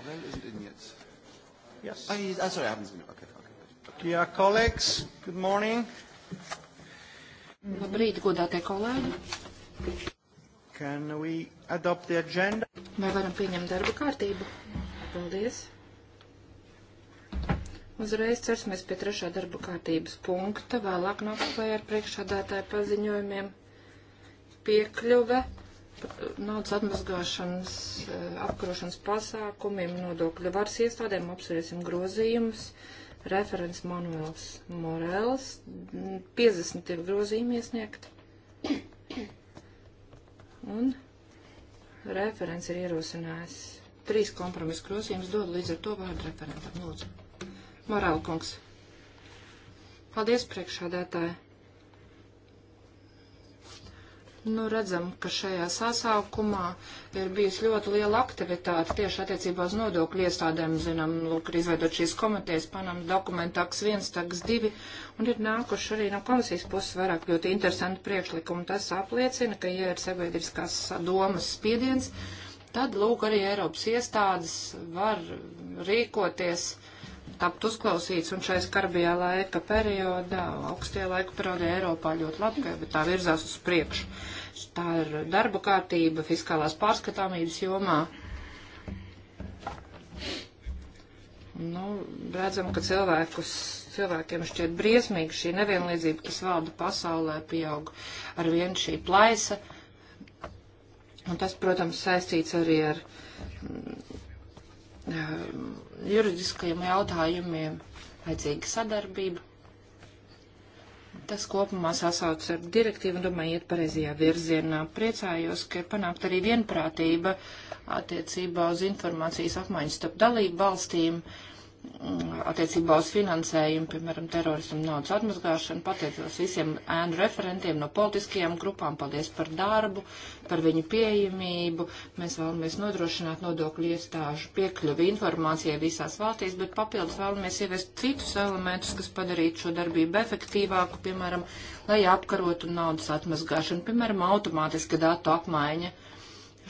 Borrell isn't in yet. Yes. Oh, he's, oh ah, sorry, I haven't seen him. Okay, okay. okay. Dear colleagues, good morning. Labrīt, godātie kolēģi. Can we adopt the agenda? Vai varam pieņemt darba kārtību? Paldies. Uzreiz cersimies pie trešā darba kārtības punkta, vēlāk nākamajā ar priekšādātāju paziņojumiem piekļuve naudas atmazgāšanas, e, apkarošanas pasākumiem, nodokļu varas iestādēm apsvērsim grozījumus. Referents Manuels Morels, 50 ir grozījumi iesniegt. Un referents ir ierosinājis trīs kompromisu grozījumus, dod līdz ar to vārdu referentam. Lūdzu. Morēla kungs. Paldies priekšādētāji. Nu, redzam, ka šajā sasaukumā ir bijusi ļoti liela aktivitāte tieši attiecībā uz nodokļu iestādēm. Zinām, lūk, ir izveidot šīs komitejas, panams dokumentu taks 1, taks 2, un ir nākuši arī no komisijas puses vairāk ļoti interesanti priekšlikumi. Tas apliecina, ka, ja ir sabiedriskās domas spiediens, tad, lūk, arī Eiropas iestādes var rīkoties tapt uzklausīts, un šais karbijā laika periodā, augstie laika periodē Eiropā ļoti labi, bet tā virzās uz priekšu. Tā ir darba kārtība fiskālās pārskatāmības jomā. Nu, redzam, ka cilvēkus, cilvēkiem šķiet briesmīgi šī nevienlīdzība, kas valda pasaulē, pieaug ar vienu šī plaisa. Un tas, protams, saistīts arī ar um, juridiskajiem jautājumiem vajadzīga sadarbība. Tas kopumā sasauc ar direktīvu un, domāju, iet pareizajā virzienā. Priecājos, ka ir panākt arī vienprātība attiecībā uz informācijas apmaiņu starp dalību valstīm. Uh, Mm, attiecībā uz finansējumu, piemēram, terorismu naudas atmazgāšanu. Pateicos visiem ēnu referentiem no politiskajām grupām, paldies par darbu, par viņu pieejamību. Mēs vēlamies nodrošināt nodokļu iestāžu piekļuvi informācijai visās valstīs, bet papildus vēlamies ieviest citus elementus, kas padarītu šo darbību efektīvāku, piemēram, lai apkarotu naudas atmazgāšanu, piemēram, automātiska datu apmaiņa. Uh,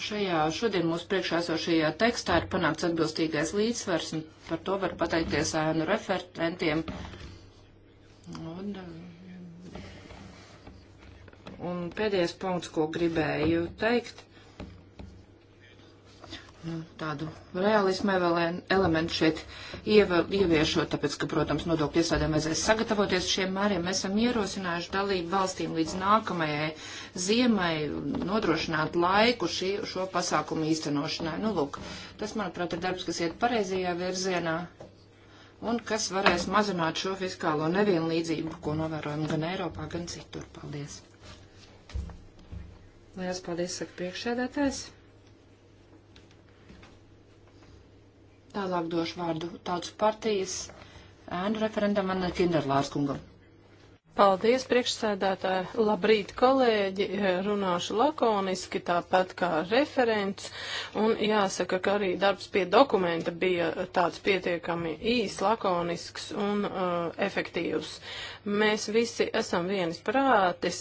Šajā šodien mūsu priekšā esošajā tekstā ir panākts atbilstīgais līdzsvars, un par to var pateikties ēnu referentiem. Un, um, un pēdējais punkts, ko gribēju teikt, nu, tādu realismu elementu šeit ieva, ieviešot, tāpēc, ka, protams, nodokļu iestādēm vajadzēs sagatavoties šiem mēriem. Mēs esam ierosinājuši dalību valstīm līdz nākamajai ziemai nodrošināt laiku šī, šo pasākumu īstenošanai. Nu, lūk, tas, manuprāt, ir darbs, kas iet pareizajā virzienā un kas varēs mazināt šo fiskālo nevienlīdzību, ko novērojam gan Eiropā, gan citur. Paldies! Lielas paldies, saka priekšsēdētājs! Tālāk došu vārdu tautas partijas ēnu referentam Anna Kinderlārs kungam. Paldies, priekšsēdētāji. Labrīt, kolēģi. Runāšu lakoniski, tāpat kā referents. Un jāsaka, ka arī darbs pie dokumenta bija tāds pietiekami īs, lakonisks un uh, efektīvs. Mēs visi esam vienis prātis,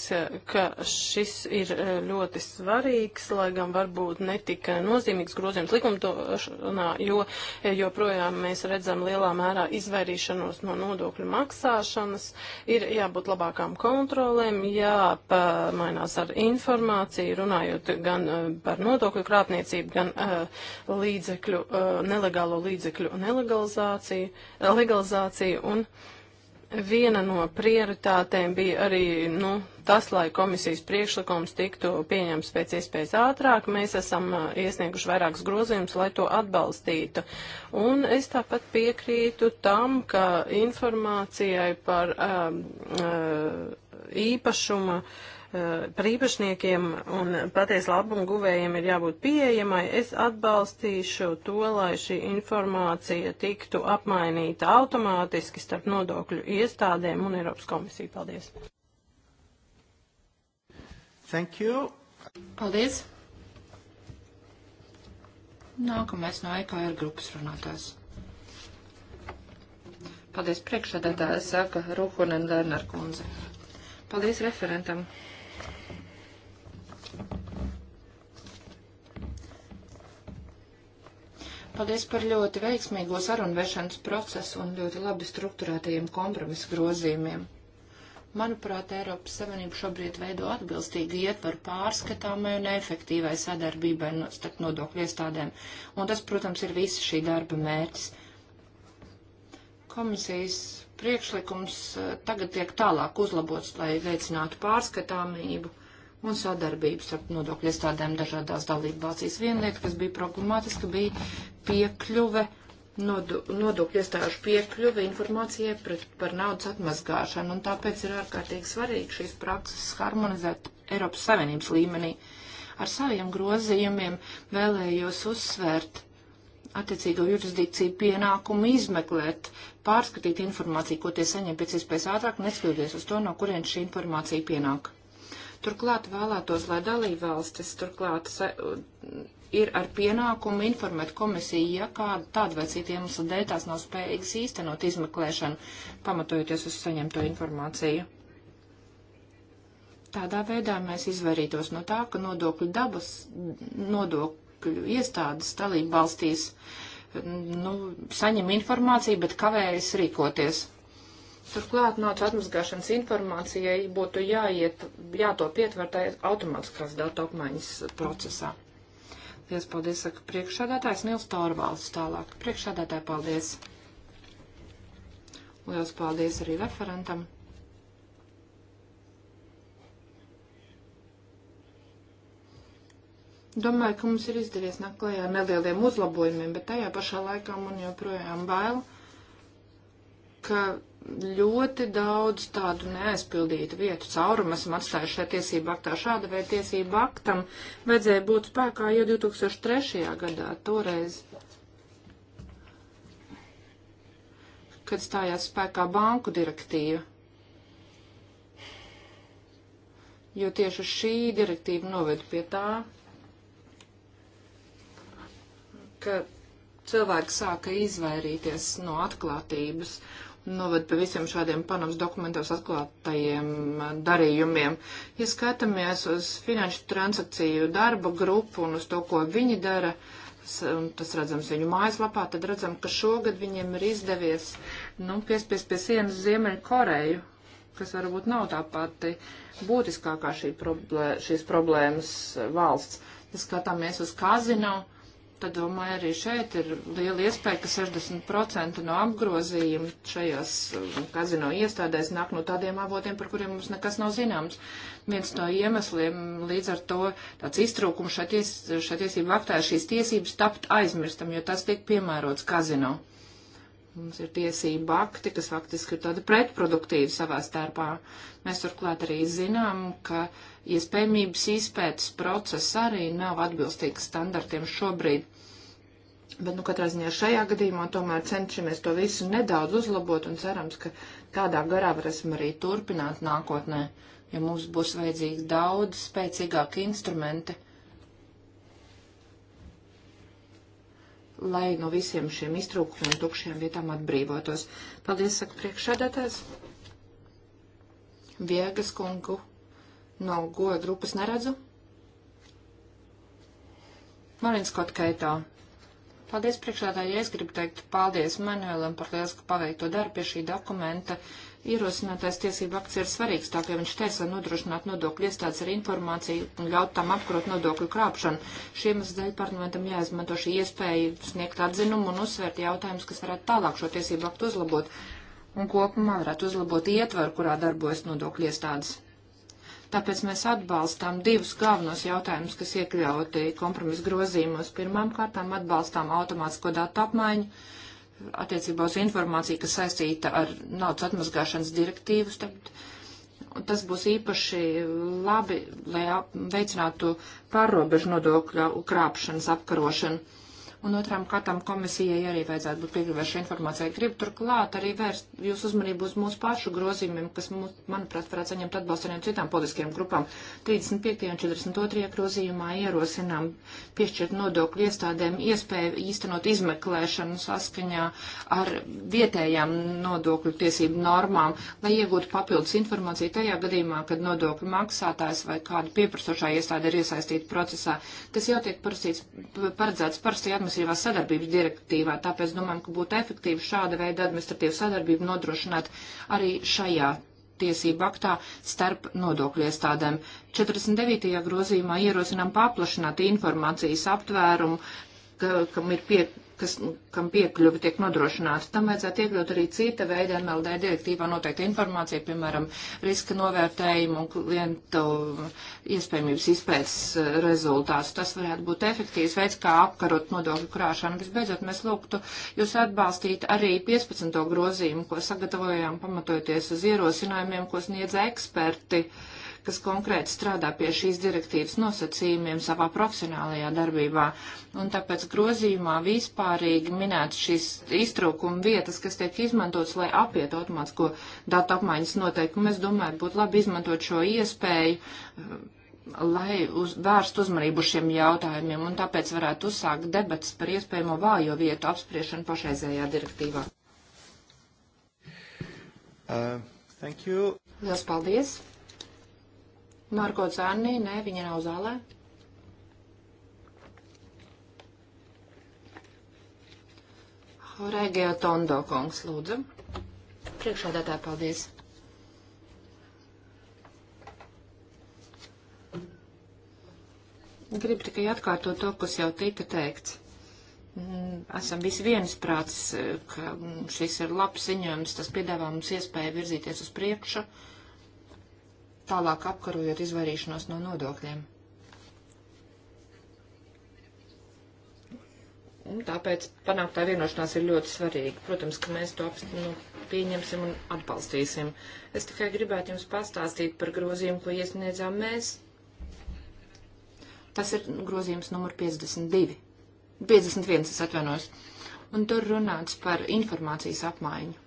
ka šis ir e, ļoti svarīgs, lai gan varbūt netika nozīmīgs grozījums likumdošanā, jo e, joprojām mēs redzam lielā mērā izvairīšanos no nodokļu maksāšanas. Ir jābūt labākām kontrolēm, jāpamainās ar informāciju, runājot gan e, par nodokļu krāpniecību, gan uh, līdzekļu, uh, nelegālo līdzekļu nelegalizāciju, legalizāciju un Viena no prioritātēm bija arī nu, tas, lai komisijas priekšlikums tiktu pieņemts pēc iespējas ātrāk. Mēs esam iesnieguši vairākus grozījumus, lai to atbalstītu. Un es tāpat piekrītu tam, ka informācijai par uh, uh, īpašuma uh, Eh, par īpašniekiem un patiesi labumu guvējiem ir jābūt pieejamai. Es atbalstīšu to, lai šī informācija tiktu apmainīta automātiski starp nodokļu iestādēm un Eiropas komisiju. Paldies! Thank you. Paldies. Nākamais no EKR grupas runātājs. Paldies priekšsēdētājai, saka Rūkonen Lērner kundze. Paldies referentam Paldies par ļoti veiksmīgo sarunvešanas procesu un ļoti labi strukturētajiem kompromisu grozījumiem. Manuprāt, Eiropas Savienība šobrīd veido atbilstīgu ietvaru pārskatāmai un efektīvai sadarbībai no, starp nodokļu iestādēm, un tas, protams, ir visa šī darba mērķis. Komisijas priekšlikums eh, tagad tiek tālāk uzlabots, lai veicinātu pārskatāmību un sadarbību starp nodokļu iestādēm dažādās dalību valstīs. Viena lieta, kas bija problemātiska, bija piekļuve nodokļu iestāžu piekļuve informācijai pret, par naudas atmazgāšanu, un tāpēc ir ārkārtīgi svarīgi šīs prakses harmonizēt Eiropas Savienības līmenī. Ar saviem grozījumiem vēlējos uzsvērt attiecīgo jurisdikciju pienākumu izmeklēt, pārskatīt informāciju, ko tie saņem pēc iespējas ātrāk, neskatoties uz to, no kurienes šī informācija pienāk. Turklāt vēlētos, lai dalībvalstis turklāt ir ar pienākumu informēt komisiju, ja kāda tāda vai cita iemesla dēļ tās nav spējīgas īstenot izmeklēšanu, pamatojoties uz saņemto informāciju. Tādā veidā mēs izvairītos no tā, ka nodokļu dabas, nodokļu nodokļu iestādes dalību valstīs mm, nu, saņem informāciju, bet kavējas rīkoties. Turklāt naudas atmazgāšanas informācijai būtu jāiet, jāto pietvertai automātiskās datu apmaiņas procesā. Lielas paldies, saka priekšādātājs Nils Torvalds tālāk. Priekšādātāji, paldies. Lielas paldies arī referentam. Domāju, ka mums ir izdevies nākt klajā ar nelieliem uzlabojumiem, bet tajā pašā laikā man joprojām bail, ka ļoti daudz tādu neaizpildītu vietu caurumu esam atstājuši šajā tiesību aktā. Šāda veida tiesību aktam vajadzēja būt spēkā jau 2003. gadā, toreiz, kad stājās spēkā banku direktīva. Jo tieši šī direktīva noved pie tā, ka cilvēki sāka izvairīties no atklātības novad pavisam šādiem panams dokumentos atklātajiem eh, darījumiem. Ja skatāmies uz finanšu transakciju darba grupu un uz to, ko viņi dara, un tas redzams viņu mājaslapā, tad redzam, ka šogad viņiem ir izdevies nu, piespies pie sienas Ziemeļu Koreju, kas varbūt nav tā pati būtiskākā šī problē šīs problēmas valsts. Ja skatāmies uz kazino, uh, Tad, domāju, arī šeit ir liela iespēja, ka 60% no apgrozījuma šajās um, kazino iestādēs nāk no tādiem avotiem, par kuriem mums nekas nav zināms. Viens no iemesliem līdz ar to tāds iztrūkums šai ties, tiesību aktā ir šīs tiesības tapt aizmirstam, jo tas tiek piemērots kazino. Mums ir tiesība akti, kas faktiski ir tāda pretproduktīva savā starpā. Mēs turklāt arī zinām, ka iespējamības ja izpētes process arī nav atbilstīgs standartiem šobrīd. Bet, nu, katrā ziņā šajā gadījumā tomēr cenšamies to visu nedaudz uzlabot un cerams, ka tādā garā varēsim arī turpināt nākotnē, jo mums būs vajadzīgi daudz spēcīgāki instrumenti lai no visiem šiem iztrūkumiem tukšiem vietām atbrīvotos. Paldies, saka priekšsēdētājs. Viegas kungu no goja grupas neredzu. Marins kaut kaitā. Paldies priekšādājai, es gribu teikt paldies Manuēlam par lielisku paveikto darbu pie šī dokumenta. Uh, Ierosinātais tiesība akts ir svarīgs, tā kā viņš taisa nodrošināt nodokļu iestādes ar informāciju un ļaut tam apkrot nodokļu krāpšanu. Šiem dēļ parlamentam jāizmanto šī iespēja sniegt atzinumu un uzsvērt jautājumus, kas varētu tālāk šo tiesību aktu uzlabot un kopumā varētu uzlabot ietvaru, kurā darbojas nodokļu iestādes. Tāpēc mēs atbalstām divus galvenos jautājumus, kas iekļauti kompromisu grozījumos. Pirmām kārtām atbalstām automātisko datu apmaiņu attiecībā uz informāciju, kas saistīta ar naudas atmazgāšanas direktīvas. Tad, un tas būs īpaši labi, lai veicinātu pārrobežu nodokļu krāpšanas apkarošanu un otrām kārtām komisijai arī vajadzētu būt piekļuvēšu informācijai. Gribu turklāt arī vērst jūs uzmanību uz mūsu pašu grozījumiem, kas, mūs, manuprāt, varētu saņemt atbalstu no citām politiskajām grupām. 35. un 42. grozījumā ierosinām piešķirt nodokļu iestādēm iespēju īstenot izmeklēšanu saskaņā ar vietējām nodokļu tiesību normām, lai iegūtu papildus informāciju tajā gadījumā, kad nodokļu maksātājs vai kāda pieprasošā iestāde ir iesaistīta procesā. Tas jau tiek parasīts, paredzēts parasti administrācijā administratīvās sadarbības direktīvā, tāpēc domājam, ka būtu efektīvi šāda veida administratīvu sadarbību nodrošināt arī šajā tiesību aktā starp nodokļu iestādēm. 49. grozījumā ierosinām paplašināt informācijas aptvērumu, ka, kam ir pie, kas, kam piekļuva tiek nodrošināta. Tam vajadzētu iekļaut arī cita veida NLD direktīvā noteikta informācija, piemēram, riska novērtējumu un klientu iespējamības izpētes eh, rezultātus. Tas varētu būt efektīvs veids, kā apkarot nodokļu krāšanu. Visbeidzot, mēs lūgtu jūs atbalstīt arī 15. grozījumu, ko sagatavojām pamatojoties uz ierosinājumiem, ko sniedz eksperti. Uh, kas konkrēti strādā pie šīs direktīvas nosacījumiem savā profesionālajā darbībā. Un tāpēc grozījumā vispārīgi minēts šīs iztrūkuma vietas, kas tiek izmantotas, lai apietu automātisko datu apmaiņas noteikumu. Es domāju, būtu labi izmantot šo iespēju eh, lai uz, vērst uzmanību šiem jautājumiem un tāpēc varētu uzsākt debats par iespējamo vājo vietu apspriešanu pašreizējā direktīvā. Uh, thank you. Lielas paldies. Margo Zanni, nē, viņa nav zālē. Regio Tondo kungs, lūdzu. Priekšādātāji, paldies. Gribu tikai atkārtot to, kas jau tika teikts. Mm, esam visi viensprāts, ka mm, šis ir labs ziņojums, tas piedāvā mums iespēju virzīties uz priekšu. Uh, tālāk apkarojot izvairīšanos no nodokļiem. Un tāpēc panāktā vienošanās ir ļoti svarīga. Protams, ka mēs to nu, pieņemsim un atbalstīsim. Es tikai gribētu jums pastāstīt par grozījumu, ko iesniedzām mēs. Tas ir grozījums numur 52. 51, es atvainojos. Un tur runāts par informācijas apmaiņu.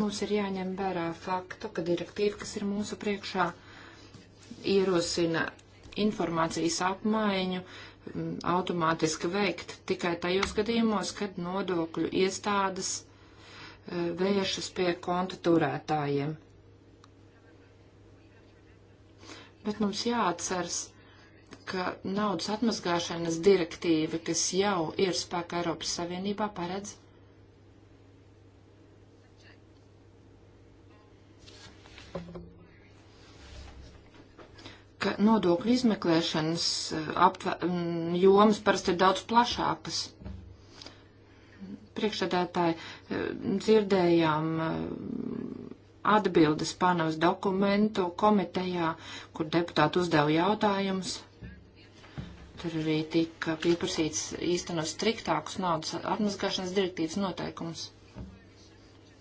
Mums ir jāņem vērā faktu, ka direktīva, kas ir mūsu priekšā, ierosina informācijas apmaiņu mm, automātiski veikt tikai tajos gadījumos, kad nodokļu iestādes e, vēršas pie konta turētājiem. Bet mums jāatceras, ka naudas atmazgāšanas direktīva, kas jau ir spēkā Eiropas Savienībā, paredz ka nodokļu izmeklēšanas eh, aptve, jomas parasti ir daudz plašākas. Priekšsēdētāji eh, dzirdējām eh, atbildes Pānavas dokumentu komitejā, kur deputāti uzdeva jautājumus. Tur arī tika pieprasīts īstenot striktākus naudas atmazgāšanas direktīvas noteikumus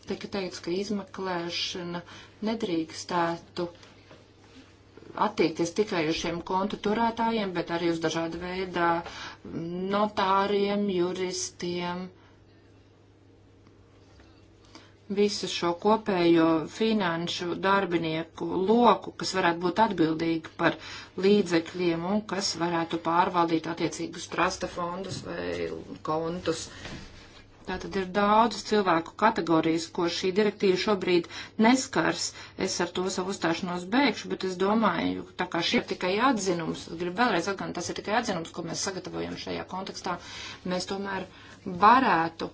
tika teikts, ka izmeklēšana nedrīkstētu attiekties tikai uz šiem kontu turētājiem, bet arī uz dažāda veidā notāriem, juristiem, visu šo kopējo finanšu darbinieku loku, kas varētu būt atbildīgi par līdzekļiem un kas varētu pārvaldīt attiecīgus trasta fondus vai kontus. Uh, Tātad ir daudz cilvēku kategorijas, ko šī direktīva šobrīd neskars. Es ar to savu uzstāšanos beigšu, bet es domāju, tā kā šie ir tikai atzinums, gribu vēlreiz atgādināt, tas ir tikai atzinums, ko mēs sagatavojam šajā kontekstā, mēs tomēr varētu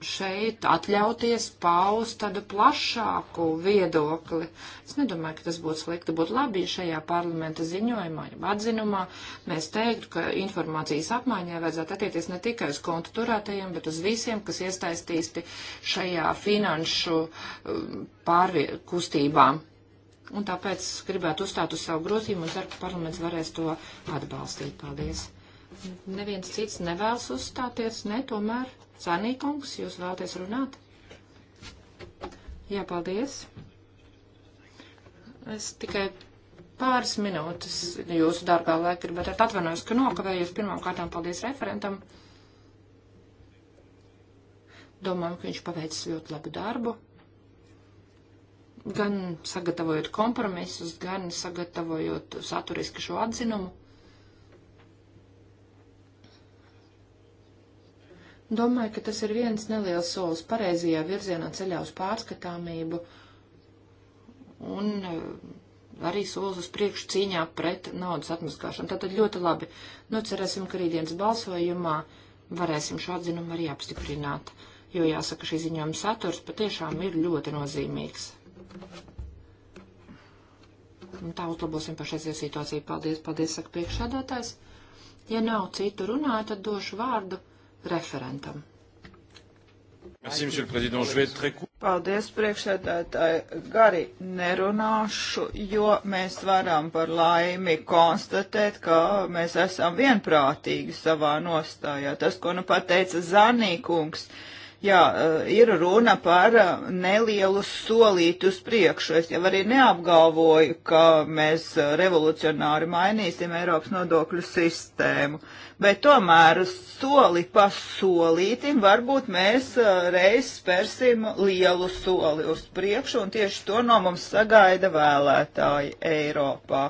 šeit atļauties paust tādu plašāku viedokli. Es nedomāju, ka tas būtu slikti. Būtu labi, ja šajā parlamenta ziņojumā, ja atzinumā mēs teiktu, ka informācijas apmaiņai vajadzētu attiekties ne tikai uz kontu turētajiem, bet uz visiem, kas iesaistīsti šajā finanšu um, pārkustībām. Un tāpēc gribētu uzstāt uz savu grozījumu un ceru, ka parlaments varēs to atbalstīt. Paldies. Neviens cits nevēlas uzstāties, ne tomēr. Sanīkungs, jūs vēlaties runāt? Jā, paldies. Es tikai pāris minūtes jūsu darbā laika gribētu atvainojos, ka nokavējos. Pirmām kārtām paldies referentam. Domājam, ka viņš paveicis ļoti labu darbu. Gan sagatavojot kompromisus, gan sagatavojot saturiski šo atzinumu. Domāju, ka tas ir viens neliels solis pareizajā virzienā ceļā uz pārskatāmību un eh, arī solis uz priekšu cīņā pret naudas atmaskāšanu. Tātad ļoti labi. Nu, cerēsim, ka rītdienas balsojumā varēsim šo atzinumu arī apstiprināt, jo jāsaka, šī ziņojuma saturs patiešām ir ļoti nozīmīgs. Un tā uzlabosim pašreizie situāciju. Paldies, paldies, saka priekšādātājs. Ja nav citu runāju, tad došu vārdu referentam. Paldies, priekšsēdētāji. Gari nerunāšu, jo mēs varam par laimi konstatēt, ka mēs esam vienprātīgi savā nostājā. Tas, ko nu pateica Zanīkungs, kungs jā, eh, ir runa par eh, nelielu solītu uz priekšu. Es jau arī neapgalvoju, ka mēs eh, revolucionāri mainīsim Eiropas nodokļu sistēmu, bet tomēr soli pa solītim varbūt mēs reiz spērsim lielu soli uz priekšu, un tieši to no mums sagaida vēlētāji Eiropā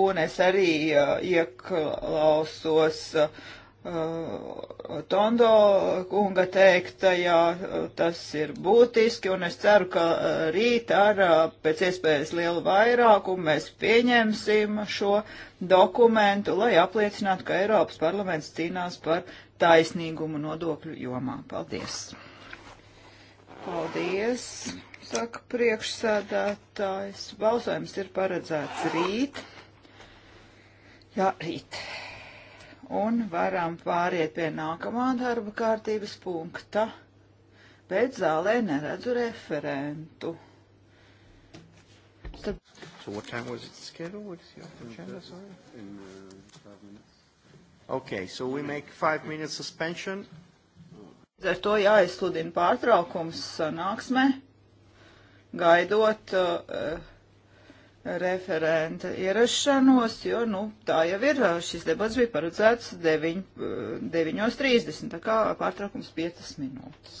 un es arī uh, ieklausos uh, Uh, Tondo kunga teiktajā uh, uh, tas ir būtiski, un es ceru, ka rīt ar pēc iespējas lielu vairākumu mēs pieņemsim šo dokumentu, lai apliecinātu, ka Eiropas parlaments cīnās par taisnīgumu nodokļu jomā. Paldies! Paldies, saka priekšsēdētājs. Balsojums ir paredzēts rīt. Jā, rīt un varam pāriet pie nākamā darba kārtības punkta, bet zālē neredzu referentu. Tad... So what time was it scheduled? What is your agenda, sorry? In uh, five minutes. Okay, so we make five minutes suspension. Ar to jāizsludina pārtraukums sanāksmē, gaidot uh, referenta ierašanos, jo, nu, tā jau ir, šis debats bija paredzēts 9.30, tā kā pārtraukums 5 minūtes.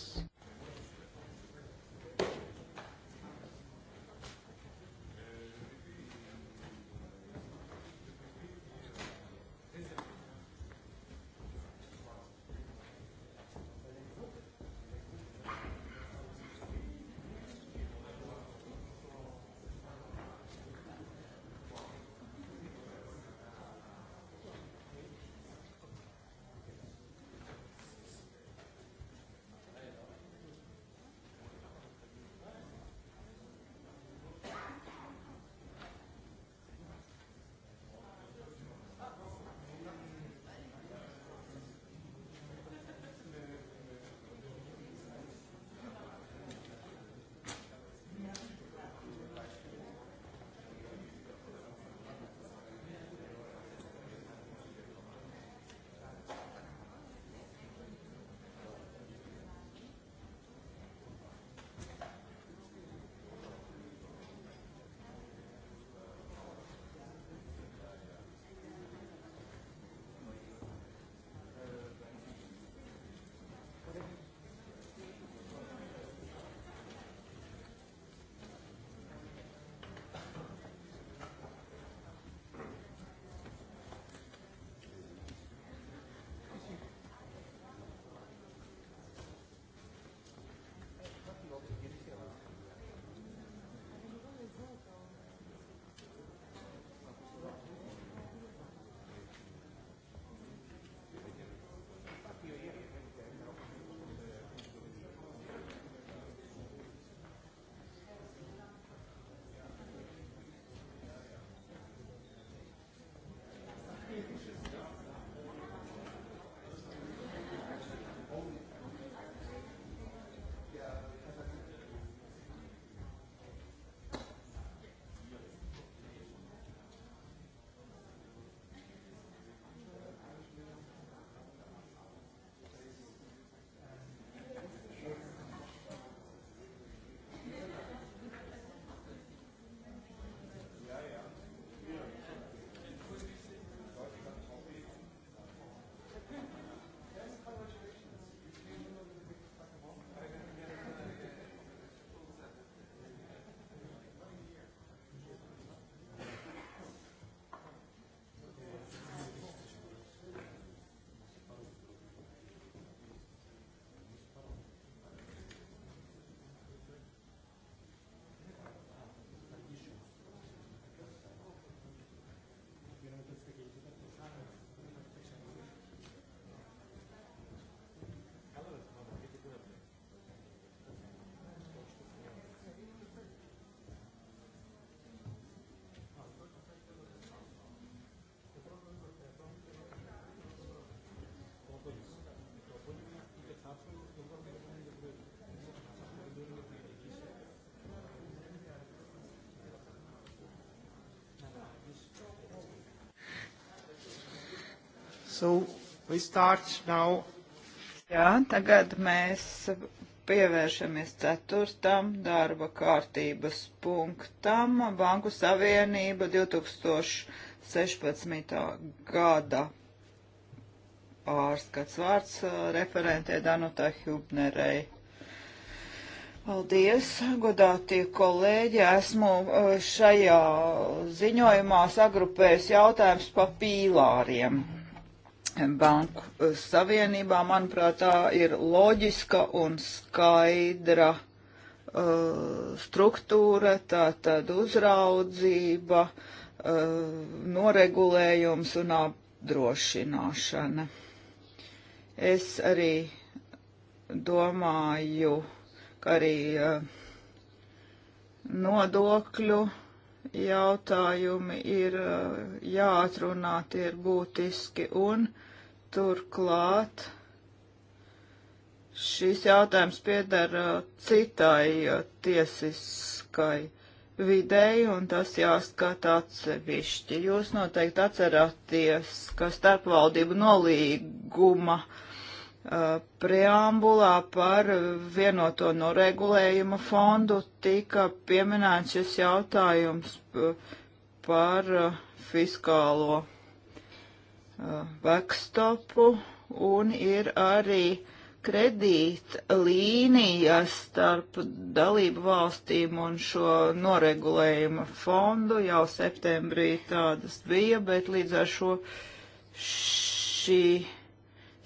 So we start now. Jā, tagad mēs pievēršamies ceturtam darba kārtības punktam - Banku Savienība 2016. gada pārskats vārds uh, referentē Danutai Hubnerei. Paldies, godātie kolēģi. Esmu uh, šajā ziņojumā sagrupējis jautājums pa pīlāriem. Mm -hmm Banku e, savienībā, manuprāt, tā ir loģiska un skaidra uh, struktūra, tā tad uzraudzība, uh, noregulējums un apdrošināšana. Es arī domāju, ka arī uh, nodokļu jautājumi ir eh, jāatrunā, tie ir būtiski, un turklāt šīs jautājums piedara eh, citai eh, tiesiskai videi, un tas jāskata atsevišķi. Jūs noteikti atceraties, ka starpvaldību nolīguma uh, preambulā par vienoto noregulējuma fondu tika pieminēts šis jautājums uh, par uh, fiskālo uh, backstopu un ir arī kredīta līnijas starp dalību valstīm un šo noregulējuma fondu. Jau septembrī tādas bija, bet līdz ar šo šī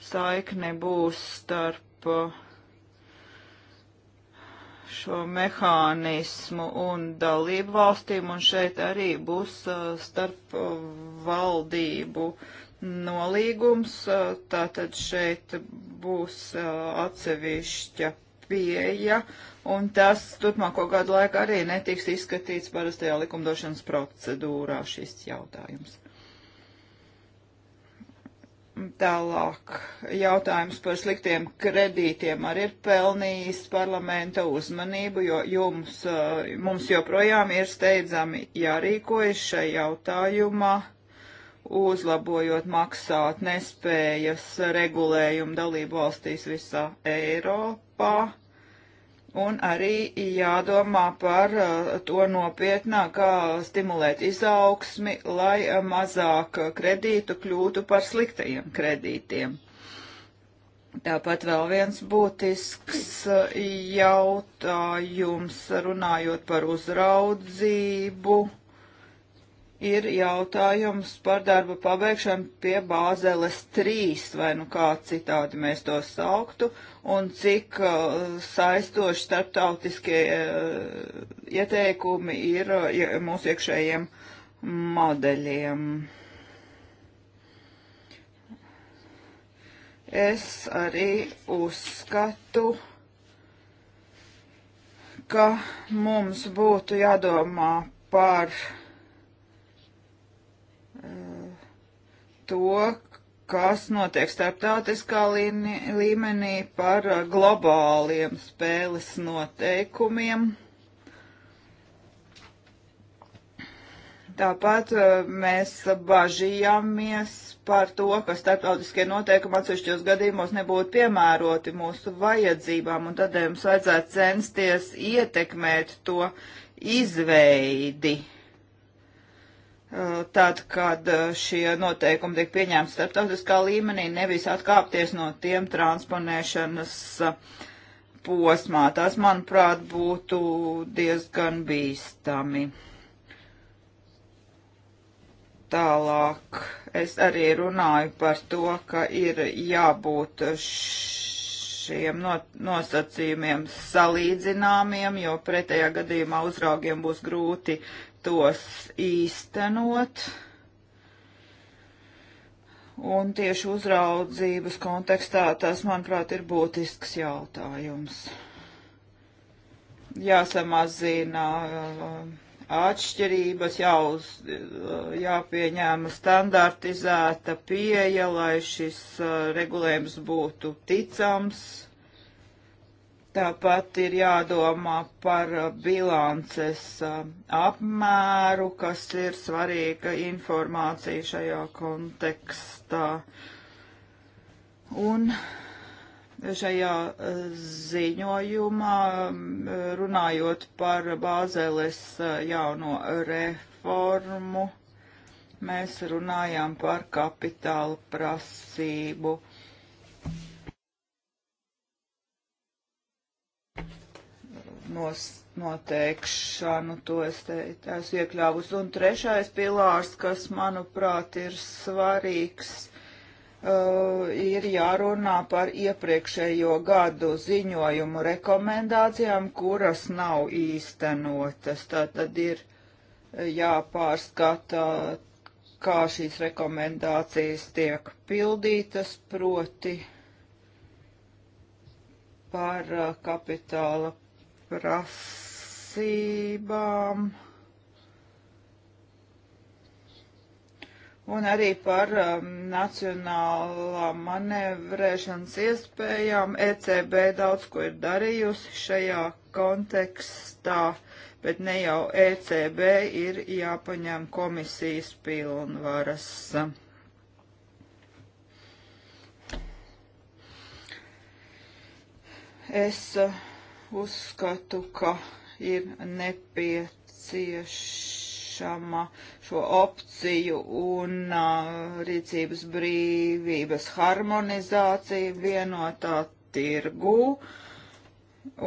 saikne būs starp uh, šo mehānismu un dalību valstīm, un šeit arī būs uh, starp uh, valdību nolīgums, tātad šeit būs atsevišķa pieeja, un tas turpmāko gadu laikā arī netiks izskatīts parastajā likumdošanas procedūrā šis jautājums. Tālāk jautājums par sliktiem kredītiem arī ir pelnījis parlamenta uzmanību, jo jums, eh, mums joprojām ir steidzami jārīkojas šai jautājumā, uzlabojot maksāt nespējas regulējumu dalību valstīs visā Eiropā Un arī jādomā par uh, to nopietnā, kā stimulēt izaugsmi, lai uh, mazāk kredītu kļūtu par sliktajiem kredītiem. Tāpat vēl viens būtisks uh, jautājums runājot par uzraudzību ir jautājums par darba pabeigšanu pie Bāzeles 3, vai nu kā citādi mēs to sauktu, un cik uh, saistoši starptautiskie uh, ieteikumi ir uh, mūsu iekšējiem modeļiem. Es arī uzskatu, ka mums būtu jādomā par uh, to, kas notiek starptautiskā līmenī par uh, globāliem spēles noteikumiem. Tāpat uh, mēs bažījāmies par to, ka starptautiskie noteikumi atsevišķos gadījumos nebūtu piemēroti mūsu vajadzībām, un tad mums vajadzētu censties ietekmēt to izveidi. Uh, tad, kad uh, šie noteikumi tiek pieņemti starptautiskā līmenī, nevis atkāpties no tiem transponēšanas uh, posmā. Tas, manuprāt, būtu diezgan bīstami. Tālāk es arī runāju par to, ka ir jābūt šiem nosacījumiem salīdzināmiem, jo pretējā gadījumā uzraugiem būs grūti uh, tos īstenot. Un tieši uzraudzības kontekstā tas, manuprāt, ir būtisks jautājums. Jāsamazina uh, atšķirības, jāuz, uh, jāpieņēma standartizēta pieeja, lai šis uh, regulējums būtu ticams Tāpat ir jādomā par bilances apmēru, kas ir svarīga informācija šajā kontekstā. Un šajā ziņojumā, runājot par Bāzeles jauno reformu, mēs runājām par kapitāla prasību nos, noteikšanu, to es teicu, esmu iekļāvusi. Un trešais pilārs, kas, manuprāt, ir svarīgs, uh, ir jārunā par iepriekšējo gadu ziņojumu rekomendācijām, kuras nav īstenotas. Tātad ir jāpārskata, kā šīs rekomendācijas tiek pildītas, proti par uh, kapitāla prasībām un arī par um, nacionālām manevrēšanas iespējām. ECB daudz ko ir darījusi šajā kontekstā, bet ne jau ECB ir jāpaņem komisijas pilnvaras. Es uh, uzskatu, ka ir nepieciešama šo opciju un uh, rīcības brīvības harmonizācija vienotā tirgū.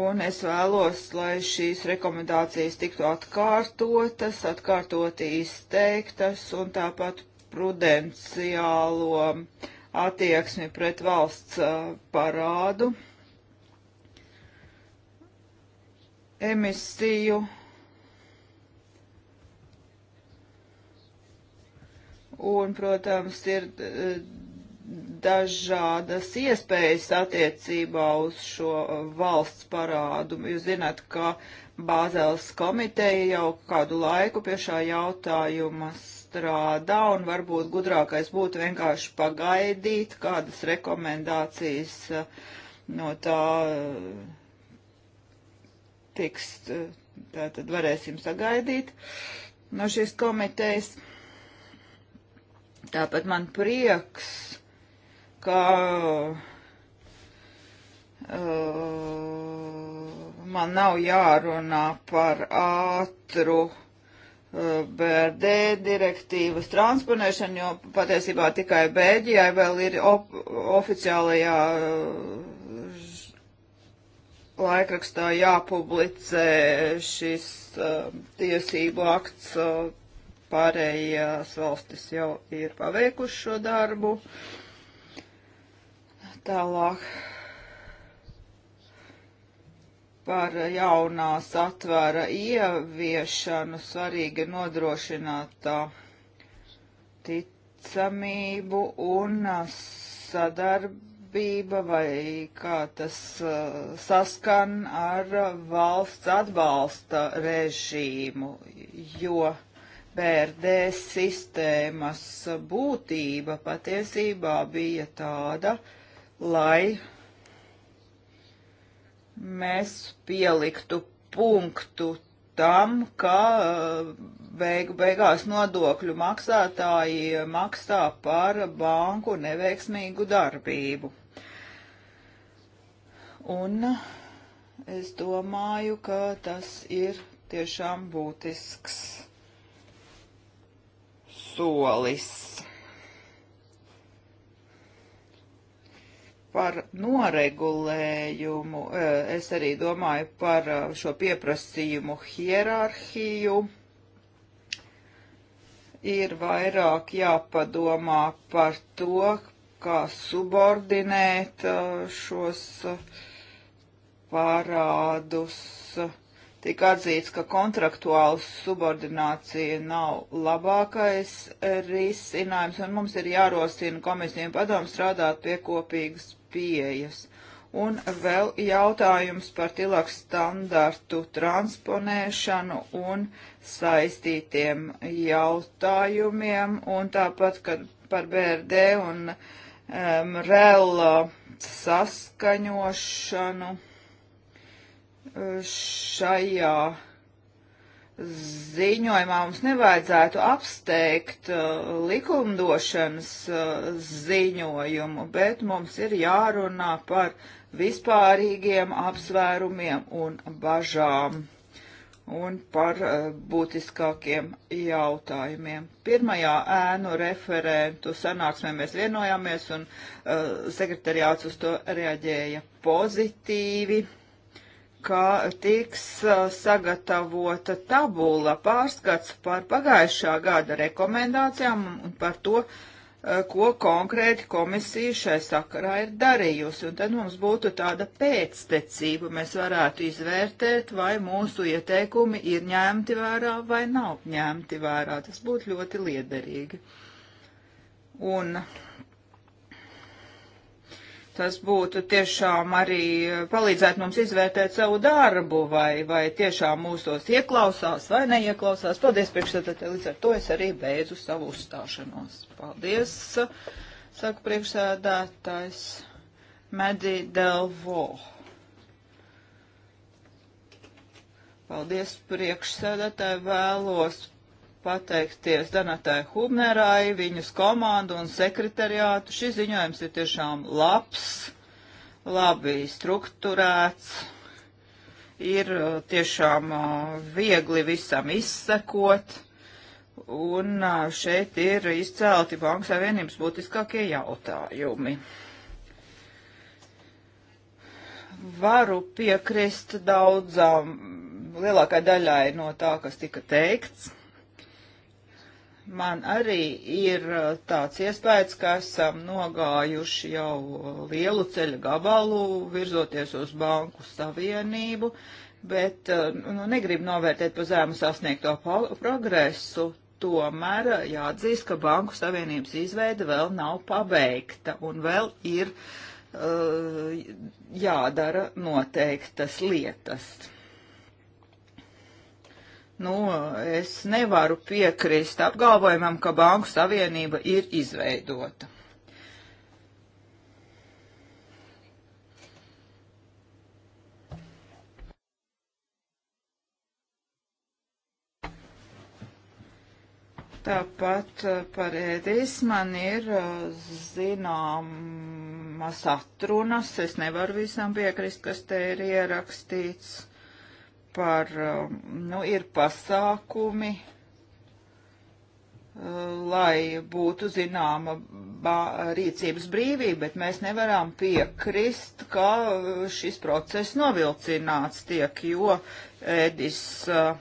Un es vēlos, lai šīs rekomendācijas tiktu atkārtotas, atkārtot izteiktas un tāpat prudenciālo attieksmi pret valsts uh, parādu emisiju. Un, protams, ir eh, dažādas iespējas attiecībā uz šo eh, valsts parādu. Jūs zināt, ka Bāzēlas komiteja jau kādu laiku pie šā jautājuma strādā, un varbūt gudrākais būtu vienkārši pagaidīt, kādas rekomendācijas eh, no tā tiks, eh, tā tad varēsim sagaidīt no šīs komitejas. Tāpat man prieks, ka uh, man nav jārunā par ātru uh, eh, BRD direktīvas transponēšanu, jo patiesībā tikai Bēģijai vēl ir op oficiālajā uh, laikrakstā jāpublicē šis uh, tiesību akts. Uh, pārējās valstis jau ir paveikuši šo darbu. Tālāk par jaunās atvēra ieviešanu svarīgi nodrošināt tā ticamību un uh, sadarbību darbība vai kā tas uh, saskan ar valsts atbalsta režīmu, jo BRD sistēmas būtība patiesībā bija tāda, lai mēs pieliktu punktu tam, ka uh, beig, beigās nodokļu maksātāji uh, maksā par banku neveiksmīgu darbību. Un es domāju, ka tas ir tiešām būtisks solis. Par noregulējumu eh, es arī domāju par eh, šo pieprasījumu hierarhiju ir vairāk jāpadomā par to, kā subordinēt eh, šos parādus. Tik atzīts, ka kontraktuāla subordinācija nav labākais risinājums, un mums ir jārosina komisijiem padomu strādāt pie kopīgas pieejas. Un vēl jautājums par tilaks standartu transponēšanu un saistītiem jautājumiem, un tāpat, kad par BRD un um, REL saskaņošanu šajā ziņojumā mums nevajadzētu apsteigt uh, likumdošanas uh, ziņojumu, bet mums ir jārunā par vispārīgiem apsvērumiem un bažām un par uh, būtiskākiem jautājumiem. Pirmajā ēnu referentu sanāksmē mēs vienojāmies un uh, sekretariāts uz to reaģēja pozitīvi ka tiks uh, sagatavota tabula pārskats par pagājušā gada rekomendācijām un par to, uh, ko konkrēti komisija šai sakarā ir darījusi. Un tad mums būtu tāda pēctecība, mēs varētu izvērtēt, vai mūsu ieteikumi ir ņemti vērā vai nav ņemti vērā. Tas būtu ļoti liederīgi. Un Tas būtu tiešām arī palīdzēt mums izvērtēt savu darbu, vai, vai tiešām mūsos ieklausās vai neieklausās. Paldies priekšsēdētāji, līdz ar to es arī beidzu savu uzstāšanos. Paldies, saka priekšsēdētājs Medi Delvo. Paldies priekšsēdētāji, vēlos pateikties Danatai Hubnerai, viņas komandu un sekretariātu. Šis ziņojums ir tiešām labs, labi strukturēts, ir uh, tiešām uh, viegli visam izsekot, un uh, šeit ir izcelti Bankas Savienības būtiskākie jautājumi varu piekrist daudzām lielākai daļai no tā, kas tika teikts man arī ir uh, tāds iespējas, ka esam nogājuši jau uh, lielu ceļa gabalu, virzoties uz Banku Savienību, bet uh, nu, nu, negribu novērtēt pa zēmu sasniegto progresu. Tomēr jāatzīst, ka Banku Savienības izveida vēl nav pabeigta un vēl ir uh, jādara noteiktas lietas. Nu, es nevaru piekrist apgalvojumam, ka Banku Savienība ir izveidota. Tāpat eh, par ēdīs man ir eh, zināmas atrunas, es nevaru visam piekrist, kas te ir ierakstīts par, um, nu, ir pasākumi, uh, lai būtu zināma rīcības brīvība, bet mēs nevaram piekrist, ka šis process novilcināts tiek, jo ēdis uh,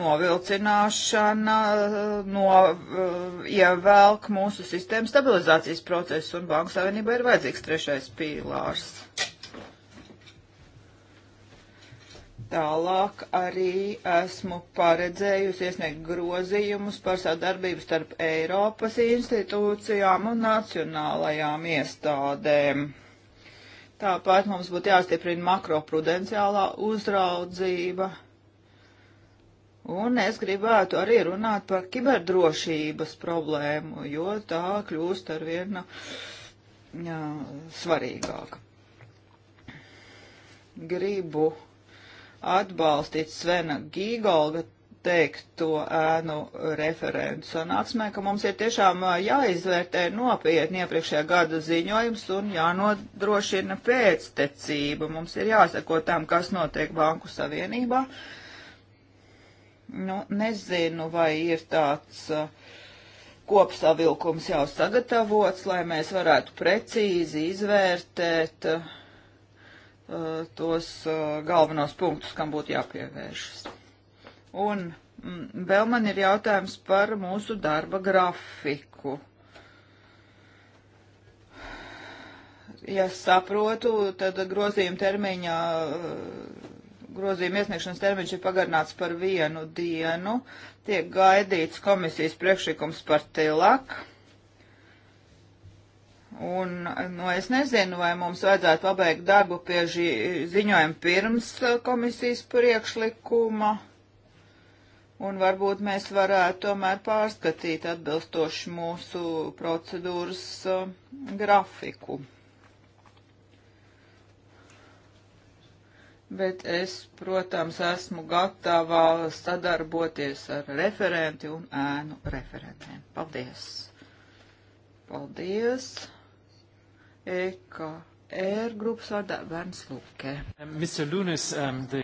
novilcināšana uh, no, ievelk ja mūsu sistēmu stabilizācijas procesu un Banka Savienībā ir vajadzīgs trešais pīlārs. Tālāk arī esmu paredzējusi iesniegt grozījumus par sadarbību starp Eiropas institūcijām un nacionālajām iestādēm. Tāpat mums būtu jāstiprina makroprudenciālā uzraudzība. Un es gribētu arī runāt par kiberdrošības problēmu, jo tā kļūst ar vienu jā, svarīgāka. Gribu atbalstīt Svena Gīgolga teikto ēnu referentu sanāksmē, ka mums ir tiešām jāizvērtē nopietni iepriekšējā gada ziņojums un jānodrošina pēctecība. Mums ir jāsako tam, kas notiek Banku Savienībā. Nu, nezinu, vai ir tāds kopsavilkums jau sagatavots, lai mēs varētu precīzi izvērtēt. Uh, Eh, tos eh, galvenos punktus, kam būtu jāpievēršas. Un mm, vēl man ir jautājums par mūsu darba grafiku. Ja saprotu, tad grozījuma termiņā, eh, grozījuma iesniegšanas termiņš ir pagarināts par vienu dienu. Tiek gaidīts komisijas priekšlikums par tilaku Un, nu, es nezinu, vai mums vajadzētu pabeigt darbu pie šī ziņojuma pirms uh, komisijas priekšlikuma. Un varbūt mēs varētu tomēr pārskatīt atbilstoši mūsu procedūras uh, grafiku. Bet es, protams, esmu gatava sadarboties ar referenti un ēnu referentiem. Paldies! Paldies! EKR grupas vārdā Vērns Lūkē. Mr. Lunis, um, the...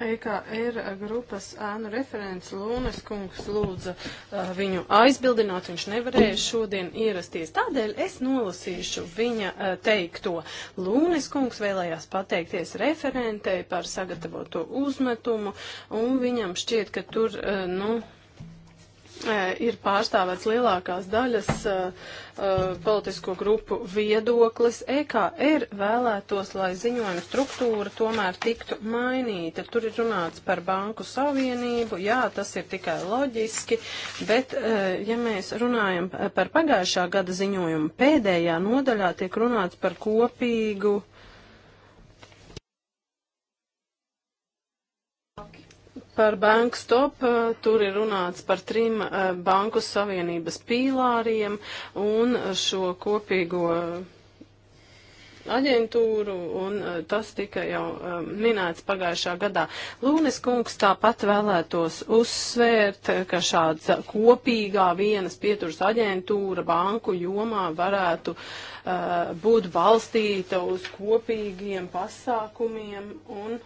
EKR grupas ēnu referents Lūnes kungs lūdza uh, viņu aizbildināt, viņš nevarēja šodien ierasties. Tādēļ es nolasīšu viņa uh, teikto. Lūnes kungs vēlējās pateikties referentei par sagatavoto uzmetumu, un viņam šķiet, ka tur, uh, nu, ir pārstāvēts lielākās daļas uh, uh, politisko grupu viedoklis. EKR vēlētos, lai ziņojuma struktūra tomēr tiktu mainīta. Tur ir runāts par banku savienību, jā, tas ir tikai loģiski, bet, uh, ja mēs runājam par pagājušā gada ziņojumu, pēdējā nodaļā tiek runāts par kopīgu uh, Par Bank Stop eh, tur ir runāts par trim eh, banku savienības pīlāriem un šo kopīgo aģentūru, un eh, tas tika jau minēts pagājušā gadā. Lūnes kungs tāpat vēlētos uzsvērt, ka šāds kopīgā vienas pieturas aģentūra banku jomā varētu uh, būt balstīta uz kopīgiem pasākumiem un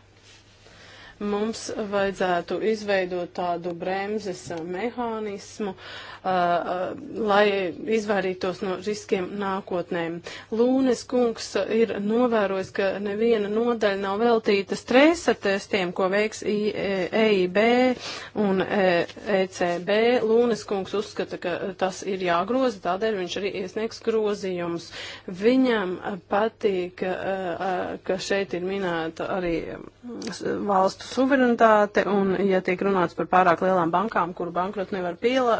mums vajadzētu izveidot tādu bremzes mehānismu, uh, uh, lai izvairītos no riskiem nākotnēm. Lūnes kungs ir novērojis, ka neviena nodaļa nav veltīta stresa testiem, ko veiks EIB e un ECB. E Lūnes kungs uzskata, ka tas ir jāgroza, tādēļ viņš arī iesniegs grozījumus. Viņam patīk, uh, ka šeit ir minēta arī um, valstu suverenitāte, un ja tiek runāts par pārāk lielām bankām, kuru bankrotu nevar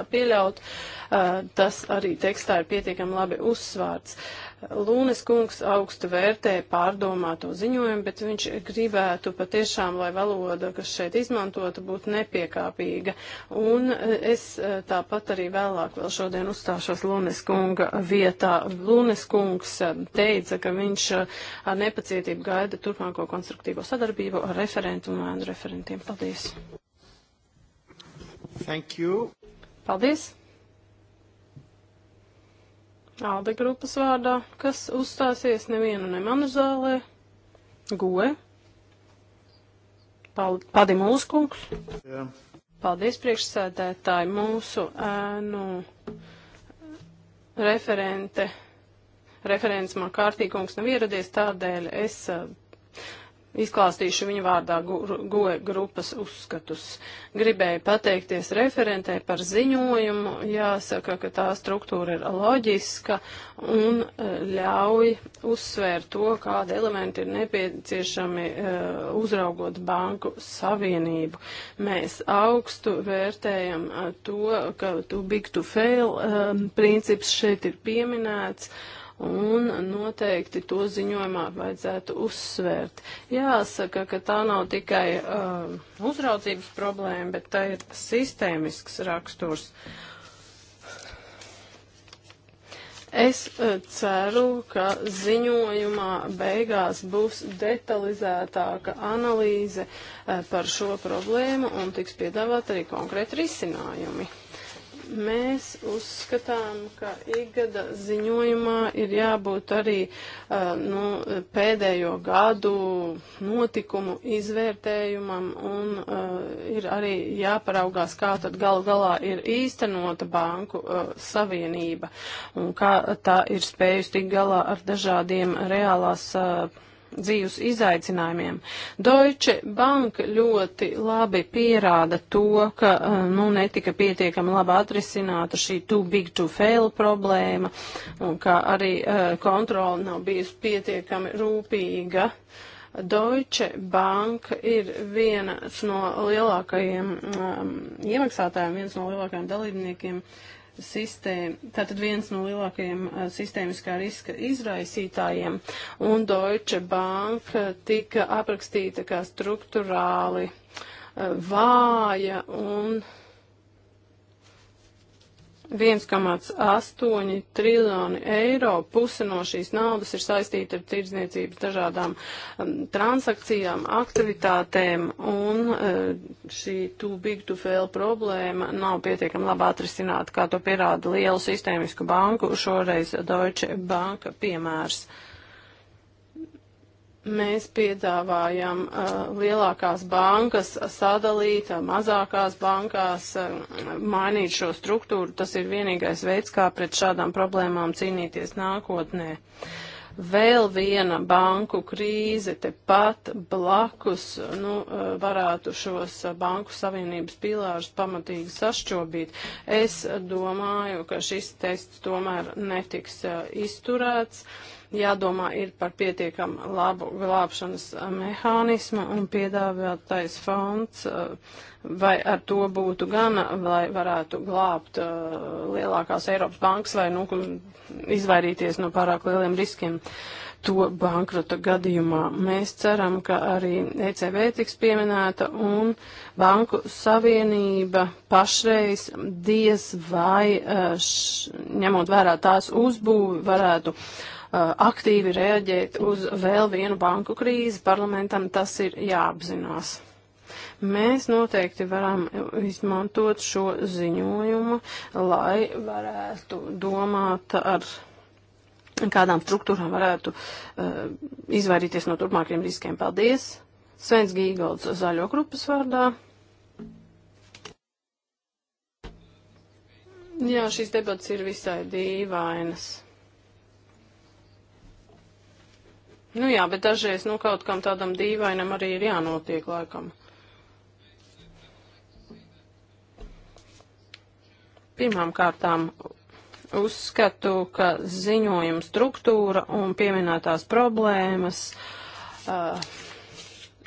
pieļaut, eh, tas arī tekstā ir pietiekami labi uzsvārts. Uh, Lūnes kungs augstu vērtē pārdomāto ziņojumu, bet viņš gribētu patiešām, lai valoda, kas šeit izmantota, būtu nepiekāpīga. Un e, es e, tāpat arī vēlāk vēl šodien uzstāšos Lūnes kunga vietā. Lūnes kungs e, teica, ka viņš ar nepacietību gaida turpmāko konstruktīvo sadarbību ar referentu un ēnu referentiem. Paldies! Thank you. Paldies! Alde grupas vārdā, kas uzstāsies nevienu ne manu zālē, goe, padim uzkungs. Jā. Paldies priekšsēdētāji, mūsu ēnu referente, referents man kārtīgums nav ieradies, tādēļ es izklāstīšu viņu vārdā goja grupas uzskatus. Gribēju pateikties referentē par ziņojumu, jāsaka, ka tā struktūra ir loģiska un e, ļauj uzsvērt to, kāda elementi ir nepieciešami e, uzraugot banku savienību. Mēs augstu vērtējam e, to, ka tu big to fail princips šeit ir pieminēts. Uh, un noteikti to ziņojumā vajadzētu uzsvērt. Jāsaka, ka tā nav tikai uh, uzraudzības problēma, bet tā ir sistēmisks raksturs. Es uh, ceru, ka ziņojumā beigās būs detalizētāka analīze uh, par šo problēmu un tiks piedāvāt arī konkrēti risinājumi. Mēs uzskatām, ka ikgada ziņojumā ir jābūt arī nu, pēdējo gadu notikumu izvērtējumam un ir arī jāparaugās, kā tad galu galā ir īstenota banku savienība un kā tā ir spējusi tik galā ar dažādiem reālās. Uh, dzīves izaicinājumiem. Deutsche Bank ļoti labi pierāda to, ka eh, nu, netika pietiekami labi atrisināta šī too big to fail problēma, un ka arī eh, kontrola nav bijusi pietiekami rūpīga. Deutsche Bank ir viens no lielākajiem um, iemaksātājiem, viens no lielākajiem dalībniekiem uh, sistēma, tātad viens no lielākajiem sistēmiskā riska izraisītājiem, un Deutsche Bank tika aprakstīta kā struktūrāli vāja un 1,8 triljoni eiro, puse no šīs naudas ir saistīta ar tirdzniecības dažādām um, transakcijām, aktivitātēm, un uh, šī too big to fail problēma nav pietiekami labi atrisināta, kā to pierāda lielu sistēmisku banku, šoreiz Deutsche Banka piemērs. Uh, mēs piedāvājam uh, lielākās bankas sadalīt, uh, mazākās bankās uh, mainīt šo struktūru. Tas ir vienīgais veids, kā pret šādām problēmām cīnīties nākotnē. Vēl viena banku krīze tepat blakus nu, uh, varētu šos uh, banku savienības pilārus pamatīgi sašķobīt. Es domāju, ka šis tests tomēr netiks uh, izturēts. Uh, Jādomā ir par pietiekam labu glābšanas eh, mehānismu un piedāvātais fonds, eh, vai ar to būtu gana, lai varētu glābt eh, lielākās Eiropas bankas vai nu, izvairīties no pārāk lieliem riskiem to bankrota gadījumā. Mēs ceram, ka arī ECB tiks pieminēta un Banku Savienība pašreiz diez vai, š, ņemot vērā tās uzbūvi, varētu Uh, aktīvi reaģēt uz vēl vienu banku krīzi. Parlamentam tas ir jāapzinās. Mēs noteikti varam izmantot šo ziņojumu, lai varētu domāt ar kādām struktūrām varētu uh, izvairīties no turpmākiem riskiem. Paldies! Svens Gīgolds zaļo grupas vārdā. Jā, šīs debats ir visai dīvainas. Nu jā, bet dažreiz nu, kaut kam tādam dīvainam arī ir jānotiek laikam. Pirmām kārtām uzskatu, ka ziņojuma struktūra un pieminētās problēmas uh,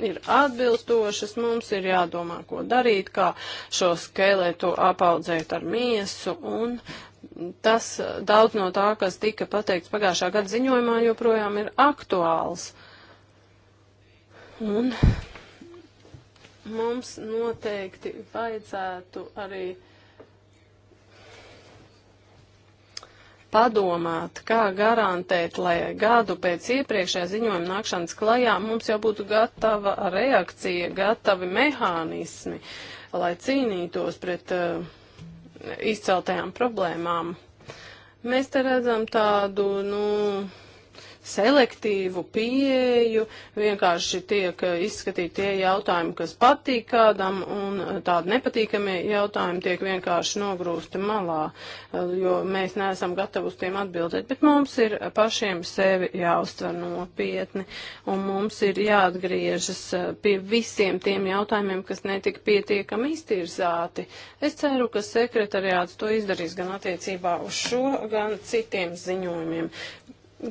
ir atbilstošas, mums ir jādomā, ko darīt, kā šo skeletu apaudzēt ar miesu, un tas eh, daudz no tā, kas tika pateikts pagājušā gada ziņojumā, joprojām ir aktuāls. Un mums noteikti vajadzētu arī padomāt, kā garantēt, lai gadu pēc iepriekšējā ziņojuma nākšanas klajā mums jau būtu gatava reakcija, gatavi mehānismi, lai cīnītos pret uh, izceltajām problēmām. Mēs te redzam tādu, nu, selektīvu pieeju, vienkārši tiek izskatīti tie jautājumi, kas patīk kādam, un tādi nepatīkamie jautājumi tiek vienkārši nogrūsti malā, jo mēs neesam gatavi uz tiem atbildēt, bet mums ir pašiem sevi jāuztver nopietni, un mums ir jāatgriežas pie visiem tiem jautājumiem, kas netika pietiekami iztirzāti. Es ceru, ka sekretariāts to izdarīs gan attiecībā uz šo, gan citiem ziņojumiem.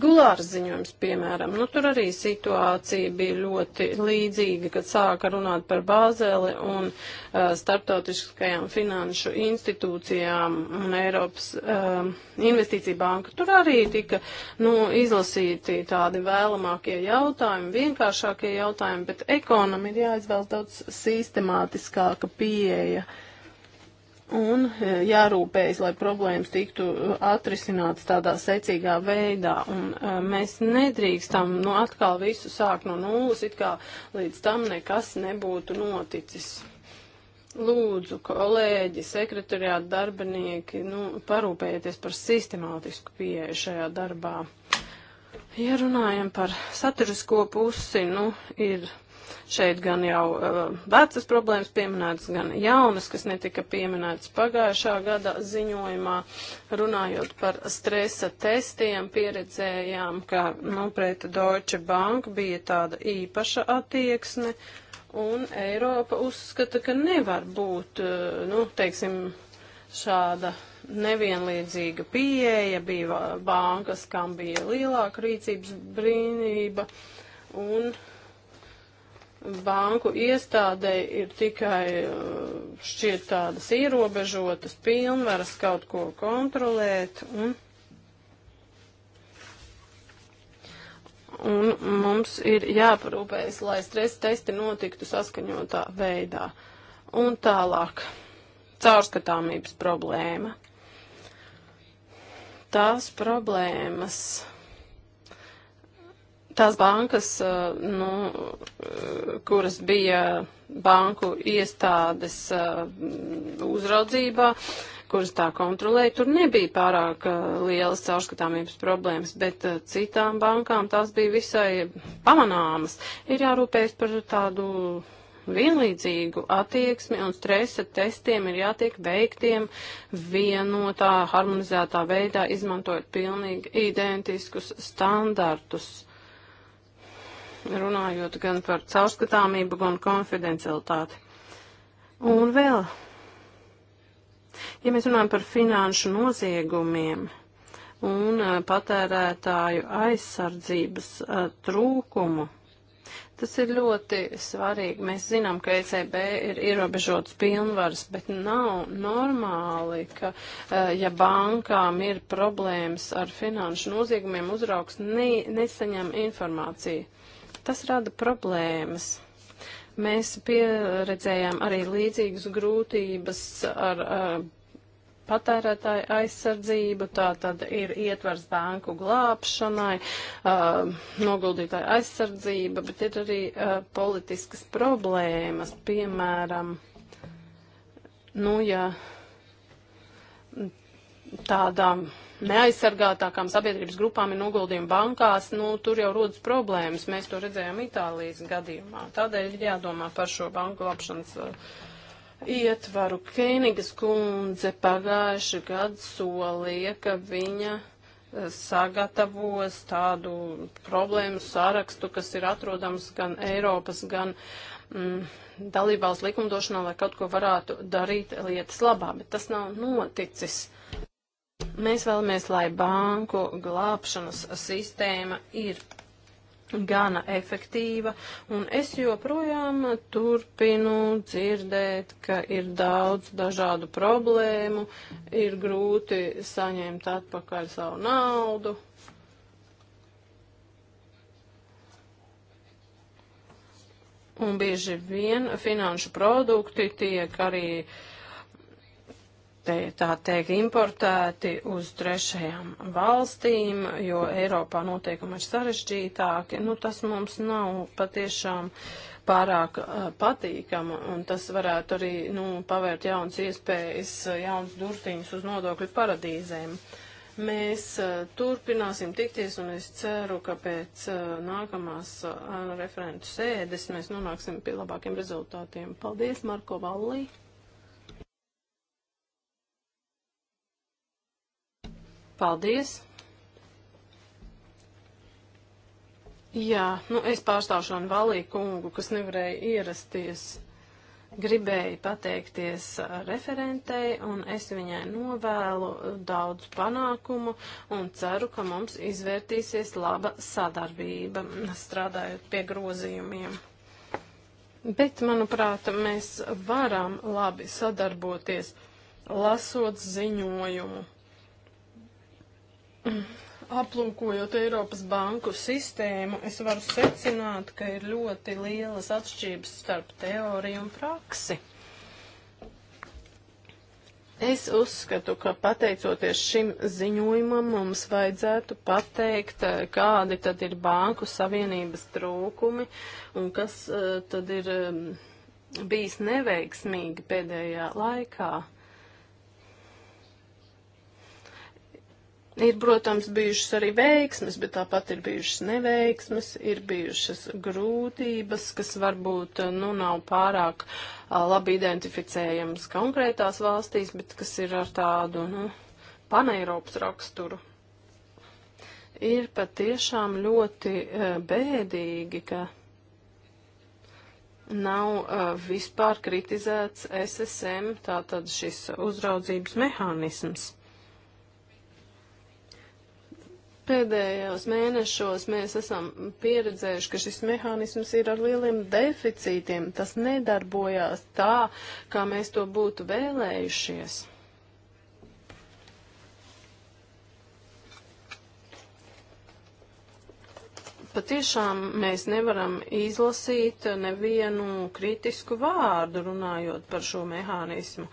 Gulārs ziņojums, piemēram, nu tur arī situācija bija ļoti līdzīga, kad sāka runāt par Bāzeli un uh, starptautiskajām finanšu institūcijām un Eiropas uh, investīcija banka. Tur arī tika nu, izlasīti tādi vēlamākie jautājumi, vienkāršākie jautājumi, bet ekonomi ir jāizvēlas daudz sistemātiskāka pieeja. Uh, un e, jārūpējas, lai problēmas tiktu e, atrisinātas tādā secīgā veidā. Un e, mēs nedrīkstam nu, atkal visu sākt no nulles, it kā līdz tam nekas nebūtu noticis. Lūdzu, kolēģi, sekretariāti, darbinieki, nu, parūpējieties par sistemātisku pieeju šajā darbā. Ja runājam par saturisko pusi, nu, ir Šeit gan jau uh, vecas problēmas pieminētas, gan jaunas, kas netika pieminētas pagājušā gada ziņojumā. Runājot par stresa testiem, pieredzējām, ka nu, pret Deutsche Bank bija tāda īpaša attieksme. Un Eiropa uzskata, ka nevar būt, uh, nu, teiksim, šāda nevienlīdzīga pieeja, bija bankas, kam bija lielāka rīcības brīnība, un banku iestādē ir tikai uh, šķiet tādas ierobežotas pilnvaras kaut ko kontrolēt un, un mums ir jāparūpējas, lai stresa testi notiktu saskaņotā veidā. Un tālāk, caurskatāmības problēma. Tās problēmas tās bankas, nu, kuras bija banku iestādes uzraudzībā, kuras tā kontrolēja, tur nebija pārāk lielas caurskatāmības problēmas, bet citām bankām tās bija visai pamanāmas. Ir jārūpējas par tādu vienlīdzīgu attieksmi un stresa testiem ir jātiek veiktiem vienotā, harmonizētā veidā, izmantojot pilnīgi identiskus standartus runājot gan par caurskatāmību, gan konfidencialitāti. Un vēl, ja mēs runājam par finanšu noziegumiem un eh, patērētāju aizsardzības eh, trūkumu, tas ir ļoti svarīgi. Mēs zinām, ka ECB ir ierobežots pilnvars, bet nav normāli, ka, eh, ja bankām ir problēmas ar finanšu noziegumiem, uzrauks ne, nesaņem informāciju. Tas rada problēmas. Mēs pieredzējām arī līdzīgas grūtības ar, ar patērētāju aizsardzību, tā tad ir ietvers banku glābšanai, noguldītāju aizsardzība, bet ir arī a, politiskas problēmas, piemēram, nu, ja tādām neaizsargātākām sabiedrības grupām ir noguldījumi bankās, nu, tur jau rodas problēmas. Mēs to redzējām Itālijas gadījumā. Tādēļ ir jādomā par šo banku lapšanas uh, ietvaru. Kēnigas kundze pagājuši gadu solīja, ka viņa uh, sagatavos tādu problēmu sarakstu, kas ir atrodams gan Eiropas, gan mm, dalībās likumdošanā, lai kaut ko varētu darīt lietas labā, bet tas nav noticis. Uh, Mēs vēlamies, lai banku glābšanas sistēma ir gana efektīva, un es joprojām turpinu dzirdēt, ka ir daudz dažādu problēmu, ir grūti saņemt atpakaļ savu naudu. Un bieži vien finanšu produkti tiek arī uh, te, tā teikt, importēti uz trešajām valstīm, jo Eiropā noteikumi ir sarežģītāki, nu tas mums nav patiešām pārāk uh, patīkama, un tas varētu arī, nu, pavērt jaunas iespējas, jaunas durtiņas uz nodokļu paradīzēm. Mēs uh, turpināsim tikties, un es ceru, ka pēc uh, nākamās referentu sēdes mēs nonāksim pie labākiem rezultātiem. Paldies, Marko Vallī! Paldies! Jā, nu es pārstāvu Šanu Valī kungu, kas nevarēja ierasties. Gribēju pateikties referentei, un es viņai novēlu daudz panākumu un ceru, ka mums izvērtīsies laba sadarbība, strādājot pie grozījumiem. Bet, manuprāt, mēs varam labi sadarboties, lasot ziņojumu Aplūkojot Eiropas banku sistēmu, es varu secināt, ka ir ļoti lielas atšķirības starp teoriju un praksi. Es uzskatu, ka pateicoties šim ziņojumam mums vajadzētu pateikt, eh, kādi tad ir banku savienības trūkumi un kas eh, tad ir mm, bijis neveiksmīgi pēdējā laikā. Ir, protams, bijušas arī veiksmes, bet tāpat ir bijušas neveiksmes, ir bijušas grūtības, kas varbūt nu, nav pārāk labi identificējams konkrētās valstīs, bet kas ir ar tādu nu, paneiropas raksturu. Ir patiešām ļoti bēdīgi, ka nav vispār kritizēts SSM, tātad šis uzraudzības mehānisms. Pēdējos mēnešos mēs esam pieredzējuši, ka šis mehānisms ir ar lieliem deficītiem. Tas nedarbojās tā, kā mēs to būtu vēlējušies. patiešām mēs nevaram izlasīt nevienu kritisku vārdu runājot par šo mehānismu.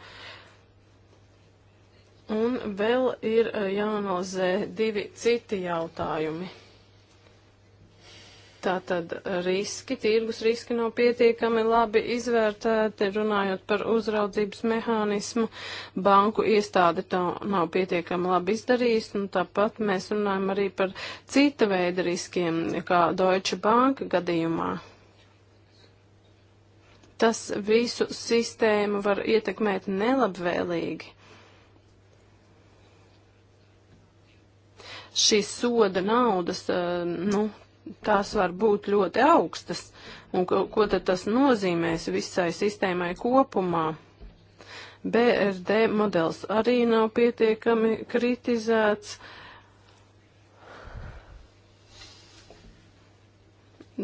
Un vēl ir eh, jāanalizē divi citi jautājumi. Tātad eh, riski, tirgus riski nav pietiekami labi izvērtēti, runājot par uzraudzības mehānismu, banku iestāde to nav pietiekami labi izdarījis, un tāpat mēs runājam arī par cita veida riskiem, kā Deutsche Bank gadījumā. Tas visu sistēmu var ietekmēt nelabvēlīgi šīs soda naudas, eh, nu, tās var būt ļoti augstas. Un ko, ko tad tas nozīmēs visai sistēmai kopumā? BRD modelis arī nav pietiekami kritizēts. Uh,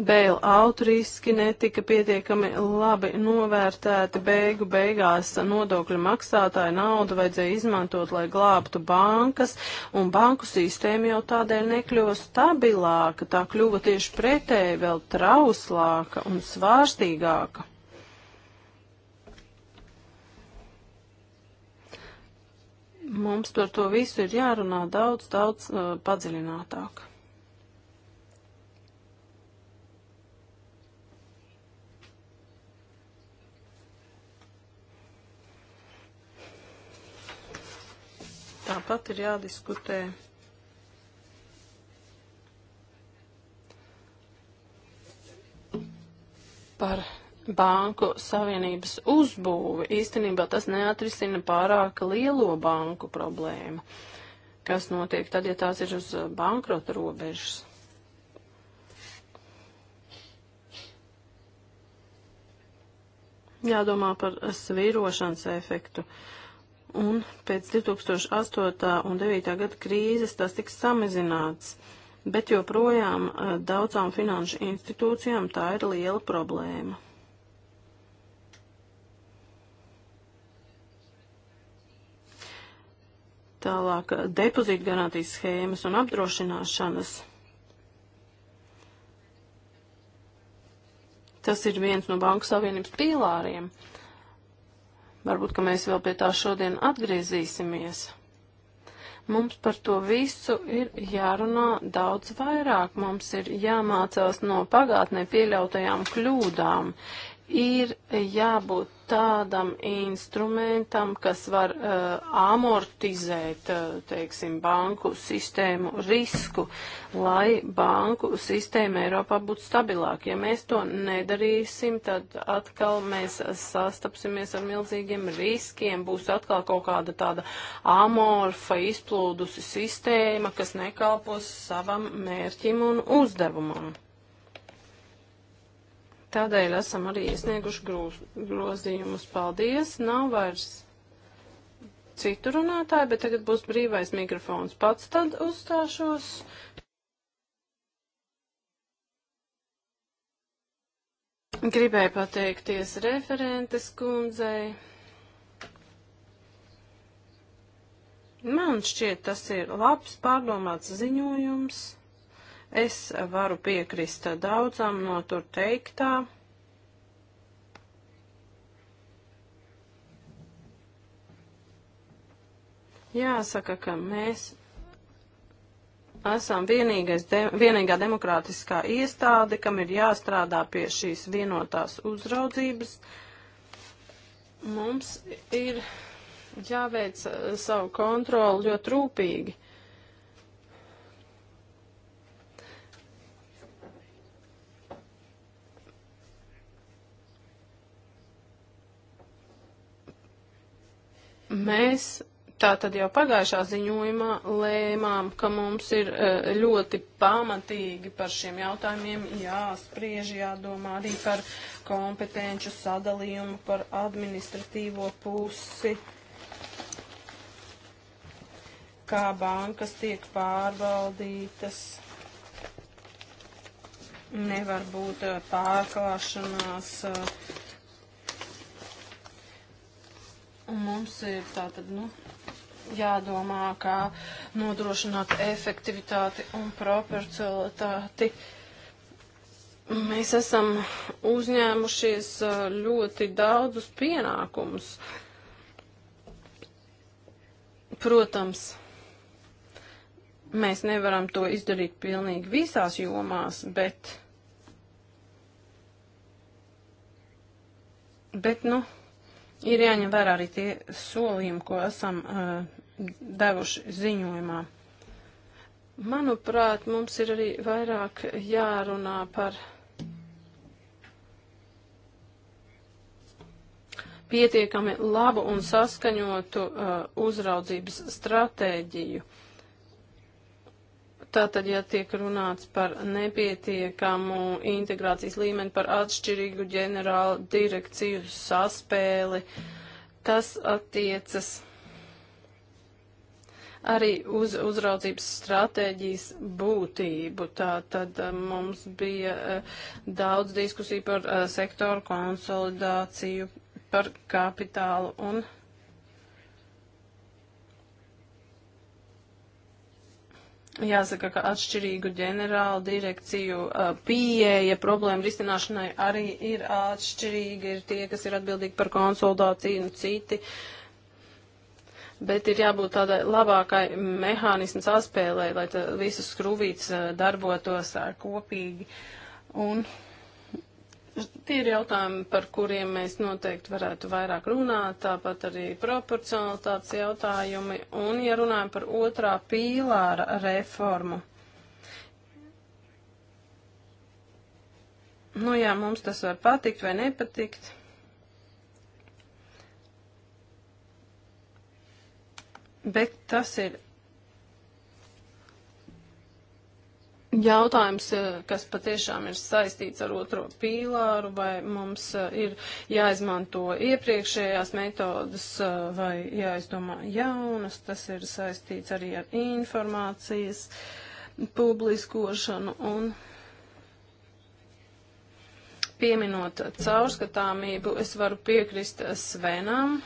Bēl out riski netika pietiekami labi novērtēti, beigu beigās nodokļu maksātāju naudu vajadzēja izmantot, lai glābtu bankas, un banku sistēma jau tādēļ nekļuva stabilāka, tā kļuva tieši pretēji vēl trauslāka un svārstīgāka. Mums par to visu ir jārunā daudz, daudz uh, padziļinātāk. Tāpat ir jādiskutē par banku savienības uzbūvi. Īstenībā tas neatrisina pārāk lielo banku problēmu. Kas notiek tad, ja tās ir uz bankrota robežas? Jādomā par svīrošanas efektu. Uh, un pēc 2008. un 2009. gada krīzes tas tiks samazināts, bet joprojām eh, daudzām finanšu institūcijām tā ir liela problēma. Tālāk eh, depozīta garantijas schēmas un apdrošināšanas. Tas ir viens no Banku Savienības pīlāriem. Uh, Varbūt, ka mēs vēl pie tā šodien atgriezīsimies. Mums par to visu ir jārunā daudz vairāk. Mums ir jāmācās no pagātnē pieļautajām kļūdām. Ir jābūt tādam instrumentam, kas var uh, amortizēt, uh, teiksim, banku sistēmu risku, lai banku sistēma Eiropā būtu stabilāka. Ja mēs to nedarīsim, tad atkal mēs sastapsimies ar milzīgiem riskiem, būs atkal kaut kāda tāda amorfa izplūdusi sistēma, kas nekalpos savam mērķim un uzdevumam. Tādēļ esam arī iesnieguši grozījumus. Paldies! Nav vairs citu runātāju, bet tagad būs brīvais mikrofons. Pats tad uzstāšos. Gribēju pateikties referentes kundzei. Man šķiet, tas ir labs pārdomāts ziņojums. Es varu piekrist daudzam no tur teiktā. Jāsaka, ka mēs esam de, vienīgā demokrātiskā iestāde, kam ir jāstrādā pie šīs vienotās uzraudzības. Mums ir jāveic eh, savu kontroli ļoti rūpīgi. Mēs tā tad jau pagājušā ziņojumā lēmām, ka mums ir e, ļoti pamatīgi par šiem jautājumiem jāspriež, jādomā arī par kompetenču sadalījumu, par administratīvo pusi, kā bankas tiek pārvaldītas. Nevar būt e, pārklāšanās uh, Un mums ir tātad, nu, jādomā, kā nodrošināt efektivitāti un proporcionalitāti. Mēs esam uzņēmušies uh, ļoti daudzus pienākumus. Protams, mēs nevaram to izdarīt pilnīgi visās jomās, bet, bet nu, Ir jāņem vērā arī tie solījumi, ko esam uh, devuši ziņojumā. Manuprāt, mums ir arī vairāk jārunā par pietiekami labu un saskaņotu uh, uzraudzības stratēģiju. Uh, Tātad, ja tiek runāts par nepietiekamu integrācijas līmeni, par atšķirīgu ģenerālu direkciju saspēli, tas attiecas arī uz uzraudzības stratēģijas būtību. Tā tad eh, mums bija eh, daudz diskusiju par eh, sektoru konsolidāciju, par kapitālu un Jāsaka, ka atšķirīgu ģenerālu direkciju pieeja problēmu risināšanai arī ir atšķirīga. Ir tie, kas ir atbildīgi par konsultāciju un citi. Bet ir jābūt tādai labākai mehānismu saspēlē, lai visas skrūvītes darbotos kopīgi. Un Tie ir jautājumi, par kuriem mēs noteikti varētu vairāk runāt, tāpat arī proporcionalitātes jautājumi. Un, ja runājam par otrā pīlāra reformu, nu jā, mums tas var patikt vai nepatikt. Bet tas ir jautājums, eh, kas patiešām ir saistīts ar otro pīlāru, vai mums eh, ir jāizmanto iepriekšējās metodas eh, vai jāizdomā jaunas, tas ir saistīts arī ar informācijas publiskošanu un pieminot caurskatāmību, es varu piekrist Svenam,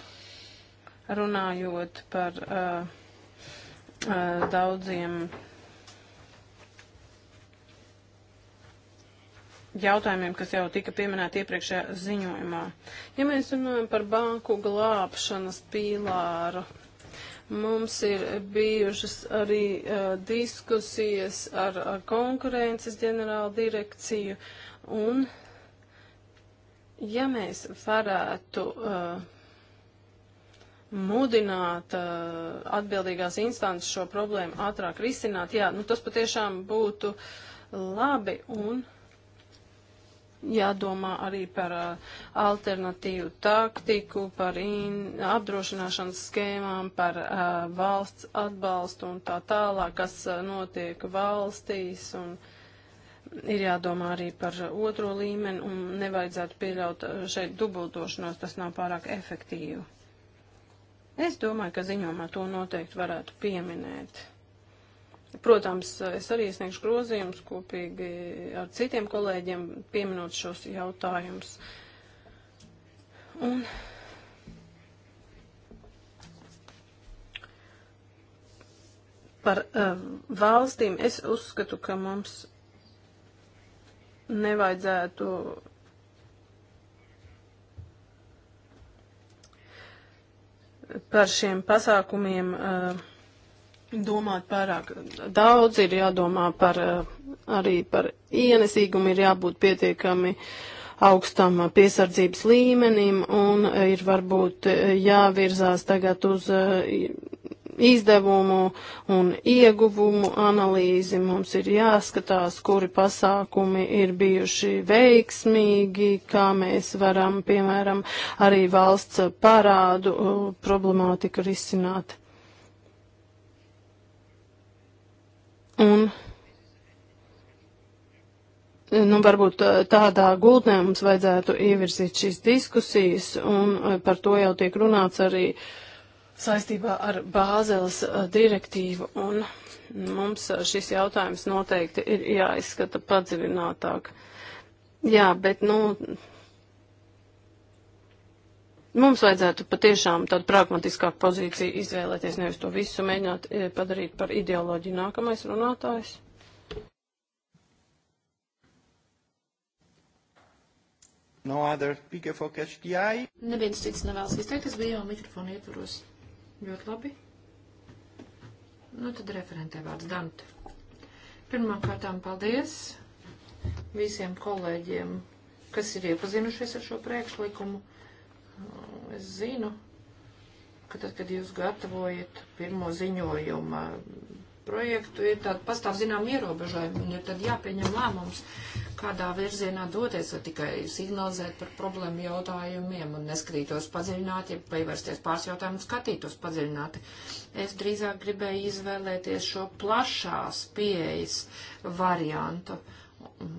runājot par uh, uh, daudziem jautājumiem, kas jau tika pieminēti iepriekšējā ziņojumā. Ja mēs runājam par banku glābšanas pīlāru, mums ir bijušas arī uh, diskusijas ar, ar konkurences ģenerālu direkciju, un ja mēs varētu uh, mudināt uh, atbildīgās instances šo problēmu ātrāk risināt, jā, nu tas patiešām būtu labi un. Uh, jādomā arī par uh, alternatīvu taktiku, par in, apdrošināšanas skēmām, par uh, valsts atbalstu un tā tālāk, kas uh, notiek valstīs. Un ir jādomā arī par otro līmeni un nevajadzētu pieļaut uh, šeit dubultošanos, tas nav pārāk efektīvi. Es domāju, ka ziņojumā to noteikti varētu pieminēt. Protams, es arī iesniegšu grozījumus kopīgi ar citiem kolēģiem, pieminot šos jautājumus. Un par um, valstīm es uzskatu, ka mums nevajadzētu par šiem pasākumiem uh, domāt pārāk daudz, ir jādomā par, eh, arī par ienesīgumu, ir jābūt pietiekami augstam piesardzības līmenim un ir varbūt eh, jāvirzās tagad uz eh, izdevumu un ieguvumu analīzi. Mums ir jāskatās, kuri pasākumi ir bijuši veiksmīgi, kā mēs varam, piemēram, arī valsts parādu problemātiku risināt. Un, nu, varbūt tādā gultnē mums vajadzētu ievirzīt šīs diskusijas, un par to jau tiek runāts arī saistībā ar Bāzeles direktīvu, un mums šis jautājums noteikti ir jāizskata padziļinātāk. Jā, bet, nu, Mums vajadzētu patiešām tādu pragmatiskāku pozīciju izvēlēties, nevis to visu mēģināt eh, padarīt par ideoloģiju. Nākamais runātājs. No other speaker for catch the eye. Neviens cits nevēlas izteikties brīvā mikrofona ietvaros. Ļoti labi. Nu, tad referentē vārds Dante. Pirmkārtām paldies visiem kolēģiem, kas ir iepazinušies ar šo priekšlikumu Es zinu, ka tad, kad jūs gatavojat pirmo ziņojumu projektu, ir tāda pastāv zinām ierobežojumi, un ir tad jāpieņem lēmums, kādā virzienā doties, vai tikai signalizēt par problēmu jautājumiem un neskatītos padziļināti, ja pievērsties pāris jautājumu un skatītos padziļināti. Es drīzāk gribēju izvēlēties šo plašās pieejas variantu. Un,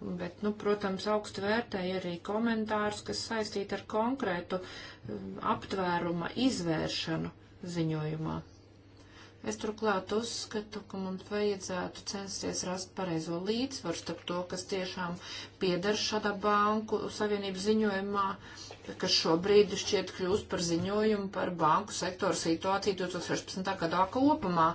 Bet, nu, protams, augstu vērtēja arī komentārus, kas saistīti ar konkrētu um, aptvēruma izvēršanu ziņojumā. Es turklāt uzskatu, ka mums vajadzētu censties rast pareizo līdzsvaru starp to, kas tiešām pieder šādā banku savienības ziņojumā, kas šobrīd šķiet kļūst par ziņojumu par banku sektoru situāciju 2016. gadā kopumā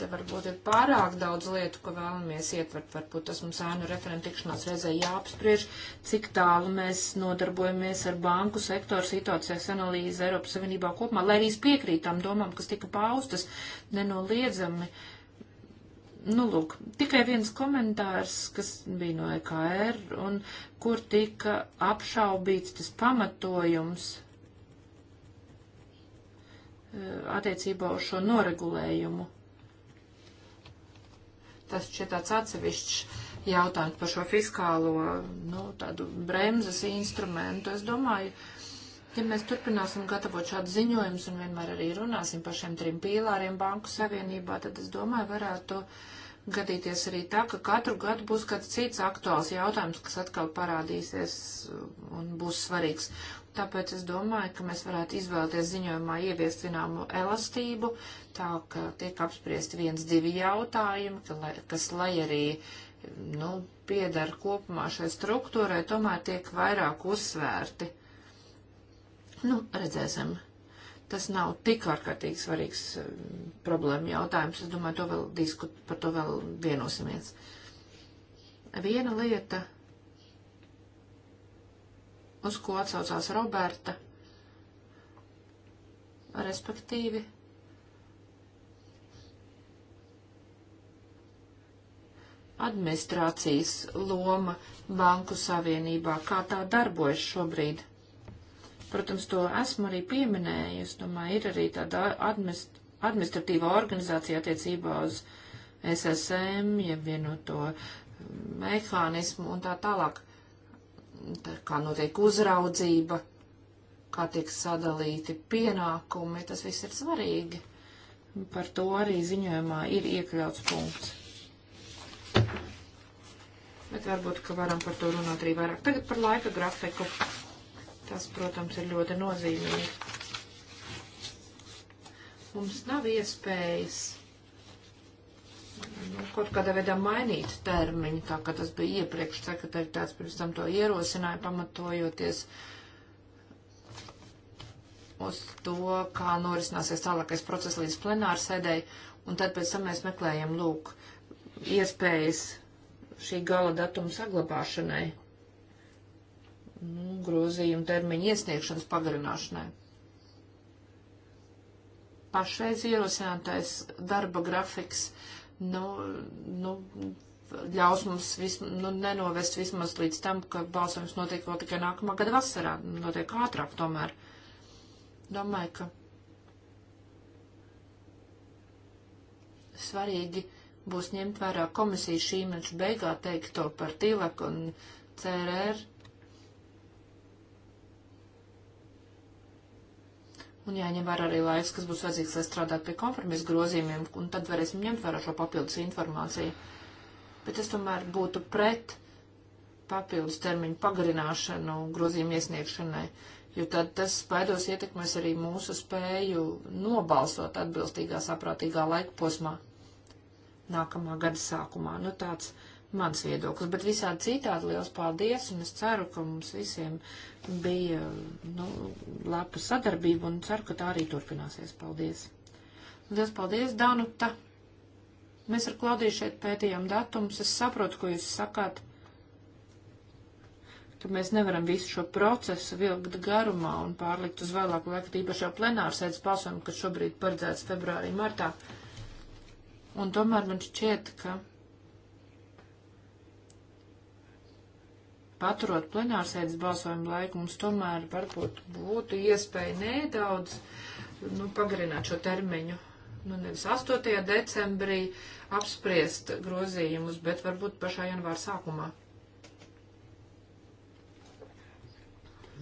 te varbūt ir pārāk daudz lietu, ko vēlamies ietvert. Varbūt tas mums ēnu referenta tikšanās reizē jāapspriež, cik tālu mēs nodarbojamies ar banku sektoru situācijas analīzi Eiropas Savienībā kopumā, lai arī piekrītām domām, kas tika paustas nenoliedzami. Nu, lūk, tikai viens komentārs, kas bija no EKR, un kur tika apšaubīts tas pamatojums eh, attiecībā uz šo noregulējumu tas šķiet tāds atsevišķs jautājums par šo fiskālo, nu, tādu bremzes instrumentu. Es domāju, ja mēs turpināsim gatavot šādus ziņojumus un vienmēr arī runāsim par šiem trim pīlāriem Banku Savienībā, tad es domāju, varētu gadīties arī tā, ka katru gadu būs kāds cits aktuāls jautājums, kas atkal parādīsies un būs svarīgs tāpēc es domāju, ka mēs varētu izvēlēties ziņojumā ieviest zināmu elastību, tā ka tiek apspriesti viens, divi jautājumi, ka, lai, kas lai arī, nu, piedara kopumā šai struktūrai, tomēr tiek vairāk uzsvērti. Nu, redzēsim. Tas nav tik ārkārtīgi svarīgs mm, problēma jautājums. Es domāju, to vēl diskut, par to vēl vienosimies. Viena lieta uz ko atsaucās Roberta, respektīvi. Administrācijas loma Banku Savienībā, kā tā darbojas šobrīd. Protams, to esmu arī pieminējusi. Domāju, ir arī tāda administ administratīva organizācija attiecībā uz SSM, jeb vienoto mm, mehānismu un tā tālāk kā notiek uzraudzība, kā tiek sadalīti pienākumi, tas viss ir svarīgi. Par to arī ziņojumā ir iekļauts punkts. Bet varbūt, ka varam par to runāt arī vairāk. Tagad par laika grafiku. Tas, protams, ir ļoti nozīmīgi. Mums nav iespējas nu, kaut kādā veidā mainīt termiņu, tā kā tas bija iepriekš sekretaritāts, pirms tam to ierosināja, pamatojoties uz to, kā norisināsies tālākais process līdz plenāru sēdēji, un tad pēc tam mēs meklējam, lūk, iespējas šī gala datuma saglabāšanai, nu, grozījuma termiņa iesniegšanas pagarināšanai. Pašreiz ierosinātais darba grafiks uh, nu, nu, ļaus mums vism, nu, nenovest vismaz līdz tam, ka balsojums notiek vēl tikai nākamā gada vasarā, notiek ātrāk tomēr. Domāju, ka svarīgi būs ņemt vērā komisijas šī mēneša beigā teikto par tīlek un CRR un jāņem vērā arī laiks, kas būs vajadzīgs, lai strādātu pie kompromisa grozījumiem, un tad varēsim ņemt vērā šo papildus informāciju. Bet es tomēr būtu pret papildus termiņu pagarināšanu grozījumu iesniegšanai, jo tad tas baidos ietekmēs arī mūsu spēju nobalsot atbilstīgā saprātīgā laika posmā nākamā gada sākumā. Nu tāds mans viedoklis, bet visādi citādi liels paldies, un es ceru, ka mums visiem bija, nu, laba sadarbība, un ceru, ka tā arī turpināsies. Paldies! Liels paldies, Danuta! Mēs ar Klaudiju šeit pētījām datumus, es saprotu, ko jūs sakāt ka mēs nevaram visu šo procesu vilkt garumā un pārlikt uz vēlāku laiku, tīpaši jau plenārsēdes balsojumu, kas šobrīd paredzēts februārī, martā. Un tomēr man šķiet, ka paturot plenārsēdes balsojumu laiku, mums tomēr varbūt būtu iespēja nedaudz nu, pagarināt šo termiņu. Nu, nevis 8. decembrī apspriest grozījumus, bet varbūt pašā janvāra sākumā.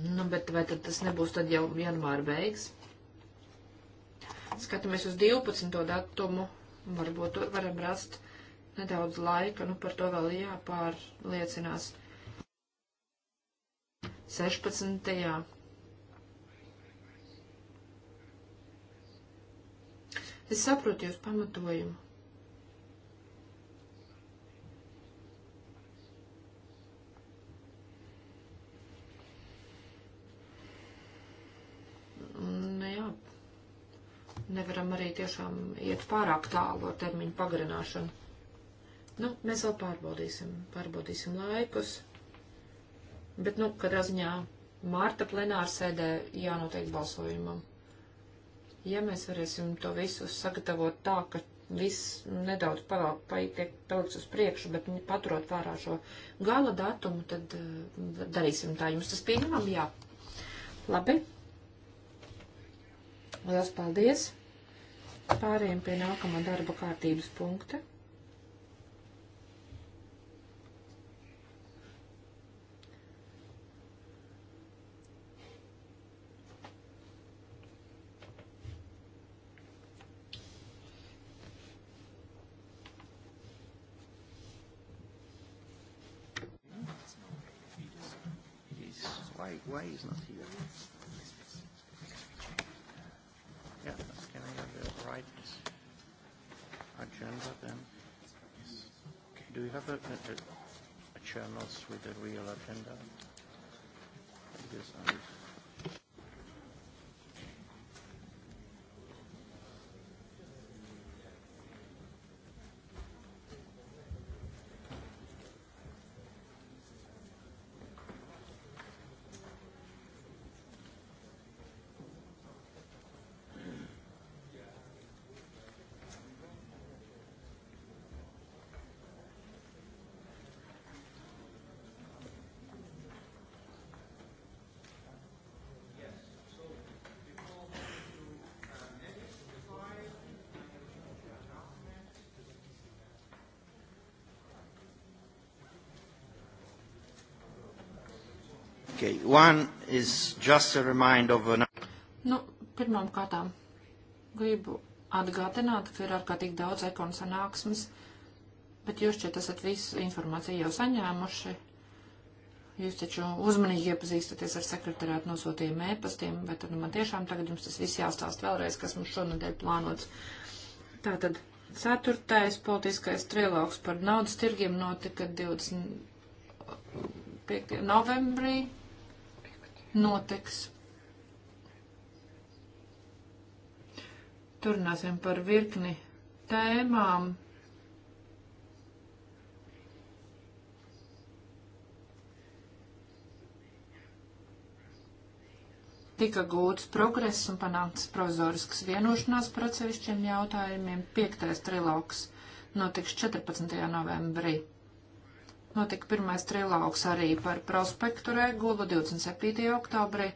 Nu, bet vai tad tas nebūs tad jau janvāra beigas? Skatāmies uz 12. datumu, varbūt varam rast nedaudz laika, nu par to vēl jāpārliecinās. 16. Es saprotu jūs pamatojumu. Nu, jā, nevaram arī tiešām iet pārāk tālu ar termiņu pagarināšanu. Nu, mēs vēl pārbaudīsim, pārbaudīsim laikus. Bet, nu, katrā ziņā Mārta plenāra sēdē jānotiek balsojumam. Ja mēs varēsim to visu sagatavot tā, ka viss nedaudz paliek paliek palikts uz priekšu, bet nu, paturot vērā šo gala datumu, tad uh, darīsim tā. Jums tas pieņemam? Jā. Labi. Lielas paldies. Pārējiem pie nākamā darba kārtības punkta. why he's not here? Yeah, can I have the right agenda then? Do you have a, a, a channels with the real agenda? Like this, I'm um, Okay, one is just a reminder of an... Nu, pirmām kārtām gribu atgādināt, ka ir ārkārtīgi daudz ekonu sanāksmes, bet jūs šķiet esat visu informāciju jau saņēmuši. Jūs taču uzmanīgi iepazīstaties ar sekretariātu nosūtījumu ēpastiem, bet nu, man tiešām tagad jums tas viss jāstāst vēlreiz, kas mums šonadēļ plānots. Tātad ceturtais politiskais trilogs par naudas tirgiem notika 25. novembrī notiks. Turināsim par virkni tēmām. Tika gūts progress un panāktas prozoriskas vienošanās par atsevišķiem jautājumiem. Piektais trilogs notiks 14. novembrī. Notika pirmais trilogs arī par prospektu regulu 27. oktobrī.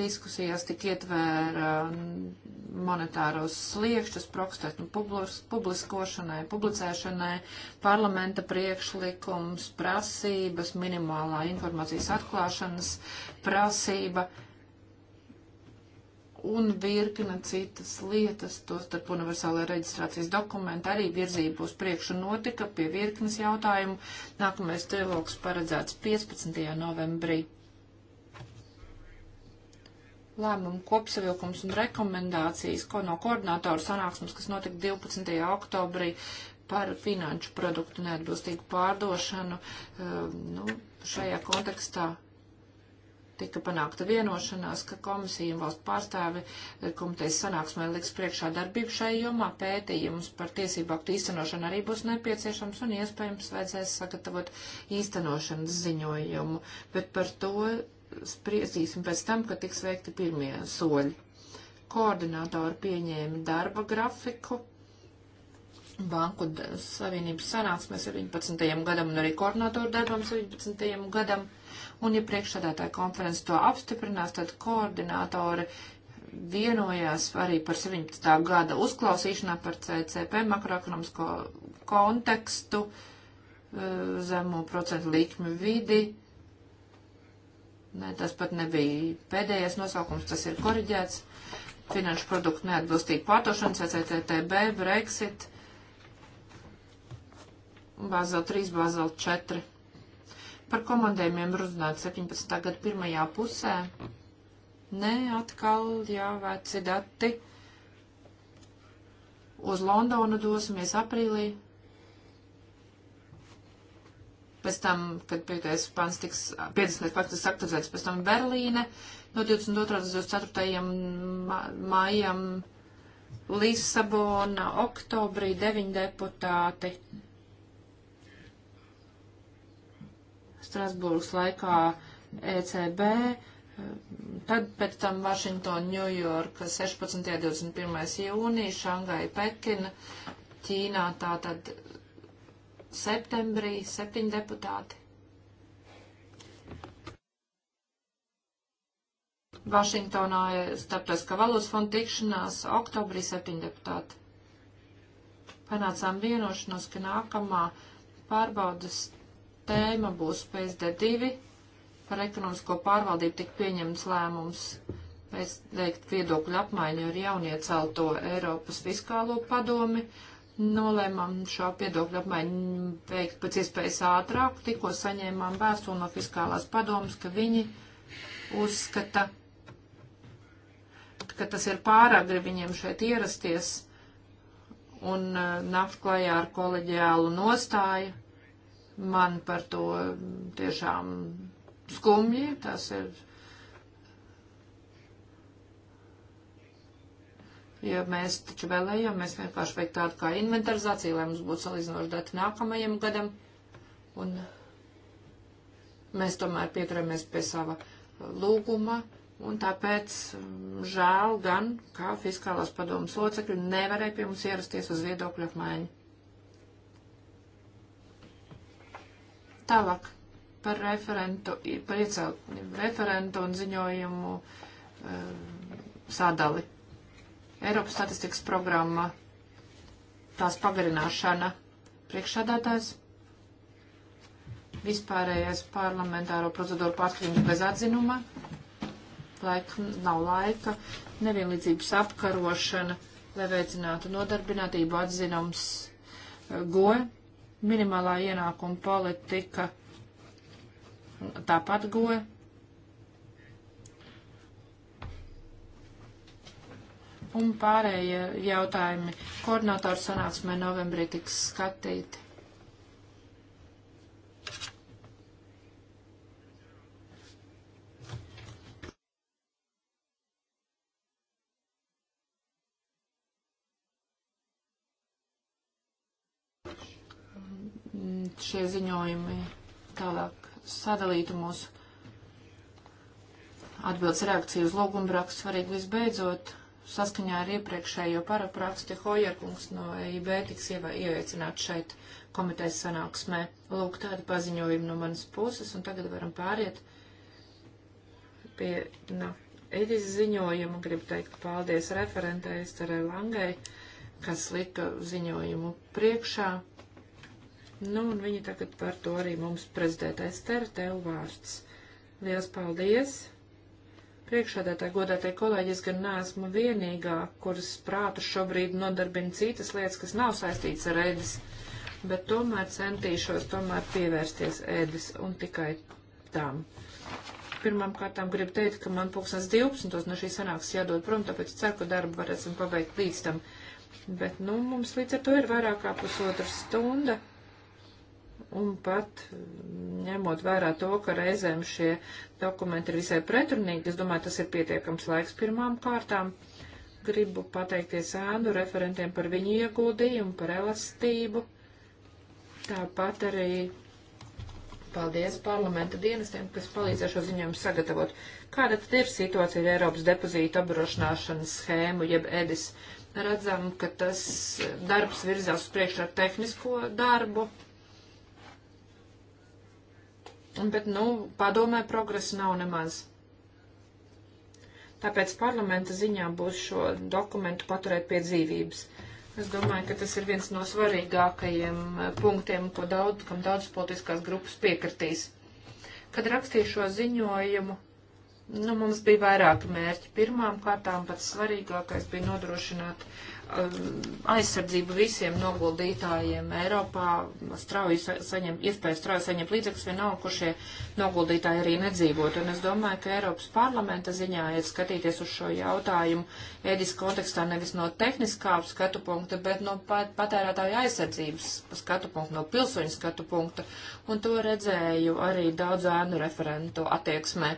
Diskusijās tik ietvēra mm, monetāros sliekšķus, prokstētu nu, publiskošanai, publicēšanai, parlamenta priekšlikums, prasības, minimālā informācijas atklāšanas prasība. Uh, un virkne citas lietas, tostarp universālajā reģistrācijas dokumenta arī virzība uz priekšu notika pie virknes jautājumu. Nākamais trilogs paredzēts 15. novembrī. Lēmumu kopsavilkums un rekomendācijas ko no koordinātoru sanāksmes, kas notika 12. oktobrī par finanšu produktu neatbilstīgu pārdošanu, eh, nu, šajā kontekstā tika panākta vienošanās, ka komisija un valsts pārstāvi eh, komitejas sanāksmē liks priekšā darbību šai jomā. Pētījums par tiesību aktu īstenošanu arī būs nepieciešams un iespējams vajadzēs sagatavot īstenošanas ziņojumu, bet par to spriestīsim pēc tam, kad tiks veikti pirmie soļi. Koordinātori pieņēma darba grafiku Banku Savienības sanāksmēs 17. gadam un arī koordinātoru darbam 17. gadam un ja priekšsādātāja konferences to apstiprinās, tad koordinātori vienojās arī par 17. gada uzklausīšanā par CCP makroekonomisko kontekstu, eh, zemu procentu likmi vidi. Ne, tas pat nebija pēdējais nosaukums, tas ir koriģēts. Finanšu produktu neatbilstīgu pārtošanu, CCTB, Brexit, Bāzel 3, Bāzel 4. Par komandējumiem runāt 17. gada pirmajā pusē. Nē, atkal, jā, veci dati. Uz Londonu dosimies aprīlī. Pēc tam, kad 5. pants tiks, 50. pants tiks aktualizēts, pēc tam Berlīne no 22. līdz 24. maijam. Lisabona, oktobrī deviņi deputāti Strasbūras laikā ECB, tad pēc tam Vašingtona, Ņujorka 16. 21. jūnija, Šangai, Pekina, Ķīnā tātad septembrī septiņi deputāti. Vašingtonā starptautiskā valodas fonda tikšanās oktobrī septiņi deputāti. Panācām vienošanos, ka nākamā pārbaudas tēma būs PSD2. Par ekonomisko pārvaldību tik pieņemts lēmums pēc veikt viedokļu apmaiņu ar jauniecelto Eiropas fiskālo padomi. Nolēmām šo viedokļu apmaiņu veikt pēc iespējas ātrāk. Tikko saņēmām vēstuli no fiskālās padomas, ka viņi uzskata, ka tas ir pāragri viņiem šeit ierasties un eh, nākt klajā ar koleģiālu nostāju man par to tiešām skumji. Tas ir. Ja mēs taču vēlējamies vienkārši veikt tādu kā inventarizāciju, lai mums būtu salīdzinoši dati nākamajam gadam, un mēs tomēr pieturamies pie sava lūguma, un tāpēc žēl gan, kā fiskālās padomas locekļi nevarēja pie mums ierasties uz viedokļu apmaiņu. Tālāk par referentu, par iecelt referentu un ziņojumu uh, sadali. Eiropas statistikas programma, tās pagarināšana, priekšsādātājs, vispārējais parlamentāro procedūru pārskatījums bez atzinuma, laika, nav laika, nevienlīdzības apkarošana, lai veicinātu nodarbinātību atzinums eh, goja minimālā ienākuma politika tāpat goja. Un pārējie jautājumi koordinatoru sanāksmē novembrī tiks skatīti. šie ziņojumi tālāk sadalītu mūsu atbildes reakciju uz lūgumbrakstu. Svarīgi visbeidzot, saskaņā ar iepriekšējo parapraksti Hojerkungs no EIB tiks ieviecināts šeit komitejas sanāksmē. Lūk, tādi paziņojumi no manas puses, un tagad varam pāriet pie, nu, Edis ziņojumu. Gribu teikt paldies referentei Starē Langai, kas lika ziņojumu priekšā. Nu, un viņa tagad par to arī mums prezidētā Estera tev vārds. Liels paldies! Priekšādētāji, godātie kolēģi, es gan neesmu vienīgā, kuras prātu šobrīd nodarbina citas lietas, kas nav saistītas ar ēdis, bet tomēr centīšos tomēr pievērsties ēdis un tikai tām. Pirmām kārtām gribu teikt, ka man pulkstens 12. no šīs sanāks jādod prom, tāpēc ceru, ka darbu varēsim pabeigt līdz tam. Bet, nu, mums līdz ar to ir vairāk kā pusotra stunda un pat mm, ņemot vērā to, ka reizēm šie dokumenti ir visai pretrunīgi, es domāju, tas ir pietiekams laiks pirmām kārtām. Gribu pateikties ēnu referentiem par viņu ieguldījumu, par elastību. Tāpat arī paldies parlamenta dienestiem, kas palīdzēja šo ziņojumu sagatavot. Kāda tad ir situācija ar Eiropas depozītu apdrošināšanas schēmu, jeb EDIS? Redzam, ka tas darbs virzās uz priekšu ar tehnisko darbu bet, nu, padomē progresa nav nemaz. Tāpēc parlamenta ziņā būs šo dokumentu paturēt pie dzīvības. Es domāju, ka tas ir viens no svarīgākajiem eh, punktiem, ko daudz, kam daudz politiskās grupas piekritīs. Kad rakstīju šo ziņojumu, nu, mums bija vairāki mērķi. Pirmām kārtām pats svarīgākais bija nodrošināt uh, Um, aizsardzību visiem noguldītājiem Eiropā strauji saņem, iespēju strauji saņemt līdzekļus, vienalga, kur šie noguldītāji arī nedzīvot. Un es domāju, ka Eiropas parlamenta ziņā ir skatīties uz šo jautājumu ēdis kontekstā nevis no tehniskā skatu punkta, bet no patērētāju aizsardzības skatu punkta, no pilsoņu skatu punkta. Un to redzēju arī daudzu ēnu referentu attieksmē.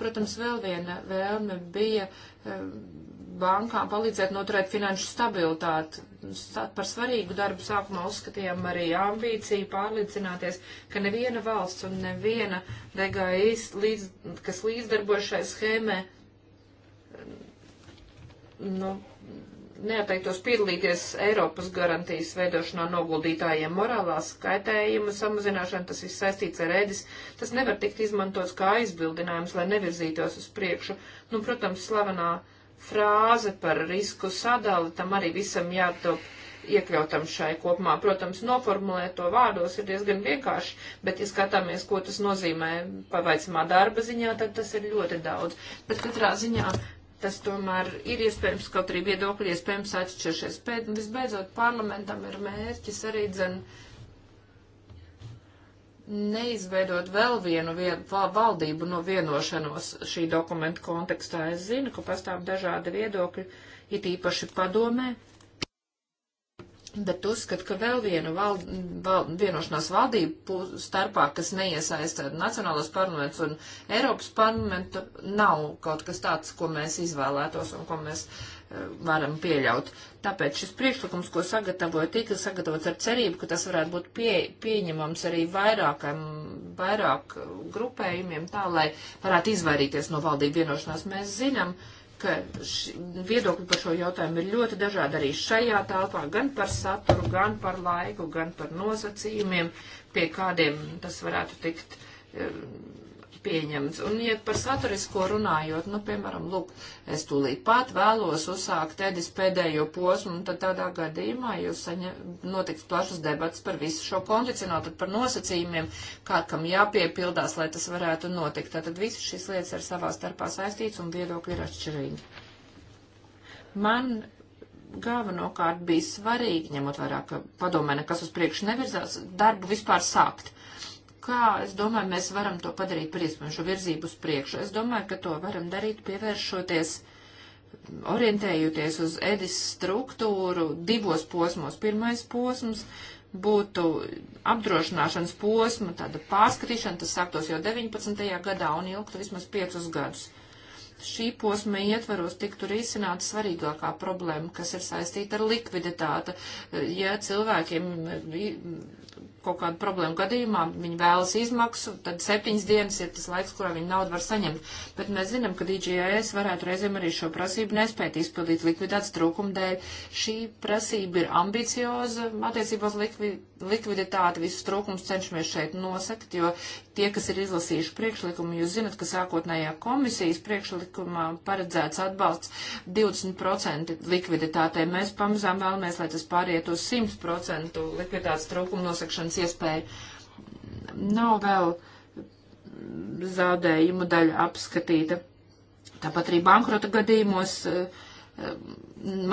Protams, vēl viena vēlme bija um, bankām palīdzēt noturēt finanšu stabilitāti. Par svarīgu darbu sākumā uzskatījām arī ambīciju pārliecināties, ka neviena valsts un neviena DGI, līdz, kas līdzdarbojas šai schēmē, nu, neatteiktos piedalīties Eiropas garantijas veidošanā noguldītājiem morālā skaitējuma samazināšana, tas viss saistīts ar ēdis, tas nevar tikt izmantots kā aizbildinājums, lai nevirzītos uz priekšu. Nu, protams, slavenā uh, frāze par risku sadali, tam arī visam jātop iekļautam šai kopumā. Protams, noformulēt to vārdos ir diezgan vienkārši, bet, ja skatāmies, ko tas nozīmē pavaicamā darba ziņā, tad tas ir ļoti daudz. Bet katrā ziņā tas tomēr ir iespējams, kaut arī viedokļi iespējams atšķiršies. Pēc, visbeidzot, parlamentam ir mērķis arī dzen. Uh, neizveidot vēl vienu vien, valdību no vienošanos šī dokumenta kontekstā. Es zinu, ka pastāv dažādi viedokļi, it īpaši padomē, bet uzskat, ka vēl vienu val, val, vienošanās valdību starpā, kas neiesaista Nacionālos parlaments un Eiropas parlamentu, nav kaut kas tāds, ko mēs izvēlētos un ko mēs uh, varam pieļaut. Tāpēc šis priekšlikums, ko sagatavoju, tika sagatavots ar cerību, ka tas varētu būt pie, pieņemams arī vairākam, vairāk grupējumiem, tā lai varētu izvairīties no valdību vienošanās. Mēs zinām, ka viedokļi par šo jautājumu ir ļoti dažādi arī šajā telpā, gan par saturu, gan par laiku, gan par nosacījumiem, pie kādiem tas varētu tikt eh, pieņemts. Un, ja par saturisko runājot, nu, piemēram, lūk, es tūlīt pat vēlos uzsākt Edis pēdējo posmu, un tad tādā gadījumā jūs saņem, notiks plašas debats par visu šo kondicionālu, tad par nosacījumiem, kā kam jāpiepildās, lai tas varētu notikt. Tātad visas šīs lietas ir savā starpā saistīts un viedokļi ir atšķirīgi. Man galvenokārt bija svarīgi, ņemot vairāk padomē, nekas uz priekšu nevirzās, darbu vispār sākt kā, es domāju, mēs varam to padarīt priecmu, šo virzību uz priekšu. Es domāju, ka to varam darīt pievēršoties, orientējoties uz Edis struktūru divos posmos. Pirmais posms būtu apdrošināšanas posma, tāda pārskatīšana, tas sāktos jau 19. gadā un ilgtu vismaz 5 gadus. Šī posma ietvaros tiktu risināta svarīgākā problēma, kas ir saistīta ar likviditāti. Ja cilvēkiem kaut kādu problēmu gadījumā, viņi vēlas izmaksu, tad septiņas dienas ir tas laiks, kurā viņi naudu var saņemt. Bet mēs zinām, ka DJS varētu reizēm arī šo prasību nespēt izpildīt likviditātes trūkuma dēļ. Šī prasība ir ambicioza attiecībās likvi, likviditāti, visus trūkums cenšamies šeit nosakt, jo tie, kas ir izlasījuši priekšlikumu, jūs zinat, ka sākotnējā komisijas priekšlikumā paredzēts atbalsts 20% likviditātei. Mēs pamazām vēlamies, lai tas pāriet uz 100% likviditātes trūkuma nosakšanas izmantošanas iespēju. Nav vēl zaudējumu daļa apskatīta. Tāpat arī bankrota gadījumos, eh,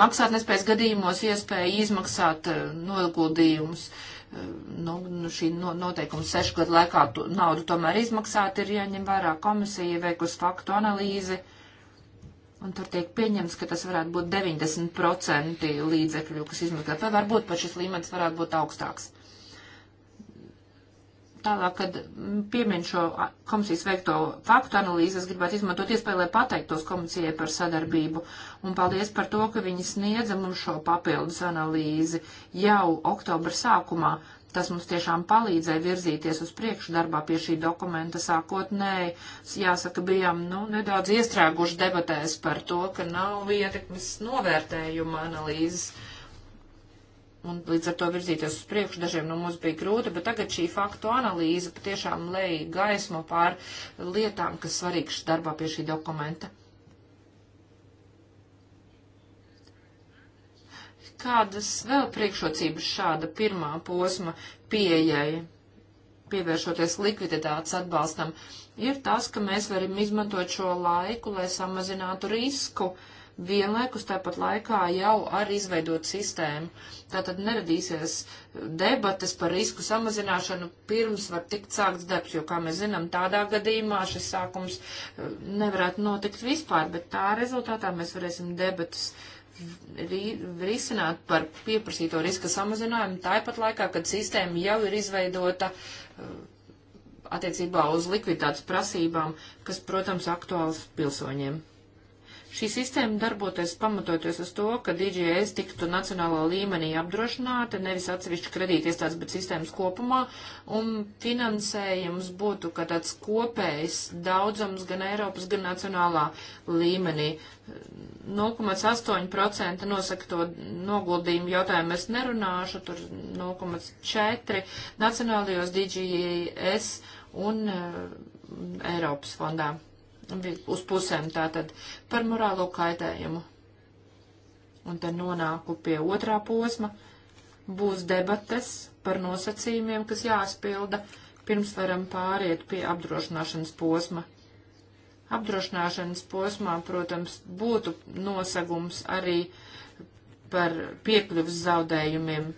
maksātnespējas gadījumos iespēja izmaksāt eh, noguldījumus eh, nu, nu šī noteikuma sešu gadu laikā tu, naudu tomēr izmaksāt, ir jāņem vērā komisija, veikusi faktu analīzi. Un tur tiek pieņemts, ka tas varētu būt 90% līdzekļu, kas izmaksāt. Vai varbūt pat šis līmenis varētu būt augstāks. Tālāk, kad mm, piemin šo komisijas veikto faktu analīzi, es gribētu izmantot iespēju, lai pateiktos komisijai par sadarbību. Un paldies par to, ka viņi sniedza mums šo papildus analīzi jau oktobra sākumā. Tas mums tiešām palīdzēja virzīties uz priekšu darbā pie šī dokumenta sākotnēji. Jāsaka, bijām nu, nedaudz iestrēguši debatēs par to, ka nav ietekmes novērtējuma analīzes. Uh, un līdz ar to virzīties uz priekšu dažiem no mums bija grūti, bet tagad šī faktu analīze patiešām lej gaismu pār lietām, kas svarīgas darbā pie šī dokumenta. Kādas vēl priekšrocības šāda pirmā posma pieejai, pievēršoties likviditātes atbalstam, ir tas, ka mēs varam izmantot šo laiku, lai samazinātu risku uh, vienlaikus tāpat laikā jau ar izveidot sistēmu. Tātad neradīsies debates par risku samazināšanu pirms var tikt sākts darbs, jo, kā mēs zinām, tādā gadījumā šis sākums eh, nevarētu notikt vispār, bet tā rezultātā mēs varēsim debates risināt par pieprasīto riska samazinājumu, tāpat laikā, kad sistēma jau ir izveidota eh, attiecībā uz likviditātes prasībām, kas, protams, aktuāls pilsoņiem. Šī sistēma darboties pamatoties uz to, ka DGS tiktu nacionālā līmenī apdrošināta, nevis atsevišķi kredītiestāds, bet sistēmas kopumā, un finansējums būtu kā tāds kopējs daudzums gan Eiropas, gan nacionālā līmenī. 0,8% nosaka to noguldījumu jautājumu, es nerunāšu, tur 0,4% nacionālajos DGS un uh, Eiropas fondā uz pusēm tātad par morālo kaitējumu. Un te nonāku pie otrā posma. Būs debates par nosacījumiem, kas jāspilda, pirms varam pāriet pie apdrošināšanas posma. Apdrošināšanas posmā, protams, būtu nosegums arī par piekļuvas zaudējumiem.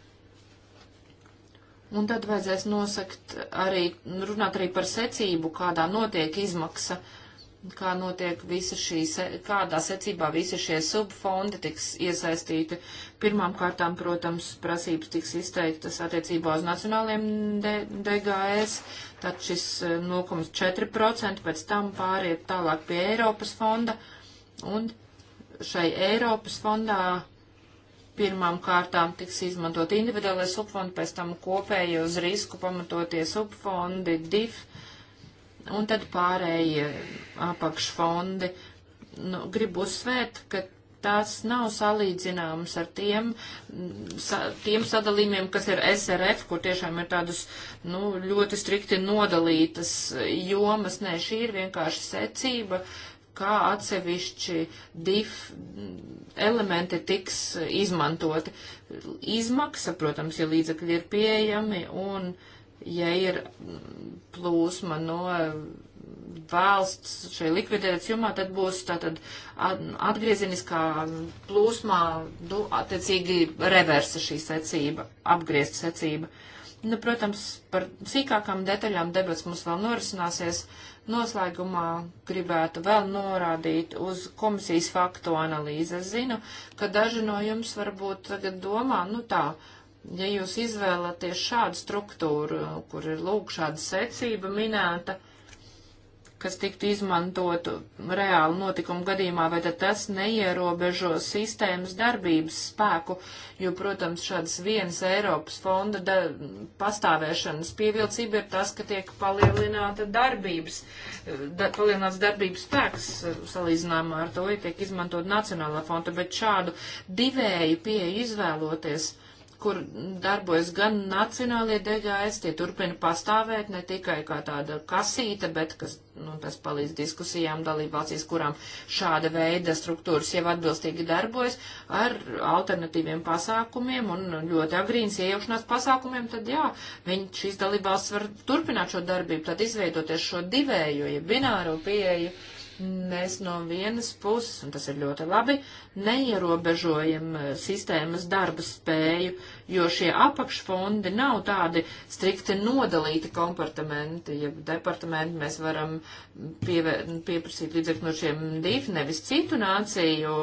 Un tad vajadzēs nosakt arī, runāt arī par secību, kādā notiek izmaksa uh, kā notiek visa šī, kādā secībā visi šie subfondi tiks iesaistīti. Pirmām kārtām, protams, prasības tiks izteiktas attiecībā uz nacionāliem DGS, tad šis 0,4% e, pēc tam pāriet tālāk pie Eiropas fonda, un šai Eiropas fondā pirmām kārtām tiks izmantot individuālais subfondi, pēc tam kopēji uz risku pamatoties subfondi DIF Un tad pārējie apakšfondi. Nu, gribu uzsvērt, ka tās nav salīdzināmas ar tiem, sa, tiem sadalījumiem, kas ir SRF, kur tiešām ir tādas nu, ļoti strikti nodalītas jomas. Nē, šī ir vienkārši secība, kā atsevišķi div elementi tiks izmantoti. Izmaksa, protams, ja līdzekļi ir pieejami un. Uh, ja ir plūsma no valsts šai likvidētas jomā, tad būs tātad atgriezeniskā plūsmā, nu, attiecīgi reversa šī secība, apgriezt secība. Nu, protams, par sīkākām detaļām debats mums vēl norisināsies. Noslēgumā gribētu vēl norādīt uz komisijas faktu analīzi. Es zinu, ka daži no jums varbūt tagad domā, nu tā, uh, ja jūs izvēlaties šādu struktūru, kur ir lūk šāda secība minēta, kas tiktu izmantotu reāli notikumu gadījumā, vai tad tas neierobežo sistēmas darbības spēku, jo, protams, šādas vienas Eiropas fonda da, pastāvēšanas pievilcība ir tas, ka tiek palielināta darbības, da, palielināts darbības spēks salīdzinājumā ar to, ja tiek izmantot nacionālā fonda, bet šādu divēju pieeju izvēloties kur darbojas gan nacionālie DGS, tie turpina pastāvēt ne tikai kā tāda kasīta, bet kas, nu, tas palīdz diskusijām dalībvalstīs, kurām šāda veida struktūras jau atbilstīgi darbojas, ar alternatīviem pasākumiem un ļoti agrīnas iejaukšanās pasākumiem, tad jā, viņi šīs dalībvalsts var turpināt šo darbību, tad izveidoties šo divējo, ja bināro pieeju mēs no vienas puses, un tas ir ļoti labi, neierobežojam eh, sistēmas darba spēju, jo šie apakšfondi nav tādi strikti nodalīti kompartamenti, ja departamenti mēs varam pievē, pieprasīt līdzekļu no šiem DIF, nevis citu nāciju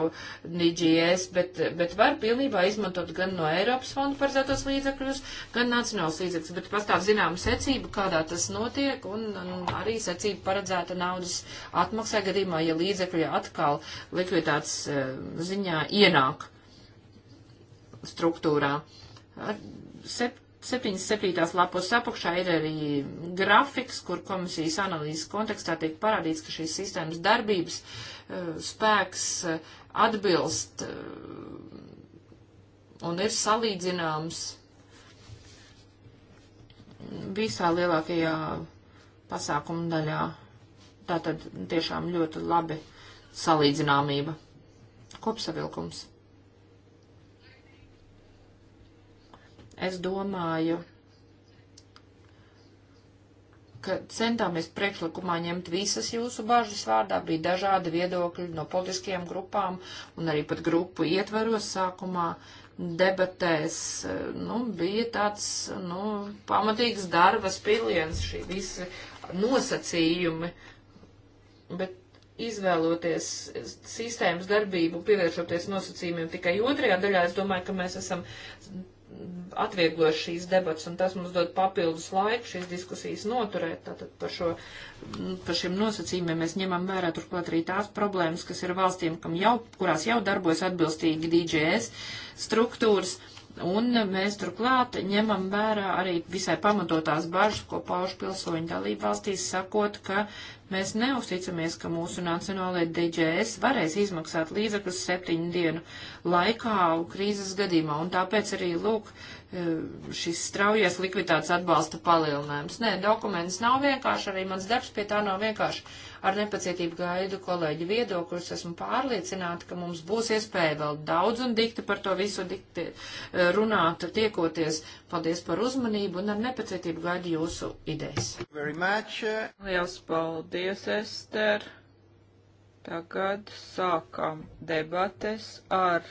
DGS, bet, bet var pilnībā izmantot gan no Eiropas fonda paredzētos līdzekļus, gan nacionāls līdzekļus, bet pastāv zināma secība, kādā tas notiek, un, un arī secība paredzēta naudas atmaksai gadījumā, ja līdzekļi atkal likviditātes eh, ziņā ienāk struktūrā. Sep 77. lapos apakšā ir arī grafiks, kur komisijas analīzes kontekstā tiek parādīts, ka šīs sistēmas darbības uh, spēks uh, atbilst uh, un ir salīdzināms visā lielākajā pasākuma daļā. Tā tad tiešām ļoti labi salīdzināmība. Kopsavilkums. es domāju, ka centāmies priekšlikumā ņemt visas jūsu bažas vārdā, bija dažādi viedokļi no politiskajām grupām un arī pat grupu ietveros sākumā debatēs. Nu, bija tāds, nu, pamatīgs darba spiliens, šī visi nosacījumi, bet izvēloties sistēmas darbību, pievēršoties nosacījumiem tikai otrajā daļā, es domāju, ka mēs esam atvieglojuši šīs debats, un tas mums dod papildus laiku šīs diskusijas noturēt. Tātad par, šo, par šiem nosacījumiem mēs ņemam vērā turklāt arī tās problēmas, kas ir valstīm, jau, kurās jau darbojas atbilstīgi DJS struktūras. Uh, Un mēs turklāt ņemam vērā arī visai pamatotās bažas, ko pauž pilsoņu dalību valstīs, sakot, ka mēs neusticamies, ka mūsu nacionālajie DJS varēs izmaksāt līdzekļus septiņu dienu laikā krīzes gadījumā. Un tāpēc arī, lūk, eh, šis straujies likviditātes atbalsta palielinājums. Nē, dokuments nav vienkārši, arī mans darbs pie tā nav vienkārši. Ar nepacietību gaidu kolēģi viedokļus. Esmu pārliecināta, ka mums būs iespēja vēl daudz un dikti par to visu dikti, eh, runāt, tiekoties. Paldies par uzmanību un ar nepacietību gaidu jūsu idejas. Lielas paldies, Ester. Tagad sākam debates ar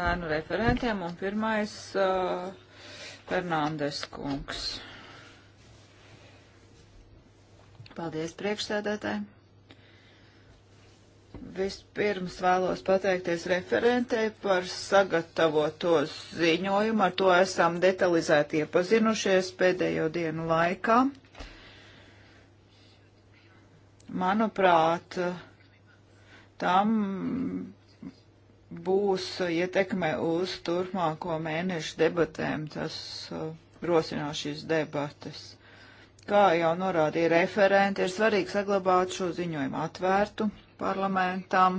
ēnu referentiem un pirmais uh, Fernandes kungs. Paldies priekšsēdētāji. Vispirms vēlos pateikties referentei par sagatavoto ziņojumu. Ar to esam detalizēti iepazinušies pēdējo dienu laikā. Manuprāt, tam būs ietekme uz turpmāko mēnešu debatēm. Tas uh, rosinās šīs debatas. Kā jau norādīja referenti, ir svarīgi saglabāt šo ziņojumu atvērtu parlamentam.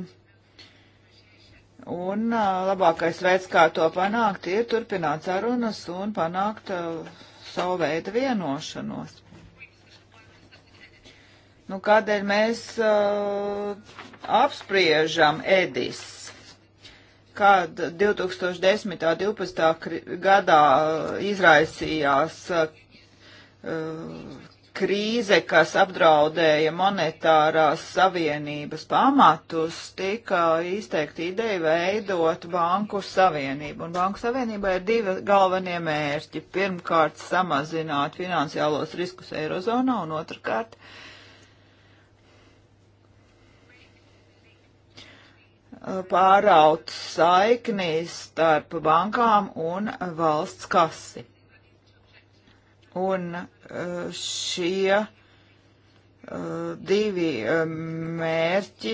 Un labākais veids, kā to panākt, ir turpināt sarunas un panākt uh, savu veidu vienošanos. Nu, kādēļ mēs uh, apspriežam Edis? Kad 2010. 12. gadā izraisījās Uh, krīze, kas apdraudēja monetārās savienības pamatus, tika izteikti ideja veidot banku savienību. Un banku savienībā ir divi galvenie mērķi. Pirmkārt, samazināt finansiālos riskus Eirozonā, un otrkārt, uh, pāraut saiknīs starp bankām un valsts kasi. Un uh, šie uh, divi um, mērķi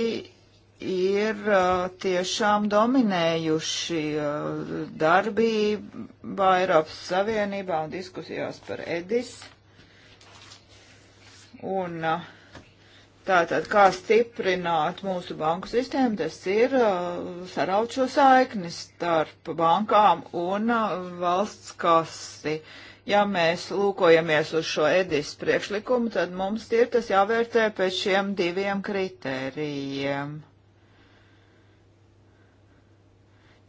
ir uh, tiešām dominējuši darbībā Eiropas Savienībā un diskusijās par Edis. Un tātad, kā stiprināt mūsu banku sistēmu, tas ir saraut šo saikni starp bankām un valsts kasi. Uh, Ja mēs lūkojamies uz šo Edis priekšlikumu, tad mums ir tas jāvērtē pēc šiem diviem kritērijiem.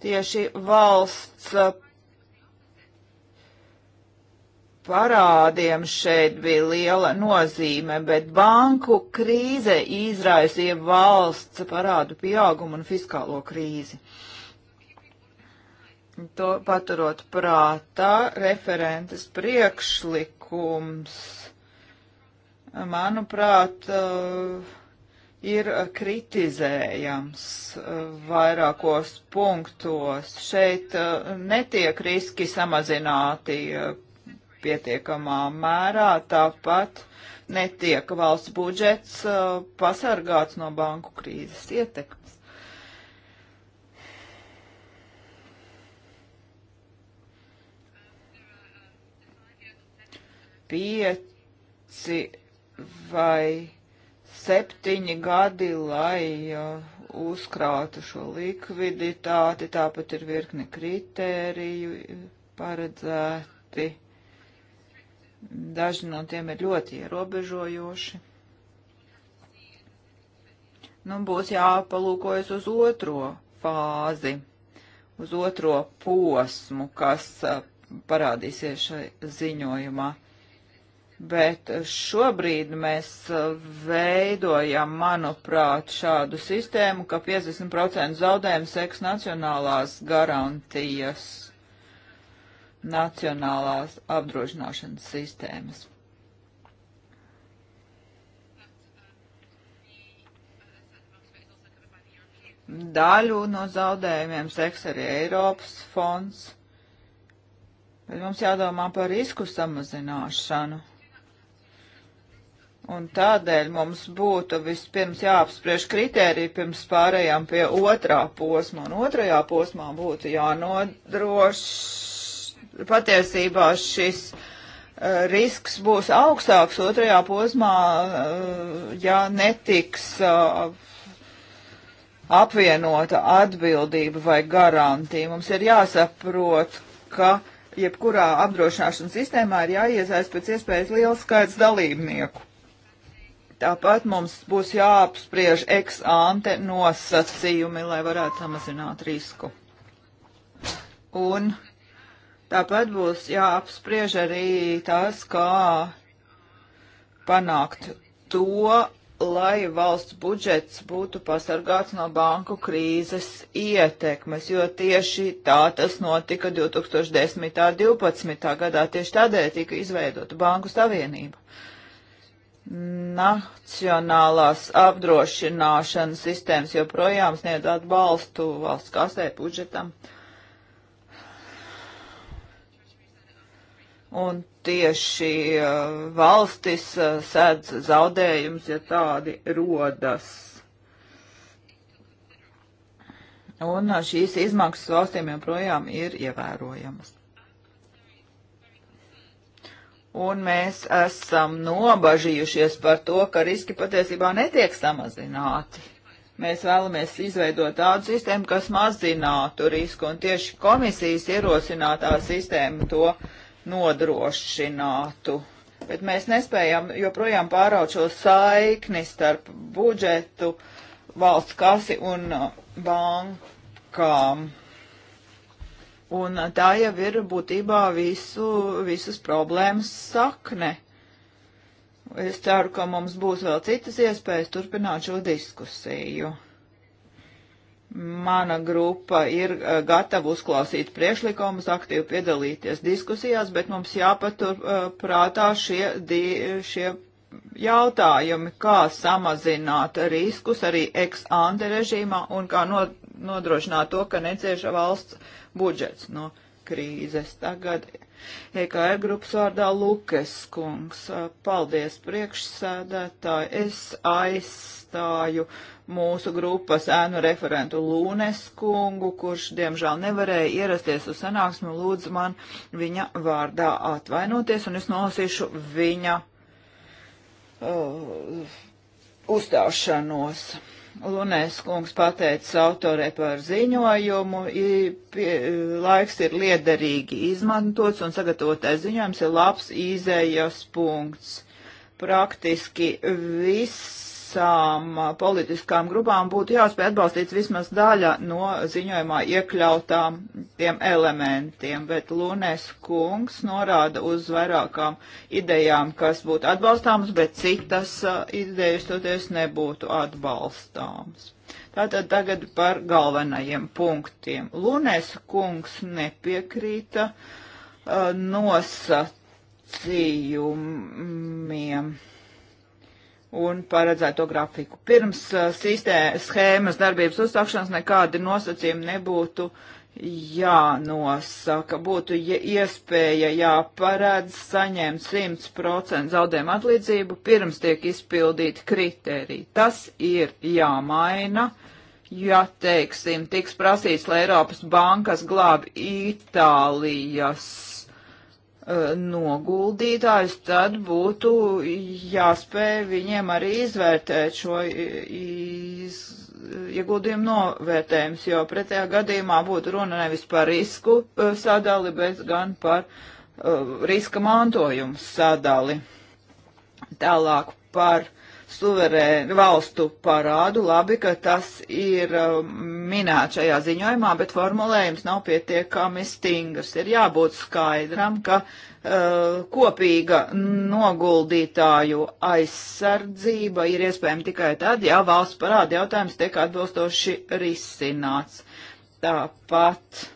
Tieši valsts uh, parādiem šeit bija liela nozīme, bet banku krīze izraisīja valsts parādu pieaugumu un fiskālo krīzi to paturot prātā, referentes priekšlikums, manuprāt, eh, ir kritizējams eh, vairākos punktos. Šeit eh, netiek riski samazināti pietiekamā mērā, tāpat netiek valsts budžets pasargāts no banku krīzes ietekmes. pieci vai septiņi gadi, lai uh, uzkrātu šo likviditāti, tāpat ir virkni kritēriju paredzēti. Daži no tiem ir ļoti ierobežojoši. Nu, būs jāpalūkojas uz otro fāzi, uz otro posmu, kas uh, parādīsies šai ziņojumā bet šobrīd mēs uh, veidojam, manuprāt, šādu sistēmu, ka 50% zaudējums seks nacionālās garantijas, nacionālās apdrošināšanas sistēmas. Daļu no zaudējumiem seks arī Eiropas fonds, bet mums jādomā par risku samazināšanu. Un tādēļ mums būtu vispirms jāapspriež kritērija pirms pārējām pie otrā posma. Un otrajā posmā būtu jānodroš patiesībā šis uh, risks būs augstāks otrajā posmā, uh, ja netiks uh, apvienota atbildība vai garantija. Mums ir jāsaprot, ka jebkurā apdrošināšanas sistēmā ir jāiesaist pēc iespējas liels skaits dalībnieku Tāpat mums būs jāapspriež ex ante nosacījumi, lai varētu samazināt risku. Un tāpat būs jāapspriež arī tas, kā panākt to, lai valsts budžets būtu pasargāts no banku krīzes ietekmes, jo tieši tā tas notika 2010. un 2012. gadā, tieši tādēļ tika izveidota Banku Savienība. Nacionālās apdrošināšanas sistēmas joprojām sniedz atbalstu valsts kasē budžetam. Un tieši uh, valstis uh, sēdz zaudējums, ja tādi rodas. Un uh, šīs izmaksas valstīm joprojām ir ievērojamas un mēs esam nobažījušies par to, ka riski patiesībā netiek samazināti. Mēs vēlamies izveidot tādu sistēmu, kas mazinātu risku, un tieši komisijas ierosinātā sistēma to nodrošinātu. Bet mēs nespējam joprojām pāraut šo saikni starp budžetu, valsts kasi un bankām. Un tā jau ir būtībā visu, visas problēmas sakne. Es ceru, ka mums būs vēl citas iespējas turpināt šo diskusiju. Mana grupa ir uh, gatava uzklausīt priešlikumus, aktīvi piedalīties diskusijās, bet mums jāpatur uh, prātā šie, di, šie jautājumi, kā samazināt riskus arī ex-ante režīmā un kā no, nodrošināt to, ka necieš valsts budžets no krīzes. Tagad EKR grupas vārdā Lukas kungs. Paldies priekšsēdētāji. Es aizstāju mūsu grupas ēnu referentu Lūnes kungu, kurš diemžēl nevarēja ierasties uz sanāksmu. Lūdzu man viņa vārdā atvainoties un es nolasīšu viņa uh, uzstāšanos. Lunēs kungs pateica autorē par ziņojumu. I, pie, laiks ir liederīgi izmantots un sagatavotais ziņojums ir labs izējas punkts. Praktiski viss visām politiskām grupām būtu jāspēj atbalstīt vismaz daļa no ziņojumā iekļautām tiem elementiem, bet Lunes kungs norāda uz vairākām idejām, kas būtu atbalstāmas, bet citas idejas toties nebūtu atbalstāmas. Tātad tagad par galvenajiem punktiem. Lunes kungs nepiekrīta uh, nosacījumiem un paredzēto grafiku. Pirms uh, sistē, schēmas darbības uzsākšanas nekādi nosacījumi nebūtu jānosaka. Būtu iespēja jāparedz saņemt 100% zaudējumu atlīdzību pirms tiek izpildīti kriteriji. Tas ir jāmaina. Ja, teiksim, tiks prasīts, lai Eiropas bankas glāb Itālijas noguldītājus, tad būtu jāspēj viņiem arī izvērtēt šo iz, ieguldījumu novērtējums, jo pretējā gadījumā būtu runa nevis par risku eh, sadali, bet gan par uh, riska mantojumu sadali. Tālāk par uh, suverēnu valstu parādu. Labi, ka tas ir um, minēts šajā ziņojumā, bet formulējums nav pietiekami stingrs. Ir jābūt skaidram, ka uh, kopīga noguldītāju aizsardzība ir iespējama tikai tad, ja valsts parāda jautājums tiek atbilstoši risināts. Tāpat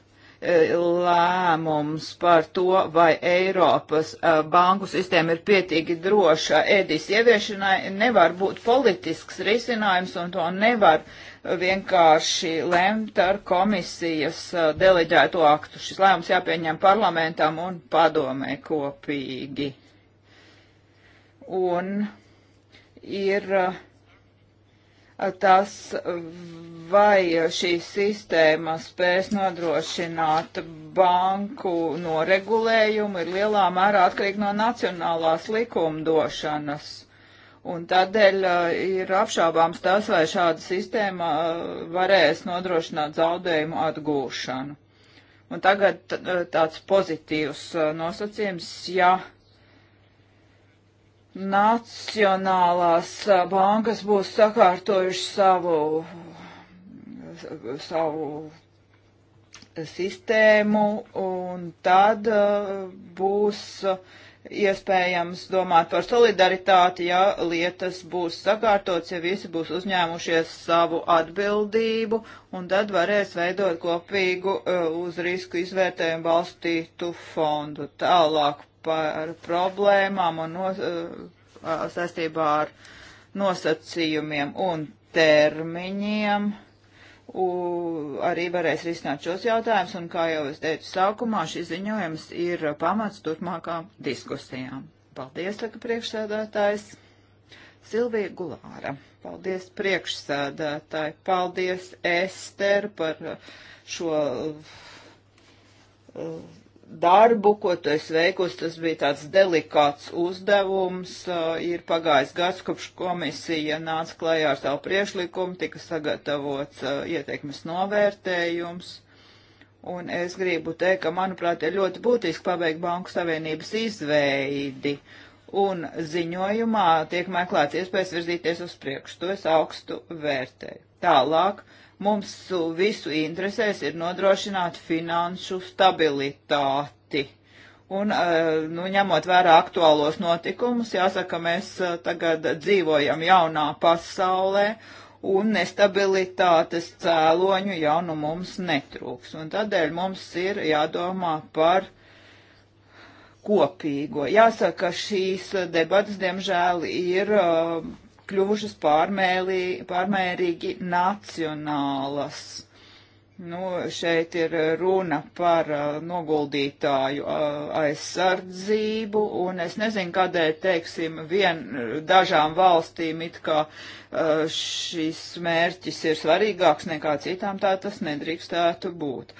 lēmums par to, vai Eiropas eh, banku sistēma ir pietīgi droša ēdīs ieviešanai, nevar būt politisks risinājums un to nevar vienkārši lemt ar komisijas eh, deleģēto aktu. Šis lēmums jāpieņem parlamentam un padomē kopīgi. Un ir uh, tas, vai šī sistēma spēs nodrošināt banku noregulējumu, ir lielā mērā atkarīgi no nacionālās likumdošanas. Un tādēļ uh, ir apšābāms tas, vai šāda sistēma uh, varēs nodrošināt zaudējumu atgūšanu. Un tagad uh, tāds pozitīvs nosacījums, ja Nacionālās bankas būs sakārtojuši savu, savu sistēmu, un tad būs uh, iespējams domāt par solidaritāti, ja lietas būs sakārtotas, ja visi būs uzņēmušies savu atbildību, un tad varēs veidot kopīgu uh, uz risku izvērtējumu balstītu fondu. Tālāk par problēmām un no, uh, saistībā ar nosacījumiem un termiņiem. U, arī varēs risināt šos jautājumus, un, kā jau es teicu sākumā, šis ziņojums ir pamats turpmākām diskusijām. Paldies, saka priekšsēdētājs Silvija Gulāra. Paldies, priekšsēdētāji. Paldies, Ester, par šo uh, darbu, ko tu esi veikusi, tas bija tāds delikāts uzdevums. Eh, ir pagājis gads, kopš komisija nāca klajā ar savu priešlikumu, tika sagatavots eh, ieteikmes novērtējums. Un es gribu teikt, ka, manuprāt, ir ļoti būtiski pabeigt Banku Savienības izveidi. Un ziņojumā tiek meklēts iespējas virzīties uz priekšu. To es augstu vērtēju. Tālāk Mums visu interesēs ir nodrošināt finanšu stabilitāti. Un, eh, nu, ņemot vērā aktuālos notikumus, jāsaka, mēs eh, tagad dzīvojam jaunā pasaulē, un nestabilitātes cēloņu jau nu mums netrūks. Un tādēļ mums ir jādomā par kopīgo. Jāsaka, šīs debatas, diemžēl, ir uh, kļuvušas pārmēlī, pārmērīgi nacionālas. Nu, šeit ir runa par uh, noguldītāju uh, aizsardzību, un es nezinu, kādēļ, teiksim, vien dažām valstīm it kā uh, šis mērķis ir svarīgāks nekā citām, tā tas nedrīkstētu būt.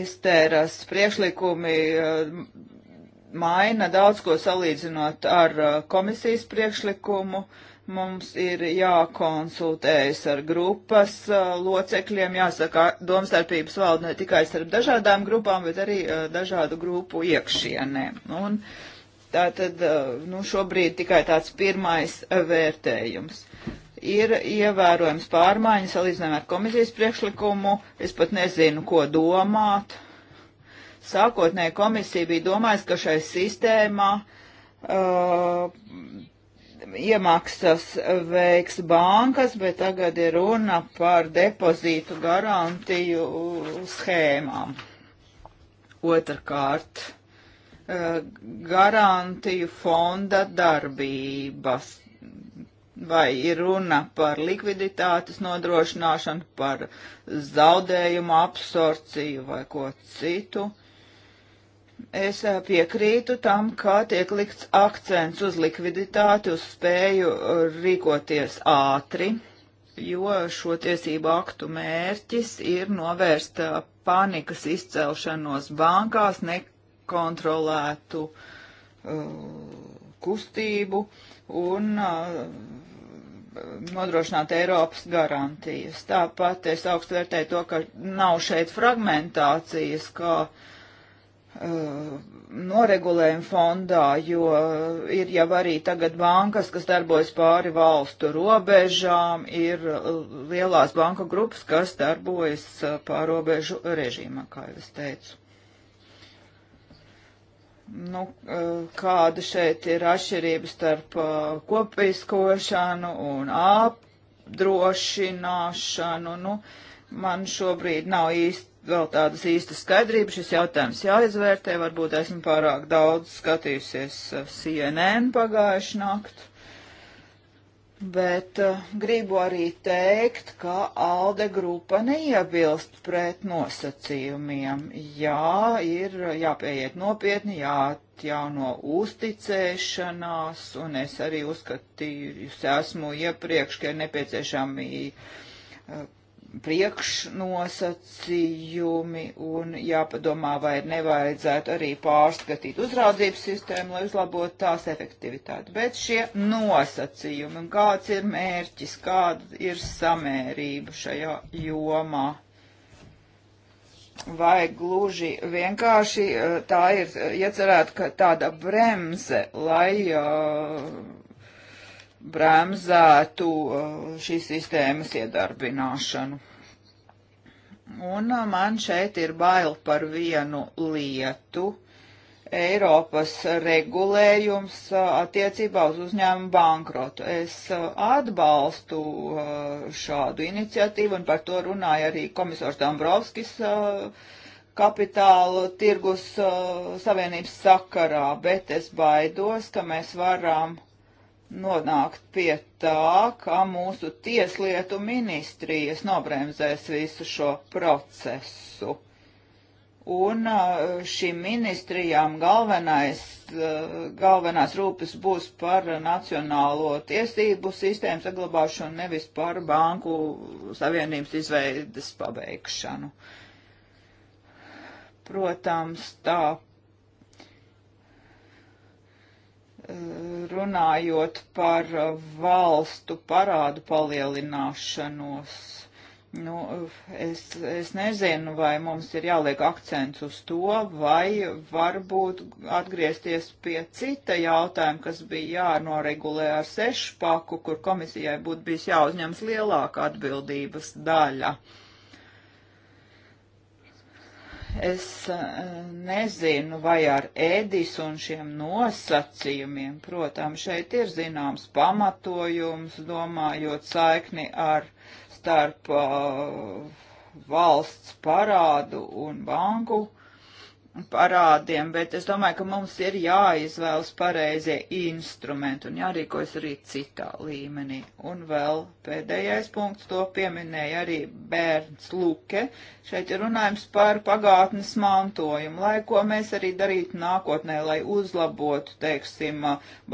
Esteras priekšlikumi uh, maina daudz ko salīdzinot ar uh, komisijas priekšlikumu. Mums ir jākonsultējas ar grupas uh, locekļiem, jāsaka, domstarpības valda ne tikai starp dažādām grupām, bet arī uh, dažādu grupu iekšienē. Un tā tad, nu, šobrīd tikai tāds pirmais vērtējums ir ievērojams pārmaiņas salīdzinājumā ar komisijas priekšlikumu. Es pat nezinu, ko domāt. Sākotnēji komisija bija domājusi, ka šai sistēmā uh, iemaksas veiks bankas, bet tagad ir runa par depozītu garantiju schēmām. Otrakārt, uh, garantiju fonda darbības. Vai ir runa par likviditātes nodrošināšanu, par zaudējumu absorpciju vai ko citu? Uh, es eh, piekrītu tam, kā tiek likts akcents uz likviditāti, uz spēju eh, rīkoties ātri, jo šo tiesību aktu mērķis ir novērst eh, panikas izcelšanos bankās, nekontrolētu uh, kustību un uh, nodrošināt Eiropas garantijas. Tāpat es augstu vērtēju to, ka nav šeit fragmentācijas, kā uh, Uh, noregulējuma fondā, jo ir jau arī tagad bankas, kas darbojas pāri valstu robežām, ir lielās banka grupas, kas darbojas uh, pārobežu režīmā, kā jau es teicu. Nu, uh, kāda šeit ir atšķirība starp kopīskošanu un apdrošināšanu? Nu, man šobrīd nav īsti vēl tādas īstas skaidrības. Šis jautājums jāizvērtē. Varbūt esmu pārāk daudz skatījusies eh, CNN pagājuši nakti. Bet uh, gribu arī teikt, ka ALDE grupa neiebilst pret nosacījumiem. Jā, ir jāpieiet nopietni, jāatjauno uzticēšanās, un es arī uzskatīju, es esmu iepriekš, ka ir nepieciešami uh, priekšnosacījumi un jāpadomā, vai nevajadzētu arī pārskatīt uzraudzības sistēmu, lai uzlabotu tās efektivitāti. Bet šie nosacījumi, kāds ir mērķis, kāda ir samērība šajā jomā, vai gluži vienkārši eh, tā ir iecerēta, ka tāda bremze, lai. Uh, bremzētu uh, šīs sistēmas iedarbināšanu. Un uh, man šeit ir bail par vienu lietu. Eiropas regulējums uh, attiecībā uz uzņēmumu bankrotu. Es atbalstu šādu iniciatīvu un par to runāja arī komisors Dombrovskis kapitāla tirgus savienības sakarā, bet es baidos, ka mēs varam nonākt pie tā, ka mūsu tieslietu ministrijas nobremzēs visu šo procesu. Un šīm ministrijām galvenais, galvenās rūpes būs par nacionālo tiesību sistēmu saglabāšanu, nevis par banku savienības izveidas pabeigšanu. Protams, tā runājot par valstu parādu palielināšanos. Nu, es, es nezinu, vai mums ir jāliek akcents uz to, vai varbūt atgriezties pie cita jautājuma, kas bija jānoregulē ar sešpaku, kur komisijai būtu bijis jāuzņems lielāka atbildības daļa. Uh, Es eh, nezinu, vai ar ēdis un šiem nosacījumiem, protams, šeit ir zināms pamatojums, domājot saikni ar starp uh, valsts parādu un banku parādiem, bet es domāju, ka mums ir jāizvēlas pareizie instrumenti un jārīkojas arī citā līmenī. Un vēl pēdējais punkts, to pieminēja arī bērns Luke. Šeit ir runājums par pagātnes mantojumu, lai ko mēs arī darītu nākotnē, lai uzlabotu, teiksim,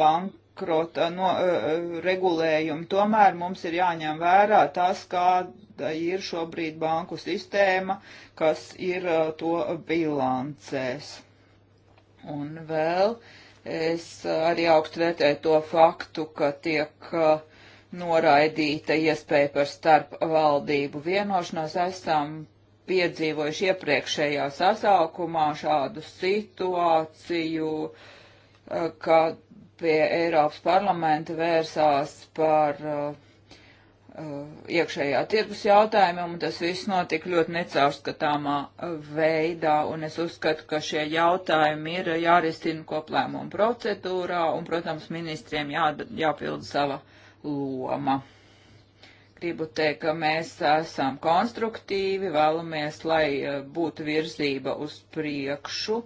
banku bankrota no, uh, regulējumu. Tomēr mums ir jāņem vērā tas, kāda ir šobrīd banku sistēma, kas ir uh, to bilancēs. Un vēl es arī augstu vērtēju to faktu, ka tiek uh, noraidīta iespēja par starp valdību vienošanos. Esam piedzīvojuši iepriekšējā sasaukumā šādu situāciju, kad pie Eiropas parlamenta vērsās par uh, uh, iekšējā tirgus jautājumiem, un tas viss notika ļoti necaurskatāmā uh, veidā, un es uzskatu, ka šie jautājumi ir jārisina koplēmuma procedūrā, un, protams, ministriem jā, jāpilda sava loma. Gribu teikt, ka mēs esam konstruktīvi, vēlamies, lai uh, būtu virzība uz priekšu,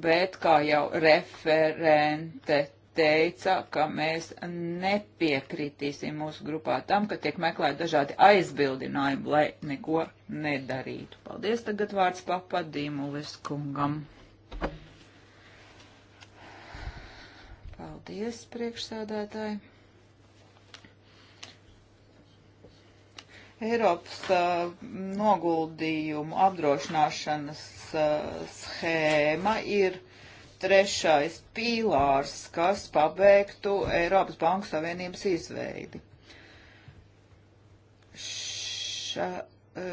bet, kā jau referente teica, ka mēs nepiekritīsim mūsu grupā tam, ka tiek meklēti dažādi aizbildinājumi, lai neko nedarītu. Paldies, tagad vārds papadīmulis kungam. Paldies, priekšsēdētāji. Eiropas uh, noguldījumu apdrošināšanas uh, schēma ir trešais pīlārs, kas pabeigtu Eiropas Banku Savienības izveidi. Ša,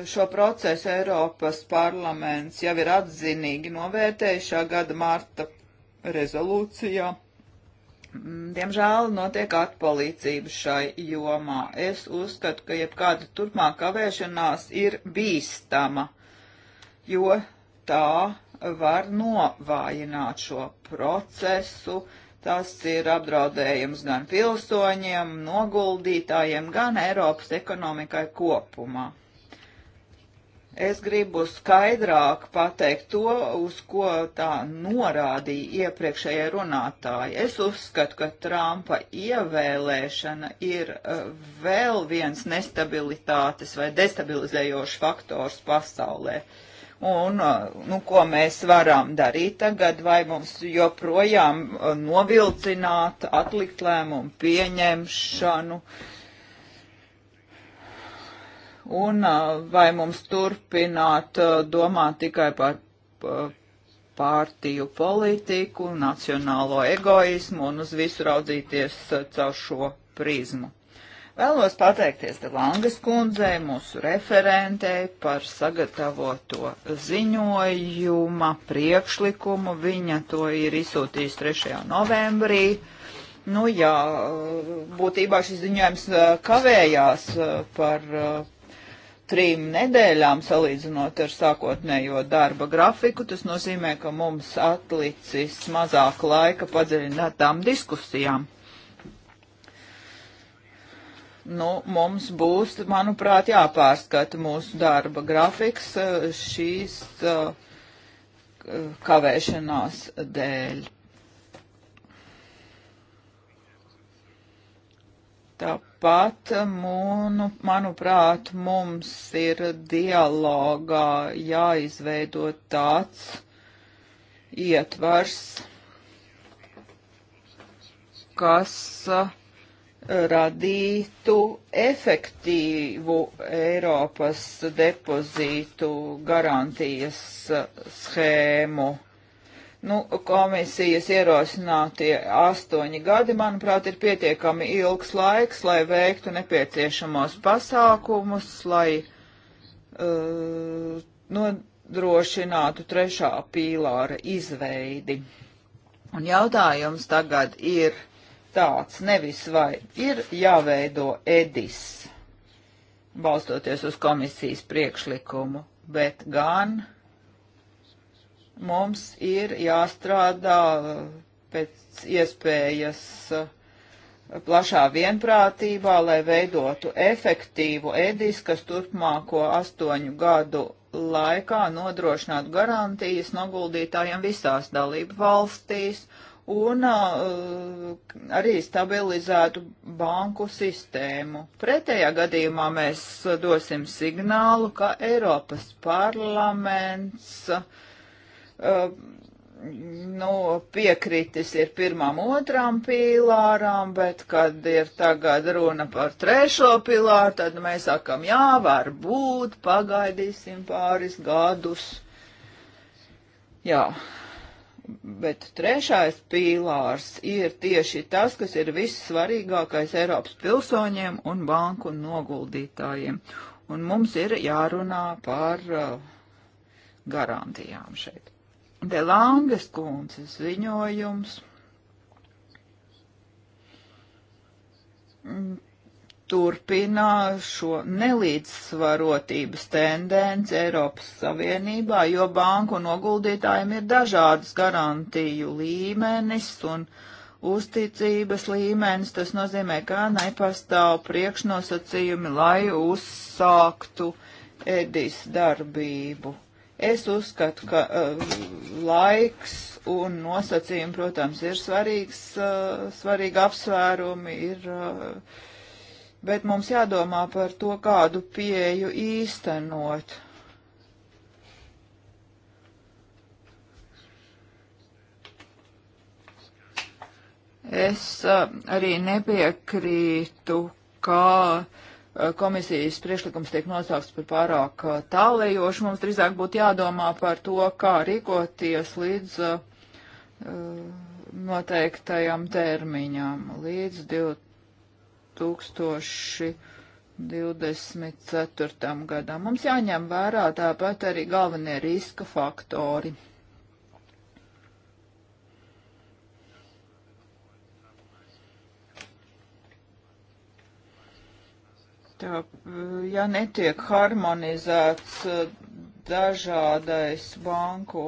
šo procesu Eiropas parlaments jau ir atzinīgi novērtējis šā gada marta rezolūcijā. Mm, diemžēl notiek atpalīdzība šai jomā. Es uzskatu, ka jebkāda turpmāk kavēšanās ir bīstama, jo tā var novājināt šo procesu. Tas ir apdraudējums gan pilsoņiem, noguldītājiem, gan Eiropas ekonomikai kopumā. Es gribu skaidrāk pateikt to, uz ko tā norādīja iepriekšējie runātāji. Es uzskatu, ka Trumpa ievēlēšana ir eh, vēl viens nestabilitātes vai destabilizējošs faktors pasaulē. Uh, un uh, nu, ko mēs varam darīt tagad, vai mums joprojām uh, novilcināt, atlikt lēmumu pieņemšanu, un uh, vai mums turpināt domāt tikai par pārtiju politiku, nacionālo egoismu un uz visu raudzīties caur šo prizmu. Vēlos pateikties Delangas kundzei, mūsu referentei, par sagatavoto ziņojuma priekšlikumu. Viņa to ir izsūtījusi 3. novembrī. Nu jā, būtībā šis ziņojums uh, kavējās uh, par uh, trim nedēļām salīdzinot ar sākotnējo darba grafiku. Tas nozīmē, ka mums atlicis mazāk laika padziļinātām diskusijām nu, mums būs, manuprāt, jāpārskata mūsu darba grafiks eh, šīs eh, kavēšanās dēļ. Tāpat, eh, munu, manuprāt, mums ir dialogā jāizveido tāds ietvars, kas uh, radītu efektīvu Eiropas depozītu garantijas uh, schēmu. Nu, komisijas ierosinātie astoņi gadi, manuprāt, ir pietiekami ilgs laiks, lai veiktu nepieciešamos pasākumus, lai uh, nodrošinātu trešā pīlāra izveidi. Un jautājums tagad ir tāds, nevis vai ir jāveido edis, balstoties uz komisijas priekšlikumu, bet gan mums ir jāstrādā uh, pēc iespējas uh, plašā vienprātībā, lai veidotu efektīvu edis, kas turpmāko astoņu gadu laikā nodrošinātu garantijas noguldītājiem visās dalību valstīs un uh, arī stabilizētu banku sistēmu. Pretējā gadījumā mēs dosim signālu, ka Eiropas parlaments uh, nu, piekritis ir pirmām otrām pīlārām, bet kad ir tagad runa par trešo pīlāru, tad mēs sakam, jā, var būt, pagaidīsim pāris gadus. Jā. Bet trešais pīlārs ir tieši tas, kas ir vissvarīgākais Eiropas pilsoņiem un banku noguldītājiem. Un mums ir jārunā par uh, garantijām šeit. De Langas kundzes ziņojums mm, turpina šo nelīdzsvarotības tendenci Eiropas Savienībā, jo banku noguldītājiem ir dažādas garantiju līmenis un uzticības līmenis. Tas nozīmē, ka nepastāv priekšnosacījumi, lai uzsāktu Edis darbību. Es uzskatu, ka uh, laiks un nosacījumi, protams, ir svarīgs, uh, svarīgi apsvērumi, ir uh, bet mums jādomā par to, kādu pieeju īstenot. Es uh, arī nepiekrītu, ka uh, komisijas priekšlikums tiek nosaukts par pārāk uh, tālējošu. Mums drīzāk būtu jādomā par to, kā rīkoties līdz uh, noteiktajam termiņam, līdz 20 2024. gadam. Mums jāņem vērā tāpat arī galvenie riska faktori. Tā, ja netiek harmonizēts dažādais banku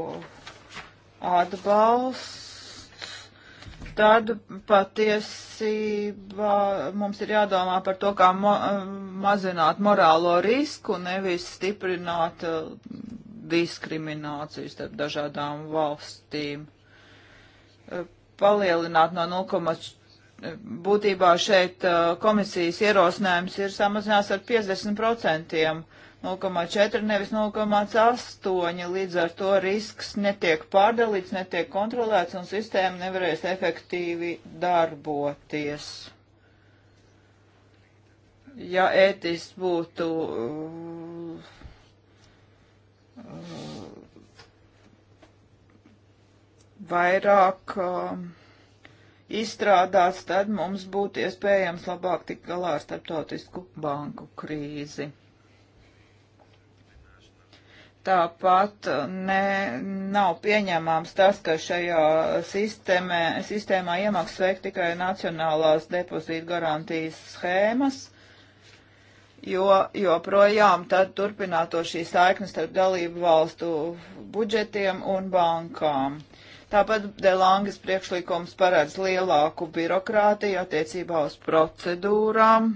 atbalsts, tad patiesībā mums ir jādomā par to, kā mo eh, mazināt morālo risku, nevis stiprināt eh, diskrimināciju starp dažādām valstīm. Eh, palielināt no 0, būtībā šeit komisijas ierosinājums ir samazinās ar 50%. 0,4, nevis 0,8. Līdz ar to risks netiek pārdalīts, netiek kontrolēts un sistēma nevarēs efektīvi darboties. Ja ētis būtu. Uh, uh, vairāk uh, izstrādāts, tad mums būtu iespējams labāk tikt galā ar starptautisku banku krīzi. Tāpat uh, ne, nav pieņemams tas, ka šajā sistēmē, sistēmā iemaksas veik tikai Nacionālās depozīta garantijas schēmas, jo joprojām tad turpināto šī saiknes starp dalību valstu budžetiem un bankām. Tāpat Delangas priekšlikums paredz lielāku birokrātiju attiecībā uz procedūrām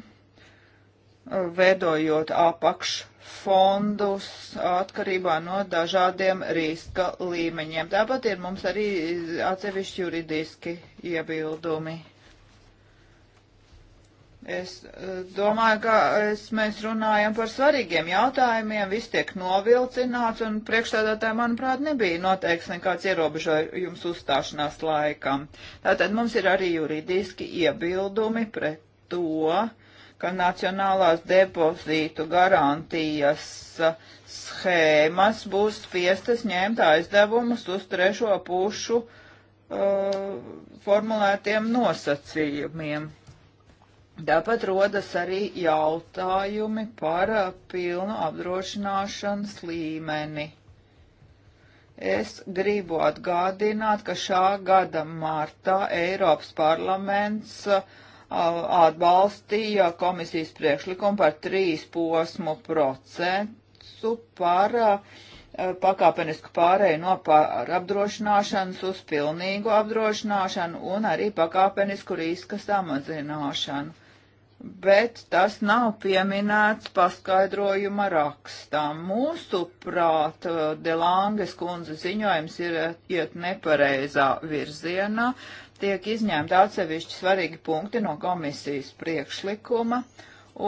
veidojot apakšfondus atkarībā no dažādiem riska līmeņiem. Tāpat ir mums arī atsevišķi juridiski iebildumi. Es eh, domāju, ka es, mēs runājam par svarīgiem jautājumiem, viss tiek novilcināts, un priekšstādātāji, manuprāt, nebija noteikts nekāds ierobežojums uzstāšanās laikam. Tātad mums ir arī juridiski iebildumi pret to, uh, ka Nacionālās depozītu garantijas schēmas būs spiestas ņemt aizdevumus uz trešo pušu uh, formulētiem nosacījumiem. Tāpat rodas arī jautājumi par uh, pilnu apdrošināšanas līmeni. Es gribu atgādināt, ka šā gada martā Eiropas parlaments uh, atbalstīja komisijas priekšlikumu par trīs posmu procesu par uh, pakāpenisku pārēju no apdrošināšanas uz pilnīgu apdrošināšanu un arī pakāpenisku riska samazināšanu. Bet tas nav pieminēts paskaidrojuma rakstā. Mūsu prāt, uh, Delanges kundze ziņojums ir uh, iet nepareizā virzienā, tiek izņemti atsevišķi svarīgi punkti no komisijas priekšlikuma,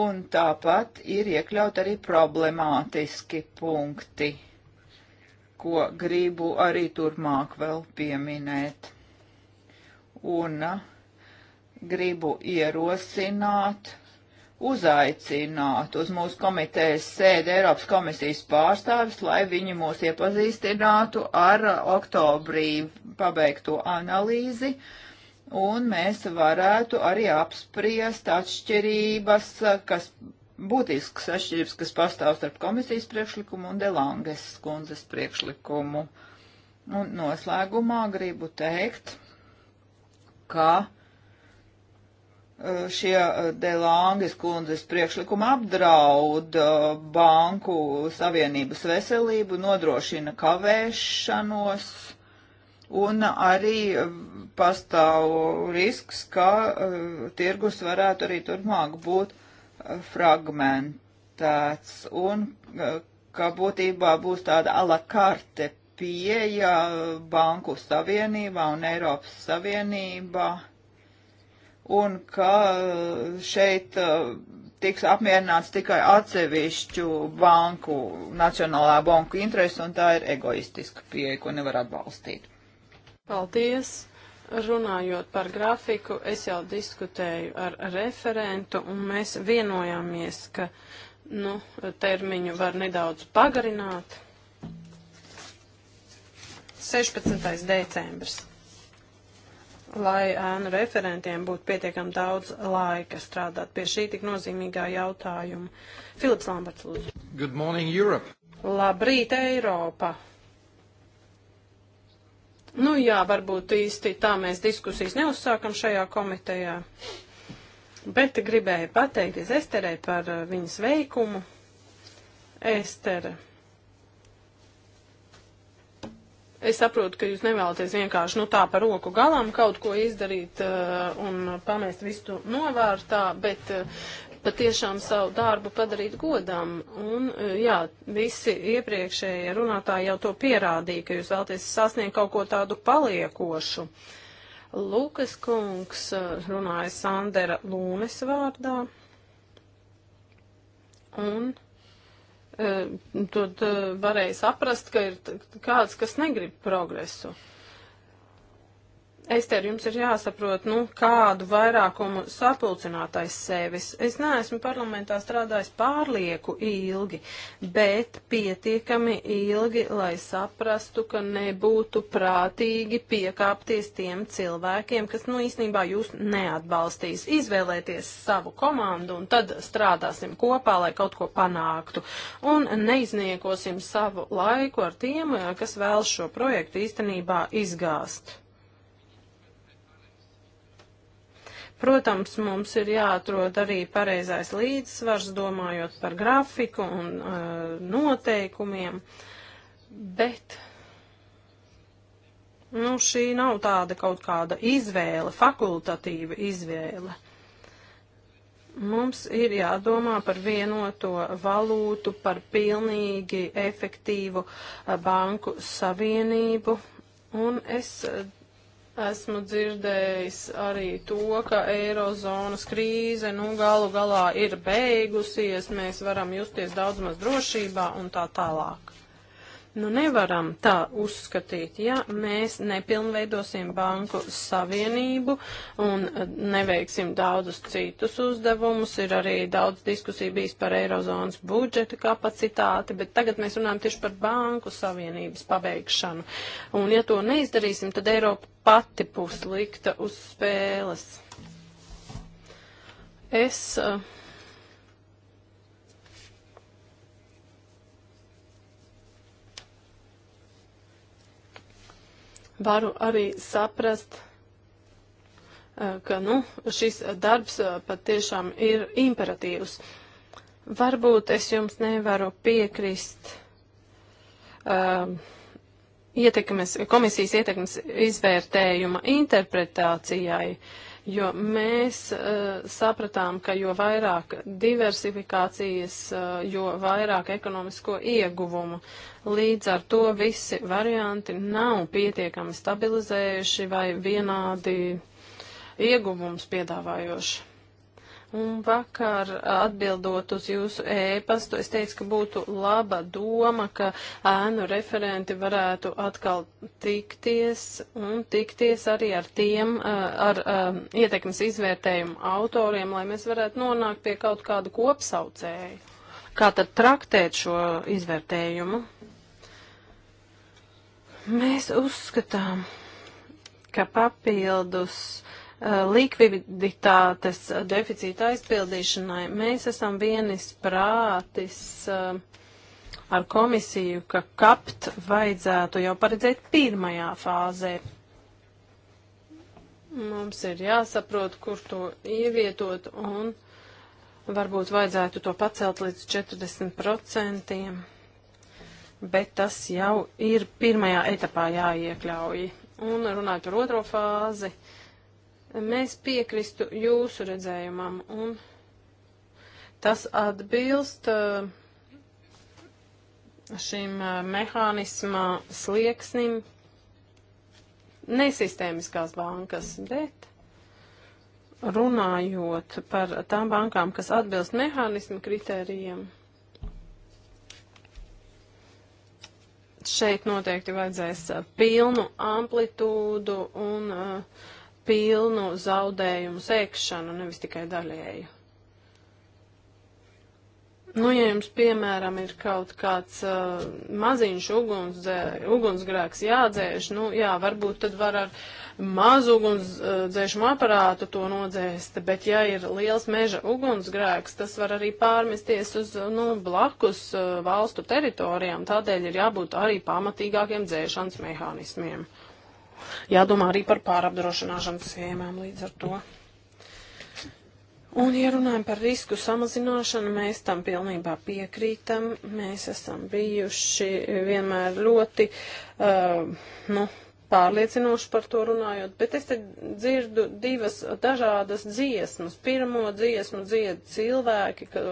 un tāpat ir iekļaut arī problemātiski punkti, ko gribu arī turmāk vēl pieminēt. Un uh, gribu ierosināt uzaicināt uz mūsu komitejas sēdi Eiropas komisijas pārstāvis, lai viņi mūs iepazīstinātu ar oktobrī pabeigto analīzi, un mēs varētu arī apspriest atšķirības, kas būtisks atšķirības, kas pastāv starp komisijas priekšlikumu un Delanges skundzes priekšlikumu. Un noslēgumā gribu teikt, ka Eh, šie eh, Delāngas kundzes priekšlikumi apdraud eh, banku savienības veselību, nodrošina kavēšanos un arī pastāv risks, ka tirgus varētu arī turpmāk būt fragmentēts un ka būtībā būs tāda alakarte pieeja banku savienībā un Eiropas savienībā un ka eh, šeit eh, tiks apmierināts tikai atsevišķu banku, nacionālā banku interesi, un tā ir egoistiska pieeja, ko nevar atbalstīt. Paldies! Runājot par grafiku, es jau diskutēju ar referentu, un mēs vienojāmies, ka nu, termiņu var nedaudz pagarināt. 16. decembris lai ēnu referentiem būtu pietiekam daudz laika strādāt pie šī tik nozīmīgā jautājuma. Filips Lamberts, lūdzu. Good morning, Europe. Labrīt, Eiropa. Nu jā, varbūt īsti tā mēs diskusijas neuzsākam šajā komitejā, bet gribēju pateikties Esterei par uh, viņas veikumu. Estere Es saprotu, ka jūs nevēlaties vienkārši nu, tā par roku galam kaut ko izdarīt uh, un pamest visu novārtā, bet uh, patiešām savu darbu padarīt godam. Un, uh, jā, visi iepriekšējie runātāji jau to pierādīja, ka jūs vēlaties sasniegt kaut ko tādu paliekošu. Lukas kungs runāja Sandera Lūnes vārdā. Un Eh, tad eh, varēja saprast, ka ir kāds, kas negrib progresu. Ester, jums ir jāsaprot, nu, kādu vairākumu sapulcinātais sevis. Es neesmu parlamentā strādājis pārlieku ilgi, bet pietiekami ilgi, lai saprastu, ka nebūtu prātīgi piekāpties tiem cilvēkiem, kas, nu, īstenībā jūs neatbalstīs. Izvēlēties savu komandu un tad strādāsim kopā, lai kaut ko panāktu. Un neizniekosim savu laiku ar tiem, kas vēl šo projektu īstenībā izgāst. Protams, mums ir jāatrod arī pareizais līdzsvars, domājot par grafiku un uh, noteikumiem, bet nu, šī nav tāda kaut kāda izvēle, fakultatīva izvēle. Mums ir jādomā par vienoto valūtu, par pilnīgi efektīvu eh, banku savienību, un es Esmu dzirdējis arī to, ka eirozonas krīze, nu, galu galā ir beigusies, mēs varam justies daudz maz drošībā un tā tālāk. Nu, nevaram tā uzskatīt, ja mēs nepilnveidosim banku savienību un eh, neveiksim daudzus citus uzdevumus. Ir arī daudz diskusiju bijis par eirozonas budžeta kapacitāti, bet tagad mēs runājam tieši par banku savienības pabeigšanu. Un ja to neizdarīsim, tad Eiropa pati būs likta uz spēles. Es uh, varu arī saprast, ka nu, šis darbs patiešām ir imperatīvs. Varbūt es jums nevaru piekrist. Uh, ietekmes, komisijas ietekmes izvērtējuma interpretācijai. Uh, jo mēs uh, sapratām, ka jo vairāk diversifikācijas, uh, jo vairāk ekonomisko ieguvumu. Līdz ar to visi varianti nav pietiekami stabilizējuši vai vienādi ieguvums piedāvājoši. Un vakar atbildot uz jūsu ēpastu, es teicu, ka būtu laba doma, ka ēnu referenti varētu atkal tikties un tikties arī ar tiem, ar, ar ietekmes izvērtējumu autoriem, lai mēs varētu nonākt pie kaut kādu kopsaucēju. Kā tad traktēt šo izvērtējumu? Mēs uzskatām, ka papildus uh, Eh, likviditātes deficīta aizpildīšanai. Mēs esam vienis prātis eh, ar komisiju, ka kapt vajadzētu jau paredzēt pirmajā fāzē. Mums ir jāsaprot, kur to ievietot, un varbūt vajadzētu to pacelt līdz 40%, bet tas jau ir pirmajā etapā jāiekļauj. Un runājot par otro fāzi, Mēs piekristu jūsu redzējumam, un tas atbilst uh, šim uh, mehānisma slieksnim nesistēmiskās bankas, bet runājot par tām bankām, kas atbilst mehānismu kritērijiem, šeit noteikti vajadzēs pilnu amplitūdu un uh, pilnu zaudējumu sēkšanu, nevis tikai daļēju. Nu, ja jums, piemēram, ir kaut kāds uh, maziņš uguns, ugunsgrēks jādzēš, nu, jā, varbūt tad var ar mazu ugunsdzēšanu uh, aparātu to nodzēst, bet ja ir liels meža ugunsgrēks, tas var arī pārmesties uz, uh, nu, blakus uh, valstu teritorijām, tādēļ ir jābūt arī pamatīgākiem dzēšanas mehānismiem. Uh, jādomā arī par pārapdrošināšanas schēmām līdz ar to. Un, ja runājam par risku samazināšanu, mēs tam pilnībā piekrītam. Mēs esam bijuši vienmēr ļoti, uh, nu, pārliecinoši par to runājot, bet es te dzirdu divas dažādas dziesmas. Pirmo dziesmu dzied cilvēki, ka,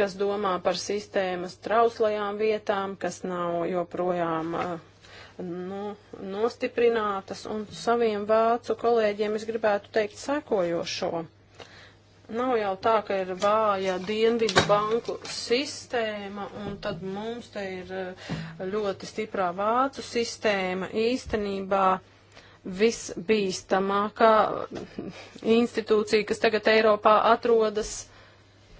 kas domā par sistēmas trauslajām vietām, kas nav joprojām. Uh, nu, nostiprinātas, un saviem vācu kolēģiem es gribētu teikt sekojošo. Nav jau tā, ka ir vāja dienvidu banku sistēma, un tad mums te ir eh, ļoti stiprā vācu sistēma. Īstenībā visbīstamākā mm, institūcija, kas tagad Eiropā atrodas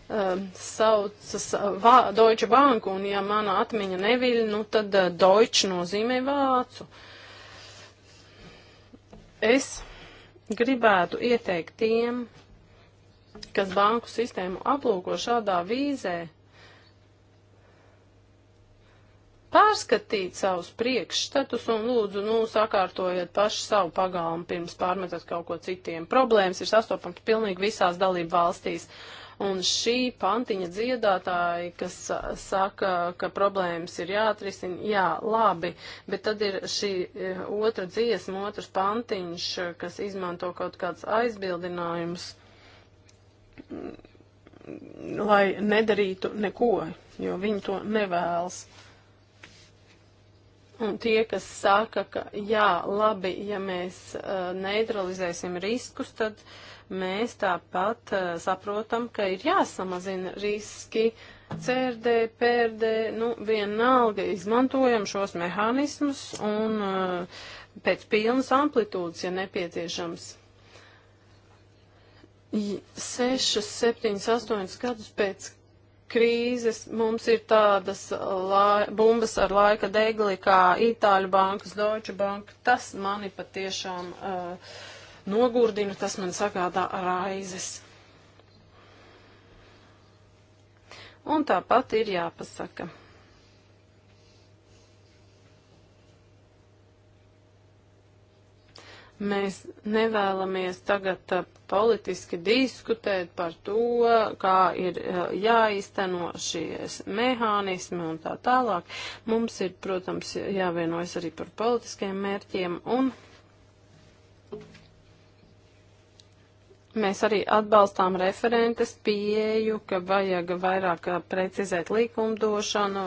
Um, saucas uh, vā, Deutsche Bank, un ja mana atmiņa neviļ, nu tad uh, Deutsch nozīmē vācu. Es gribētu ieteikt tiem, kas banku sistēmu aplūko šādā vīzē, pārskatīt savus priekšstatus un lūdzu, nu, sakārtojiet paši savu pagalmu pirms pārmetat kaut ko citiem. Problēmas ir sastopams pilnīgi visās dalību valstīs. Uh, Un šī pantiņa dziedātāji, kas saka, ka problēmas ir jāatrisina, jā, labi, bet tad ir šī e, otra dziesma, otrs pantiņš, e, kas izmanto kaut kāds aizbildinājums, mm, lai nedarītu neko, jo viņi to nevēlas. Un tie, kas saka, ka jā, labi, ja mēs uh, e, neutralizēsim riskus, tad uh, Mēs tāpat uh, saprotam, ka ir jāsamazina riski CRD, PRD, nu vienalga izmantojam šos mehānismus un uh, pēc pilnas amplitūdas, ja nepieciešams. 6, 7, 8 gadus pēc krīzes mums ir tādas eh, lai, bumbas ar laika degli kā Itāļu bankas, Deutsche Bank. Tas mani patiešām uh, nogurdina, tas man sagādā raizes. Un tāpat ir jāpasaka. mēs nevēlamies tagad uh, politiski diskutēt par to, kā ir uh, jāizteno šies mehānismi un tā tālāk. Mums ir, protams, jāvienojas arī par politiskiem mērķiem un. Mēs arī atbalstām referentes pieeju, ka vajag vairāk precizēt likumdošanu,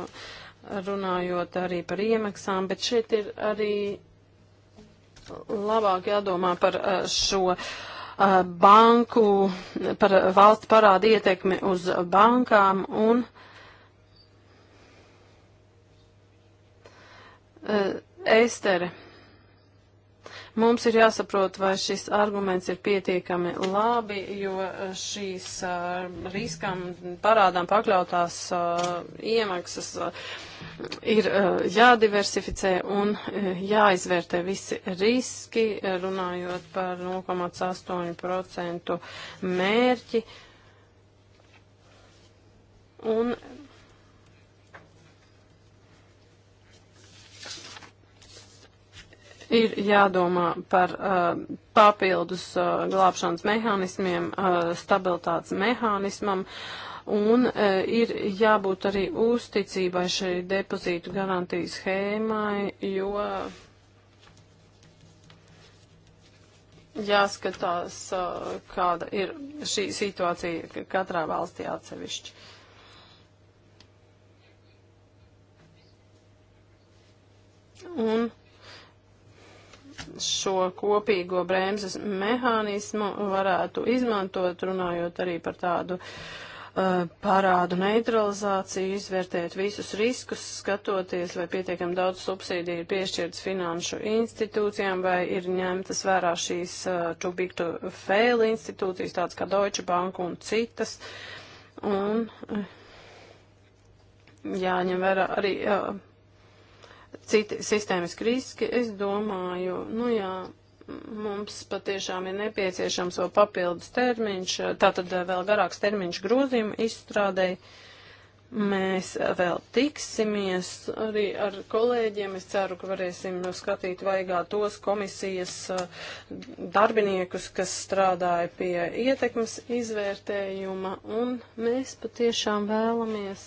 runājot arī par iemaksām, bet šeit ir arī labāk jādomā par šo banku, par valsts parādu ietekmi uz bankām un Estere. Uh, Mums ir jāsaprot, vai šis arguments ir pietiekami labi, jo eh, šīs uh, riskam parādām pakļautās uh, iemaksas uh, ir uh, jādiversificē un uh, jāizvērtē visi riski, runājot par 0,8% mērķi. Un ir jādomā par uh, papildus uh, glābšanas mehānismiem, uh, stabilitātes mehānismam. Un uh, ir jābūt arī uzticībai šai depozītu garantijas schēmai, jo jāskatās, uh, kāda ir šī situācija katrā valstī atsevišķi. Uh, un šo kopīgo bremzes mehānismu varētu izmantot, runājot arī par tādu uh, parādu neutralizāciju, izvērtēt visus riskus, skatoties, vai pietiekami daudz subsīdiju ir piešķirtas finanšu institūcijām, vai ir ņemtas vērā šīs uh, too big to fail institūcijas, tādas kā Deutsche Bank un citas. Un, uh, jāņem vērā arī uh, citi sistēmiski riski, es domāju, nu jā, mums patiešām ir nepieciešams vēl papildus termiņš, tātad vēl garāks termiņš grozījumu izstrādēji. Mēs vēl tiksimies arī ar kolēģiem. Es ceru, ka varēsim skatīt vaigā tos komisijas eh, darbiniekus, kas strādāja pie ietekmes izvērtējuma, un mēs patiešām vēlamies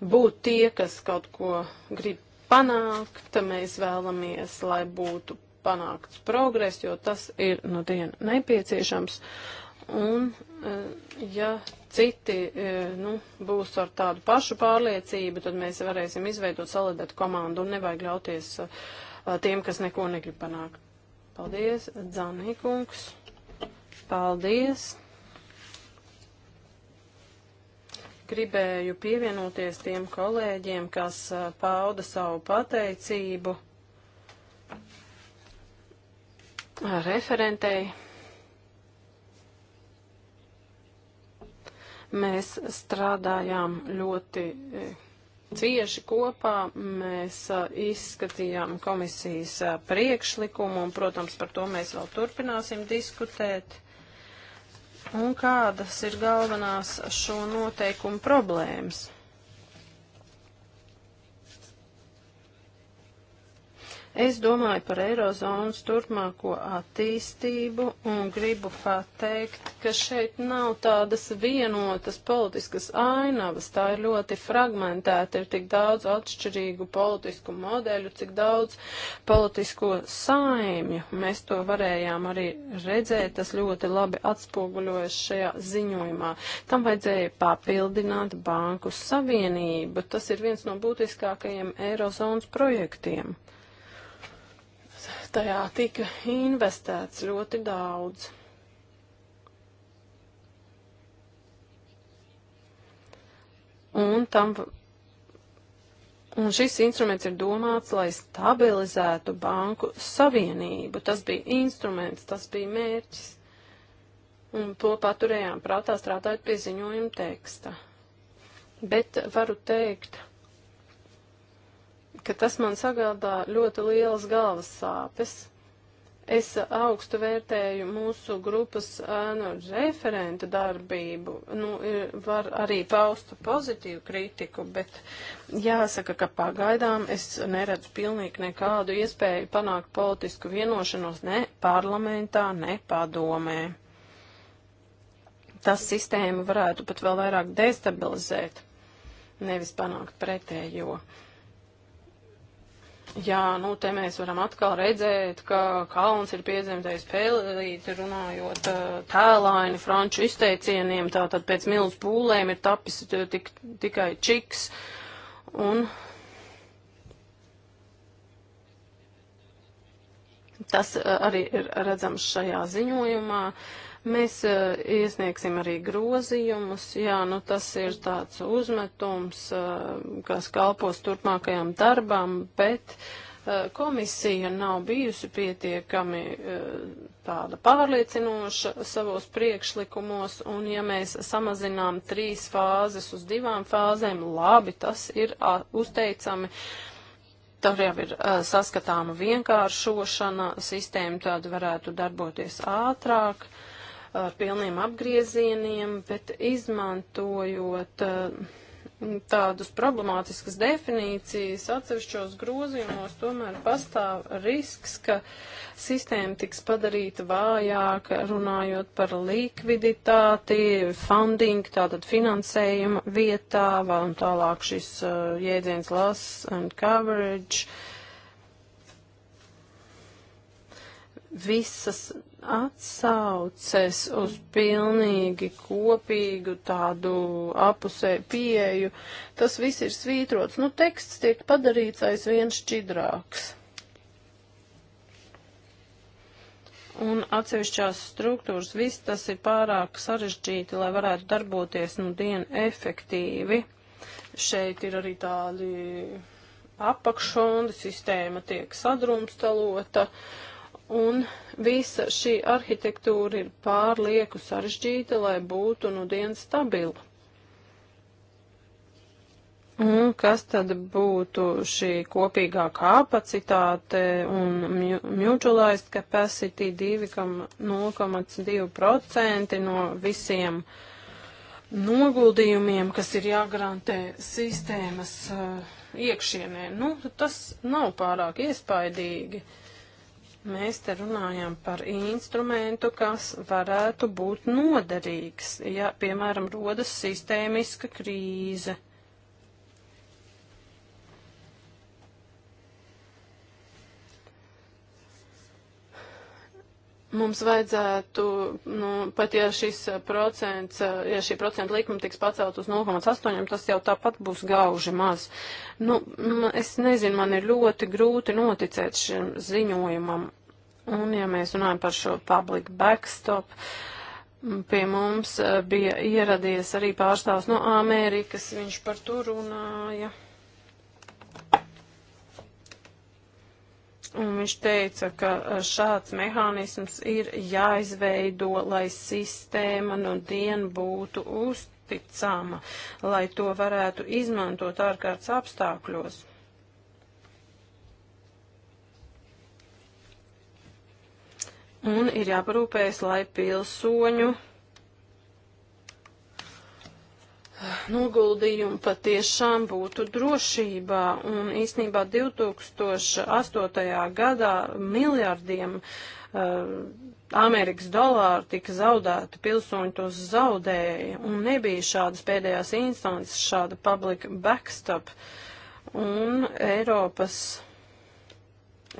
būt tie, kas kaut ko grib panākt. Mēs vēlamies, lai būtu panākts progress, jo tas ir no nu diena nepieciešams. Un, eh, ja citi eh, nu, būs ar tādu pašu pārliecību, tad mēs varēsim izveidot solidētu komandu un nevajag ļauties eh, tiem, kas neko negrib panākt. Paldies, Dzanīkungs. Paldies. Gribēju pievienoties tiem kolēģiem, kas pauda savu pateicību referentei. Mēs strādājām ļoti cieši kopā mēs a, izskatījām komisijas a, priekšlikumu, un, protams, par to mēs vēl turpināsim diskutēt un kādas ir galvenās šo noteikumu problēmas. Es domāju par Eirozonas turpmāko attīstību un gribu pateikt, ka šeit nav tādas vienotas politiskas ainavas, tā ir ļoti fragmentēta, ir tik daudz atšķirīgu politisku modeļu, cik daudz politisko saimju. Mēs to varējām arī redzēt, tas ļoti labi atspoguļojas šajā ziņojumā. Tam vajadzēja papildināt Banku Savienību, tas ir viens no būtiskākajiem Eirozonas projektiem tajā tika investēts ļoti daudz. Un, tam, un šis instruments ir domāts, lai stabilizētu banku savienību. Tas bija instruments, tas bija mērķis. Un to paturējām prātā strādājot pie ziņojuma teksta. Bet varu teikt, ka ka tas man sagādā ļoti lielas galvas sāpes. Es augstu vērtēju mūsu grupas ēnu referenta darbību. Nu, ir, var arī paust pozitīvu kritiku, bet jāsaka, ka pagaidām es neredzu pilnīgi nekādu iespēju panākt politisku vienošanos ne parlamentā, ne padomē. Tas sistēmu varētu pat vēl vairāk destabilizēt, nevis panākt pretējo. Uh, Jā, nu te mēs varam atkal redzēt, ka kalns ir piezemdējis pēlīti, runājot uh, tēlaini franču izteicieniem, tātad pēc milz pūlēm ir tapis uh, tik, tikai čiks. Un tas uh, arī ir redzams šajā ziņojumā. Uh, Mēs uh, iesniegsim arī grozījumus, jā, nu tas ir tāds uzmetums, uh, kas kalpos turpmākajām darbām, bet uh, komisija nav bijusi pietiekami tāda pārliecinoša savos priekšlikumos, un ja mēs samazinām trīs fāzes uz divām fāzēm, labi, tas ir uzteicami. Tur jau ir uh, saskatāma vienkāršošana, sistēma tāda varētu darboties ātrāk. Uh, uh, pilniem apgriezieniem, bet izmantojot uh, tādus problemātiskas definīcijas atsevišķos grozījumos, tomēr pastāv risks, ka sistēma tiks padarīta vājāka, runājot par likviditāti, funding, tātad finansējuma vietā, un tālāk šis uh, jēdziens loss and coverage. Visas atsauces uz pilnīgi kopīgu tādu apusē pieeju, tas viss ir svītrots. Nu, teksts tiek padarīts aizvien šķidrāks. Un atsevišķās struktūras, viss tas ir pārāk sarežģīti, lai varētu darboties nu dienu efektīvi. Šeit ir arī tādi apakšfondi, sistēma tiek sadrumstalota un visa šī arhitektūra ir pārlieku sarežģīta, lai būtu nu dienas stabila. Un kas tad būtu šī kopīgā kapacitāte un mutualized capacity 2,2% no visiem noguldījumiem, kas ir jāgarantē sistēmas uh, iekšienē? Nu, tas nav pārāk iespaidīgi. Uh, Mēs te runājam par instrumentu, kas varētu būt noderīgs, ja, piemēram, rodas sistēmiska krīze. Uh, mums vajadzētu, nu, pat ja šis procents, ja šī procenta likuma tiks pacelt uz 0,8, tas jau tāpat būs gauži maz. Nu, es nezinu, man ir ļoti grūti noticēt šim ziņojumam. Un, ja mēs runājam par šo public backstop, pie mums eh, bija ieradies arī pārstāvs no Amerikas, viņš par to runāja. Un viņš teica, ka šāds mehānisms ir jāizveido, lai sistēma no nu dienu būtu uzticama, lai to varētu izmantot ārkārtas apstākļos. Un ir jāparūpējas, lai pilsoņu. Mm noguldījumi patiešām būtu drošībā. Un īsnībā 2008. gadā miljardiem uh, Amerikas dolāri tika zaudēti, pilsoņi tos zaudēja, un nebija šādas pēdējās instances, šāda public backstop. Un Eiropas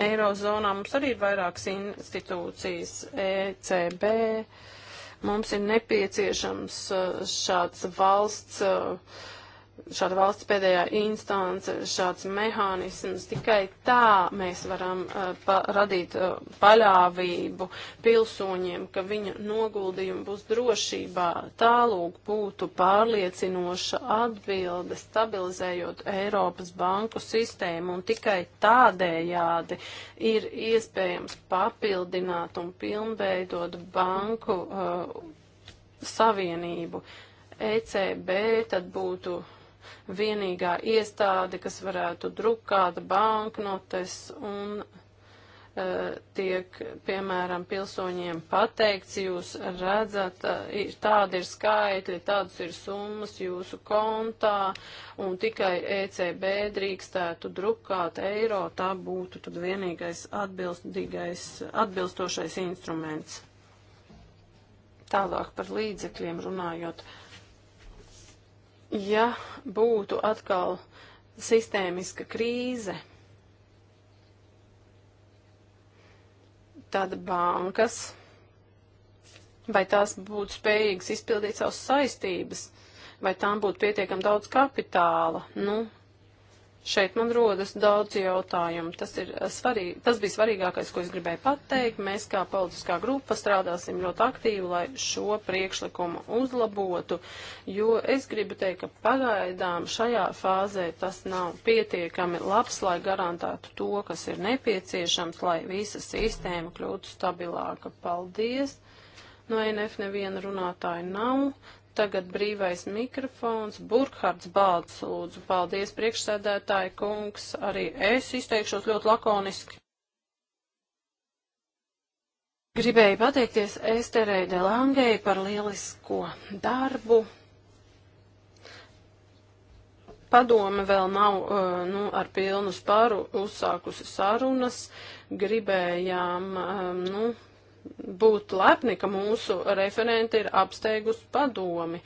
Eirozonā mums arī ir vairākas institūcijas, ECB, Mums ir nepieciešams eh, šāds valsts. Uh, šāda valsts pēdējā instance, šāds mehānisms. Tikai tā mēs varam uh, pa, radīt uh, paļāvību pilsoņiem, ka viņu noguldījumi būs drošībā. Tālūk būtu pārliecinoša atbilde, stabilizējot Eiropas banku sistēmu, un tikai tādējādi ir iespējams papildināt un pilnveidot banku uh, savienību. ECB tad būtu vienīgā iestāde, kas varētu drukāt banknotes un eh, tiek, piemēram, pilsoņiem pateikts, jūs redzat, eh, ir, tādi ir skaitļi, tādas ir summas jūsu kontā, un tikai ECB drīkstētu drukāt eiro, tā būtu tad vienīgais atbilstīgais, atbilstošais instruments. Tālāk par līdzekļiem runājot. Uh, ja būtu atkal sistēmiska krīze, tad bankas vai tās būtu spējīgas izpildīt savas saistības, vai tām būtu pietiekami daudz kapitāla. Nu, Šeit man rodas daudz jautājumu. Tas, ir eh, svarīgi, tas bija svarīgākais, ko es gribēju pateikt. Mēs kā politiskā grupa strādāsim ļoti aktīvi, lai šo priekšlikumu uzlabotu, jo es gribu teikt, ka pagaidām šajā fāzē tas nav pietiekami labs, lai garantētu to, kas ir nepieciešams, lai visa sistēma kļūtu stabilāka. Paldies! No NF neviena runātāja nav. Tagad brīvais mikrofons. Burkhards Balts, lūdzu, paldies priekšsēdētāji kungs. Arī es izteikšos ļoti lakoniski. Gribēju pateikties Esterei Delangei par lielisko darbu. Padome vēl nav uh, nu, ar pilnu spāru uzsākusi sarunas. Gribējām uh, nu, būt lepni, ka mūsu referenti ir apsteigus padomi.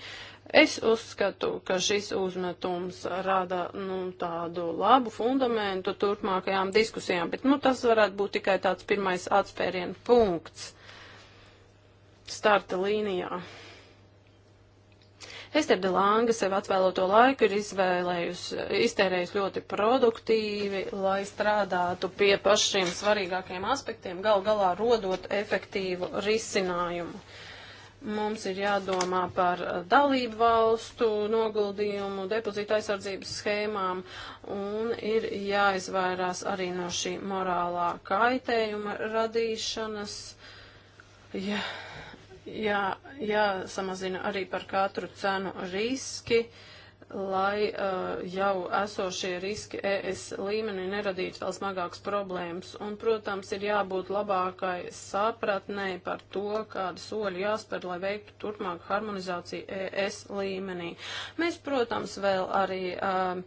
Es uzskatu, ka šis uzmetums rada nu, tādu labu fundamentu turpmākajām diskusijām, bet nu, tas varētu būt tikai tāds pirmais atspērienu punkts starta līnijā. Ester de Langa sev atvēloto laiku ir iztērējusi ļoti produktīvi, lai strādātu pie pašiem svarīgākajiem aspektiem, gal galā rodot efektīvu risinājumu. Mums ir jādomā par dalību valstu noguldījumu, depozīta aizsardzības schēmām un ir jāizvairās arī no šī morālā kaitējuma radīšanas. Yeah jā, jāsamazina arī par katru cenu riski, lai uh, jau esošie riski ES līmenī neradītu vēl smagākas problēmas. Un, protams, ir jābūt labākai sapratnē par to, kādu soļu jāspēr, lai veiktu turpmāku harmonizāciju ES līmenī. Mēs, protams, vēl arī uh,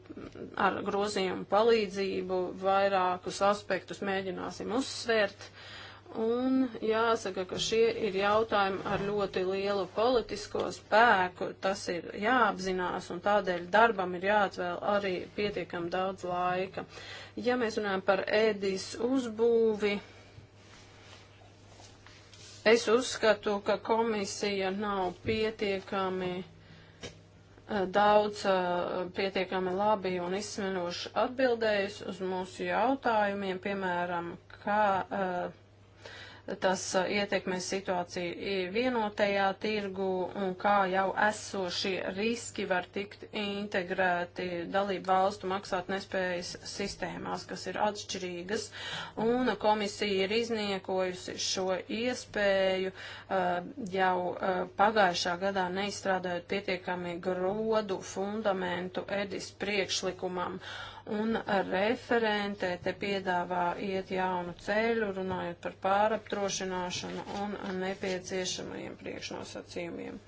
ar grozījumu palīdzību vairākus aspektus mēģināsim uzsvērt Un jāsaka, ka šie ir jautājumi ar ļoti lielu politisko spēku, tas ir jāapzinās, un tādēļ darbam ir jāatvēl arī pietiekam daudz laika. Ja mēs runājam par ēdīs uzbūvi, es uzskatu, ka komisija nav pietiekami eh, daudz eh, pietiekami labi un izsmeļoši atbildējis uz mūsu jautājumiem, piemēram, kā uh, tas uh, ietekmēs situāciju vienotajā tirgu un kā jau esošie riski var tikt integrēti dalību valstu maksāt nespējas sistēmās, kas ir atšķirīgas. Un komisija ir izniekojusi šo iespēju uh, jau uh, pagājušā gadā neizstrādājot pietiekami grodu fundamentu Edis priekšlikumam. Un referentē te piedāvā iet jaunu ceļu, runājot par pārapdrošināšanu un nepieciešamajiem priekšnosacījumiem.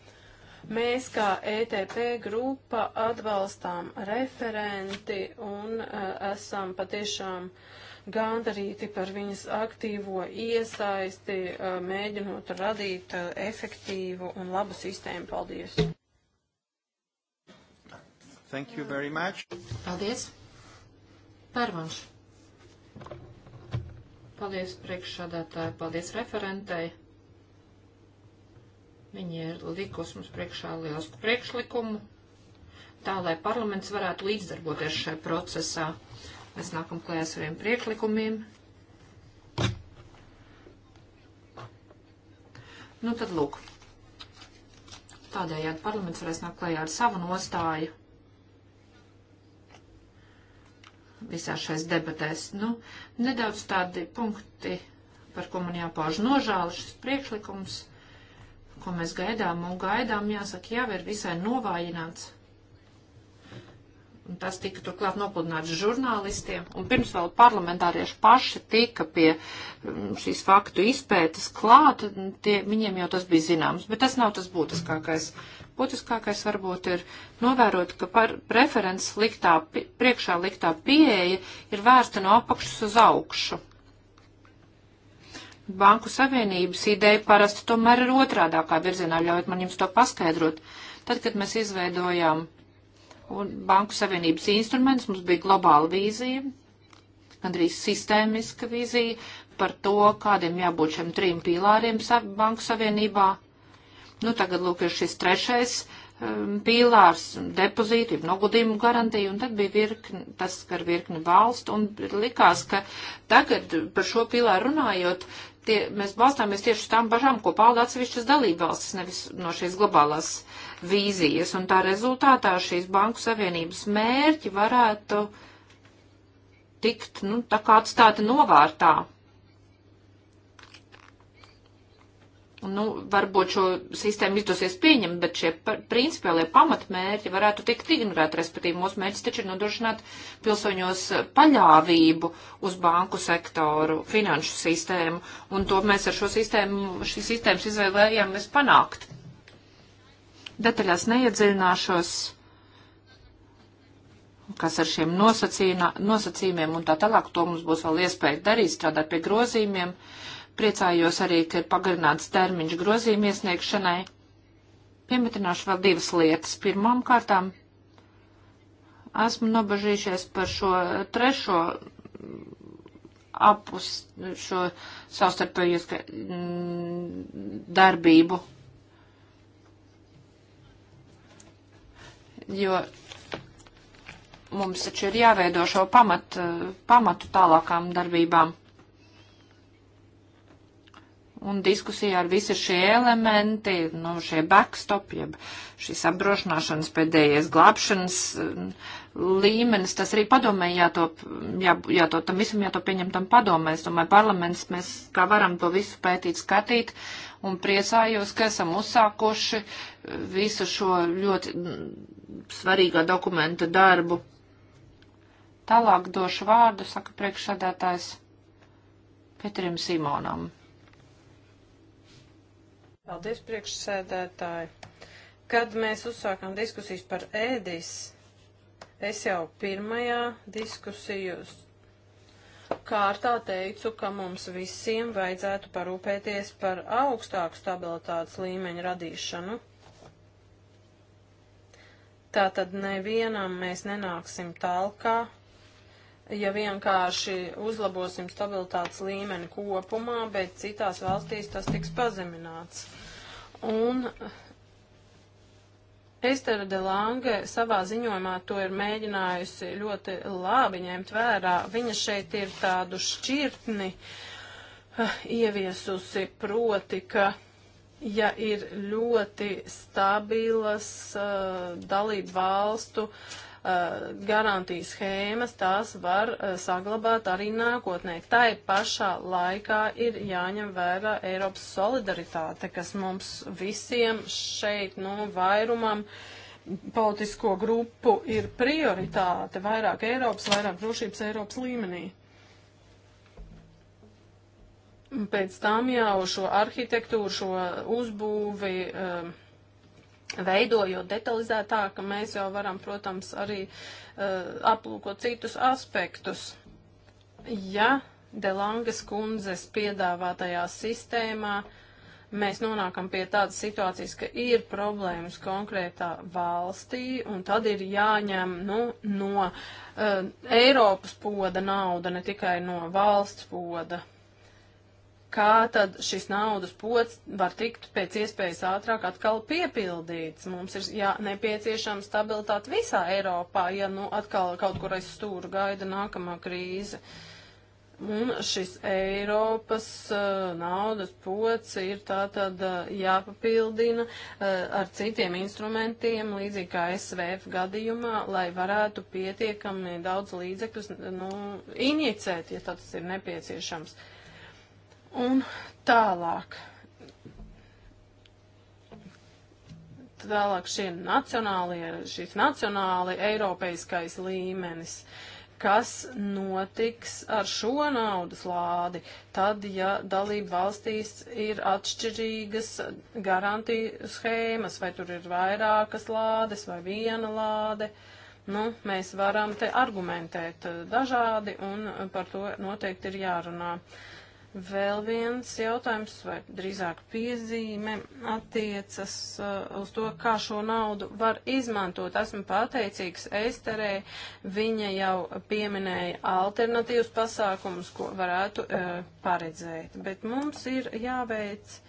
Mēs kā ETP grupa atbalstām referenti un uh, esam patiešām uh, gandarīti par viņas aktīvo iesaisti, e, mēģinot radīt e, efektīvu un labu sistēmu. Paldies! Thank you very much. Paldies! Pērvanš. Paldies priekšsādātāji, paldies referentei. Viņi ir likus mums priekšā lielisku priekšlikumu, tā lai parlaments varētu līdzdarboties šajā procesā. Mēs nākam klējā saviem priekšlikumiem. Nu tad lūk. Tādējādi parlaments varēs nākt klējā ar savu nostāju visā šais debatēs. Nu, nedaudz tādi punkti, par ko man jāpauž nožāli šis priekšlikums, ko mēs gaidām un gaidām, jāsaka, jau ir visai novājināts. Un tas tika turklāt nopludināts žurnālistiem, un pirms vēl parlamentārieši paši tika pie mm, šīs faktu izpētes klāt, tie, viņiem jau tas bija zināms, bet tas nav tas būtiskākais būtiskākais varbūt ir novērot, ka par referents liktā, priekšā liktā pieeja ir vērsta no apakšas uz augšu. Banku savienības ideja parasti tomēr ir otrādākā virzienā, ļaujiet man jums to paskaidrot. Tad, kad mēs izveidojām Banku savienības instrumentus, mums bija globāla vīzija, gandrīz sistēmiska vīzija par to, kādiem jābūt šiem trim pīlāriem banku savienībā Nu, tagad, lūk, ir šis trešais um, pīlārs depozīti, noguldījumu garantija, un tad bija virkni, tas skar virkni valstu, un likās, ka tagad par šo pīlāru runājot, tie, mēs balstāmies tieši uz tām bažām, ko pauda atsevišķas dalībvalstis, nevis no šīs globālās vīzijas. Un tā rezultātā šīs banku savienības mērķi varētu tikt, nu, tā kā atstāti novārtā. Nu, varbūt šo sistēmu izdosies pieņemt, bet šie principiālie pamatmērķi varētu tikt ignorēti, respektīvi mūsu mērķis taču ir nodrošināt pilsoņos paļāvību uz banku sektoru, finanšu sistēmu, un to mēs ar šo sistēmu, šīs sistēmas izvēlējāmies panākt. Detaļās neiedziļināšos kas ar šiem nosacījumiem un tā tālāk, to mums būs vēl iespēja darīt, strādāt pie grozījumiem. Priecājos arī, ka ir pagarināts termiņš grozījuma iesniegšanai. Piemetināšu vēl divas lietas. Pirmām kārtām esmu nobažījušies par šo trešo apus šo savstarpēju mm, darbību. Jo mums taču ir jāveido šo pamat, pamatu tālākām darbībām. Un diskusijā ar visu šie elementi, nu, šie backstop, jeb šis apdrošināšanas pēdējais glābšanas mm, līmenis, tas arī padomē jāto, jā, jāto tam visam jāto pieņem tam padomē. Es domāju, parlaments mēs kā varam to visu pētīt, skatīt un priecājos, ka esam uzsākoši eh, visu šo ļoti mm, svarīgā dokumenta darbu. Tālāk došu vārdu, saka priekšsādātājs Petrim Simonam. Paldies, priekšsēdētāji. Kad mēs uzsākām diskusijas par ēdis, es jau pirmajā diskusiju kārtā teicu, ka mums visiem vajadzētu parūpēties par augstāku stabilitātes līmeņu radīšanu. Tātad nevienam mēs nenāksim tālkā ja vienkārši uzlabosim stabilitātes līmeni kopumā, bet citās valstīs tas tiks pazemināts. Un Estera de Lange savā ziņojumā to ir mēģinājusi ļoti labi ņemt vērā. Viņa šeit ir tādu šķirtni eh, ieviesusi proti, ka ja ir ļoti stabilas uh, dalību valstu uh, Eh, garantijas schēmas, tās var eh, saglabāt arī nākotnē. Tā ir pašā laikā ir jāņem vērā Eiropas solidaritāte, kas mums visiem šeit, nu, vairumam, politisko grupu ir prioritāte vairāk Eiropas, vairāk drošības Eiropas līmenī. Pēc tam jau šo arhitektūru, šo uzbūvi, uh, veidojot detalizētāk, mēs jau varam, protams, arī uh, aplūkot citus aspektus. Ja Delangas kundzes piedāvātajā sistēmā mēs nonākam pie tādas situācijas, ka ir problēmas konkrētā valstī, un tad ir jāņem nu, no uh, Eiropas poda nauda, ne tikai no valsts poda kā tad šis naudas pots var tikt pēc iespējas ātrāk atkal piepildīts. Mums ir jā, nepieciešama stabilitāte visā Eiropā, ja nu atkal kaut kur aiz stūra gaida nākamā krīze. Un šis Eiropas uh, naudas pots ir tātad uh, eh, jāpapildina uh, ar citiem instrumentiem, līdzīgi kā SVF gadījumā, lai varētu pietiekami daudz līdzekļus nu, injicēt, ja tāds ir nepieciešams. Uh, Un tālāk. Tālāk šie nacionālie, šīs nacionāli eiropeiskais līmenis, kas notiks ar šo naudas lādi, tad, ja dalība valstīs ir atšķirīgas garantiju schēmas, vai tur ir vairākas lādes vai viena lāde. Nu, mēs varam te argumentēt eh, dažādi un par to noteikti ir jārunā. Uh, Vēl viens jautājums, vai drīzāk piezīme, attiecas uh, uz to, kā šo naudu var izmantot. Esmu pateicīgs Eisterē, viņa jau pieminēja alternatīvas pasākumus, ko varētu uh, paredzēt, bet mums ir jāveic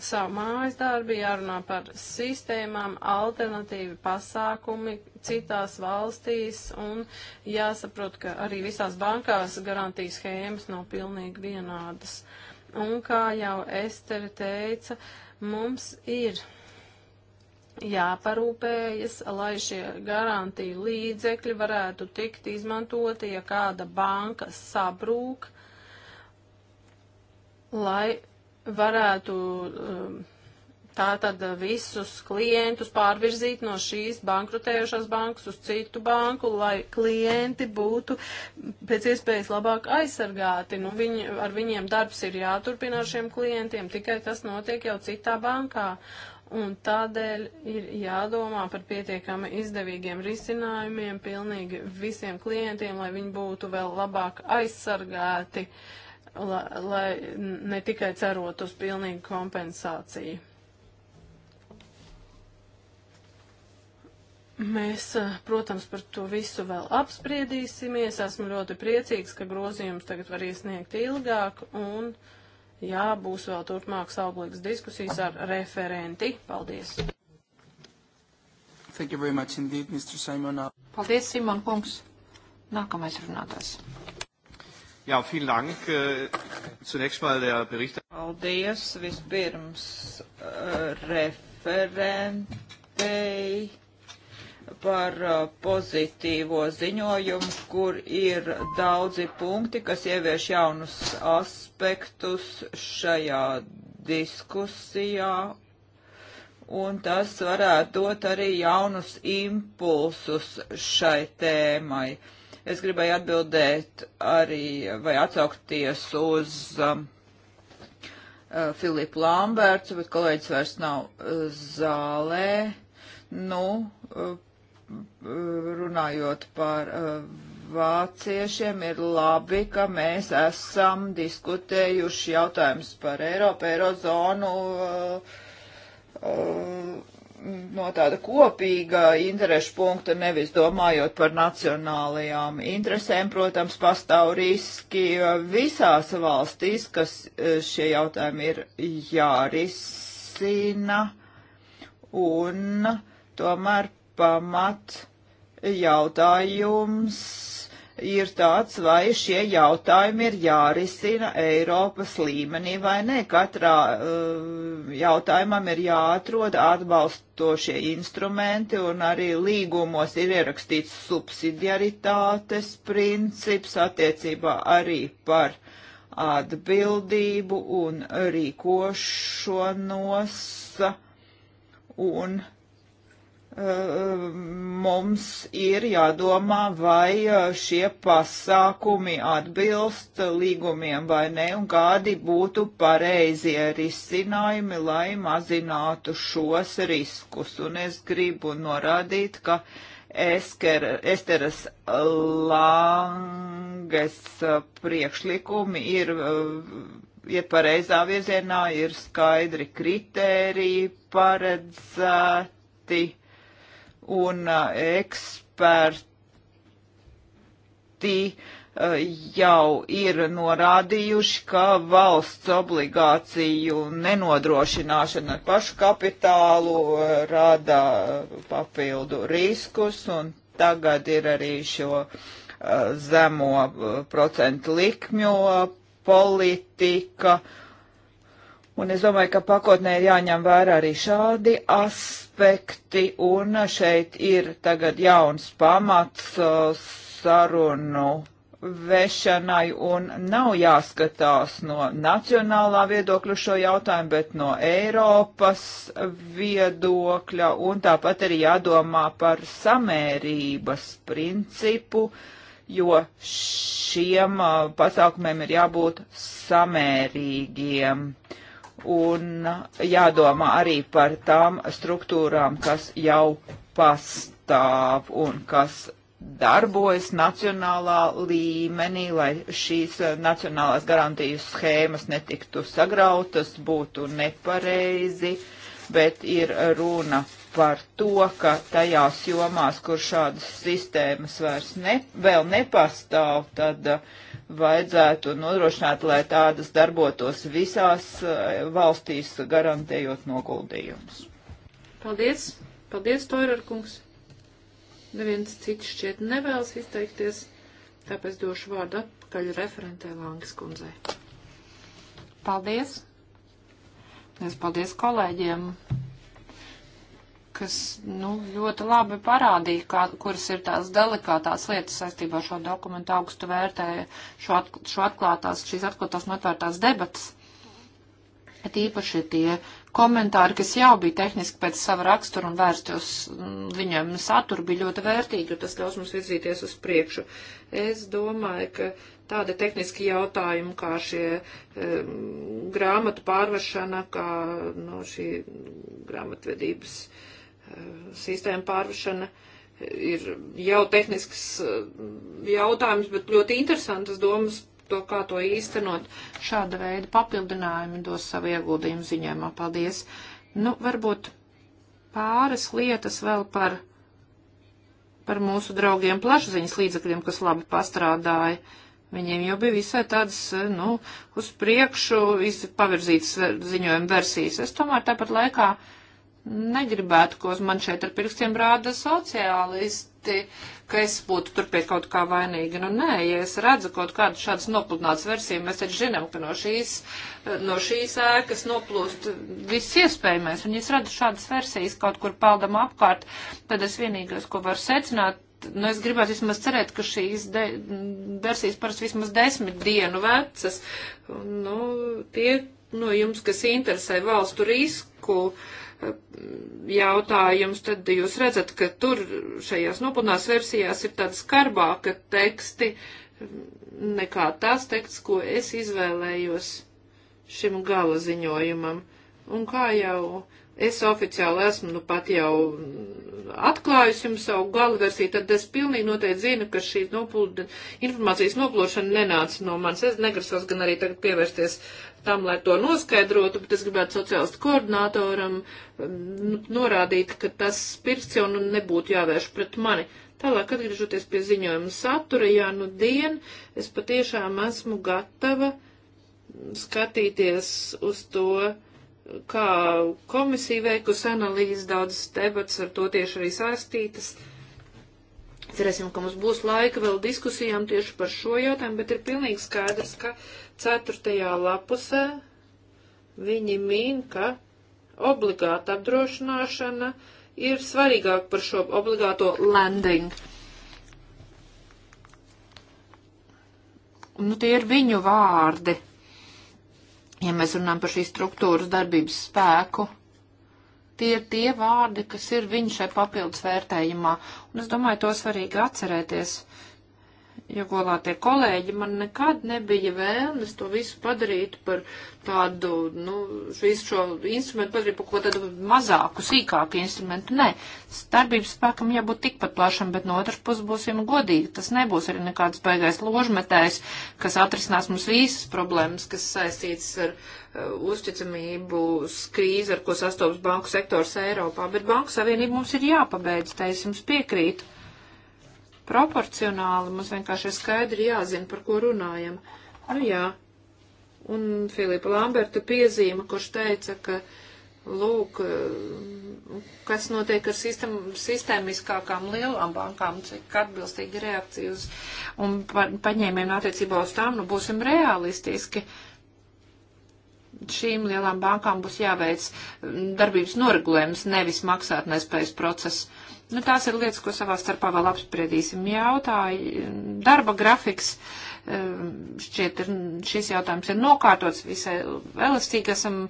savu mājas darbi, jārunā par sistēmām, alternatīvi pasākumi citās valstīs un jāsaprot, ka arī visās bankās garantijas schēmas nav pilnīgi vienādas. Un kā jau Estere teica, mums ir jāparūpējas, lai šie garantiju līdzekļi varētu tikt izmantoti, ja kāda banka sabrūk, lai varētu um, tātad visus klientus pārvirzīt no šīs bankrotējušās bankas uz citu banku, lai klienti būtu pēc iespējas labāk aizsargāti. Nu, viņi, ar viņiem darbs ir jāturpina ar šiem klientiem, tikai tas notiek jau citā bankā. Un tādēļ ir jādomā par pietiekami izdevīgiem risinājumiem pilnīgi visiem klientiem, lai viņi būtu vēl labāk aizsargāti. Uh, lai, lai ne tikai cerot uz pilnīgu kompensāciju. Mēs, eh, protams, par to visu vēl apspriedīsimies. Esmu ļoti priecīgs, ka grozījums tagad var iesniegt ilgāk un, jā, būs vēl turpmākas auglīgas diskusijas ar referenti. Paldies! Thank you very much indeed, Mr. Simon. Paldies, Simon kungs. Nākamais runātājs. Jā, vielen Dank. Äh, zunächst mal der Berichter. Paldies vispirms uh, referentei par uh, pozitīvo ziņojumu, kur ir daudzi punkti, kas ievieš jaunus aspektus šajā diskusijā. Un tas varētu dot arī jaunus impulsus šai tēmai. Uh, Es gribēju atbildēt arī vai atsaukties uz um, uh, Filipu Lamberts, bet kolēģis vairs nav uh, zālē. Nu, uh, runājot par vāciešiem, ir labi, ka mēs esam diskutējuši jautājumus par Eiropu, Eirozonu. Uh, uh, no tāda kopīga interešu punkta, nevis domājot par nacionālajām interesēm. Protams, pastāv riski visās valstīs, kas e, šie jautājumi ir jārisina, un tomēr pamat jautājums ir tāds, vai šie jautājumi ir jārisina Eiropas līmenī vai ne. Katrā uh, jautājumam ir jāatrod atbalstošie instrumenti un arī līgumos ir ierakstīts subsidiaritātes princips attiecībā arī par atbildību un rīkošanos un Eh, mums ir jādomā, vai eh, šie pasākumi atbilst līgumiem vai ne, un kādi būtu pareizie risinājumi, lai mazinātu šos riskus. Un es gribu norādīt, ka. Esker, Esteras Langes eh, priekšlikumi ir iet pareizā virzienā, ir skaidri kritēriji paredzēti un uh, eksperti uh, jau ir norādījuši, ka valsts obligāciju nenodrošināšana ar pašu kapitālu uh, rada papildu riskus, un tagad ir arī šo zemo procentu likmju politika, Un es domāju, ka pakotnē ir jāņem vērā arī šādi aspekti, un šeit ir tagad jauns pamats uh, sarunu vešanai, un nav jāskatās no nacionālā viedokļa šo jautājumu, bet no Eiropas viedokļa, un tāpat arī jādomā par samērības principu, jo šiem uh, pasākumiem ir jābūt samērīgiem. Uh, un jādomā arī par tām struktūrām, kas jau pastāv un kas darbojas nacionālā līmenī, lai šīs nacionālās garantijas schēmas netiktu sagrautas, būtu nepareizi, bet ir runa par to, ka tajās jomās, kur šādas sistēmas vairs ne, vēl nepastāv, tad uh, vajadzētu nodrošināt, lai tādas darbotos visās eh, valstīs, garantējot noguldījumus. Paldies! Paldies, Toirar kungs! Neviens cits šķiet nevēlas izteikties, tāpēc došu vārdu atpakaļ referentē Langas kundzei. Paldies! Es paldies kolēģiem kas nu, ļoti labi parādīja, kā, kuras ir tās delikātās lietas saistībā ar šo dokumentu augstu vērtēja šo, atk šo atklātās, šīs atklātās un atvērtās debatas. Bet īpaši tie komentāri, kas jau bija tehniski pēc sava rakstura un vērsti uz mm, viņiem saturu, bija ļoti vērtīgi, jo tas ļaus mums virzīties uz priekšu. Es domāju, ka tādi tehniski jautājumi, kā šie um, grāmatu pārvešana, kā no nu, šī grāmatvedības. Uh, sistēma pārvešana ir jau tehnisks eh, jautājums, bet ļoti interesantas domas to, kā to īstenot. Šāda veida papildinājumi dos savu ieguldījumu ziņojumā. Paldies! Nu, varbūt pāris lietas vēl par, par mūsu draugiem plašsaziņas līdzakļiem, kas labi pastrādāja. Viņiem jau bija visai tādas, eh, nu, uz priekšu pavirzītas ziņojuma versijas. Es tomēr tāpat laikā uh, negribētu, ko man šeit ar pirkstiem rāda sociālisti, ka es būtu tur pie kaut kā vainīga. Nu nē, ja es redzu kaut kādu šādas nopludināts versiju, mēs taču zinām, ka no šīs, no šīs ēkas noplūst viss iespējamais. Un ja es redzu šādas versijas kaut kur peldam apkārt, tad es vienīgais, ko varu secināt, nu, es gribētu vismaz cerēt, ka šīs de, versijas parasti vismaz desmit dienu vecas. Nu, tie, nu, jums, kas interesē valstu risku, uh, jautājums, tad jūs redzat, ka tur šajās nopietnās versijās ir tāda skarbāka teksti nekā tās teksts, ko es izvēlējos šim gala ziņojumam. Un kā jau Es oficiāli esmu nu pat jau atklājusi jums savu gala versiju, tad es pilnīgi noteikti zinu, ka šī noplūda, informācijas noplūšana nenāca no manis. Es negrasos gan arī tagad pievērsties tam, lai to noskaidrotu, bet es gribētu sociālistu koordinātoram mm, norādīt, ka tas pirksts jau nu nebūtu jāvērš pret mani. Tālāk, atgriežoties pie ziņojuma satura, jā, nu dien, es patiešām esmu gatava skatīties uz to, kā komisija veikusi analīzes, daudzas debats ar to tieši arī saistītas. Cerēsim, ka mums būs laika vēl diskusijām tieši par šo jautājumu, bet ir pilnīgi skaidrs, ka ceturtajā lapusē viņi mīn, ka obligāta apdrošināšana ir svarīgāk par šo obligāto landing. Nu, tie ir viņu vārdi ja mēs runājam par šīs struktūras darbības spēku, tie ir tie vārdi, kas ir viņa šai papildus vērtējumā. Un es domāju, to svarīgi atcerēties, ja golātie kolēģi, man nekad nebija vēlmes to visu padarīt par tādu, nu, visu šo instrumentu padarīt par ko tādu mazāku, sīkāku instrumentu. Nē, starpības spēkam jābūt tikpat plašam, bet no otras puses būsim godīgi. Tas nebūs arī nekāds baigais ložmetējs, kas atrisinās mums visas problēmas, kas saistītas ar uh, uzticamību krīzi, ar ko sastopas banku sektors Eiropā, bet banku savienību mums ir jāpabeidz, tā es jums piekrītu proporcionāli, mums vienkārši ir skaidri jāzina, par ko runājam. Nu jā, un Filipa Lamberta piezīme, kurš teica, ka, lūk, eh, kas notiek ar sistem, sistēmiskākām lielām bankām, cik atbilstīgi reakcija uz un pa, paņēmiem attiecībā uz tām, nu būsim realistiski šīm lielām bankām būs jāveic mm, darbības noregulējums, nevis maksātnespējas process. Nu, tās ir lietas, ko savā starpā vēl apspriedīsim. Jautāja, darba grafiks eh, šķiet ir, šis jautājums ir nokārtots visai elastīgi, esam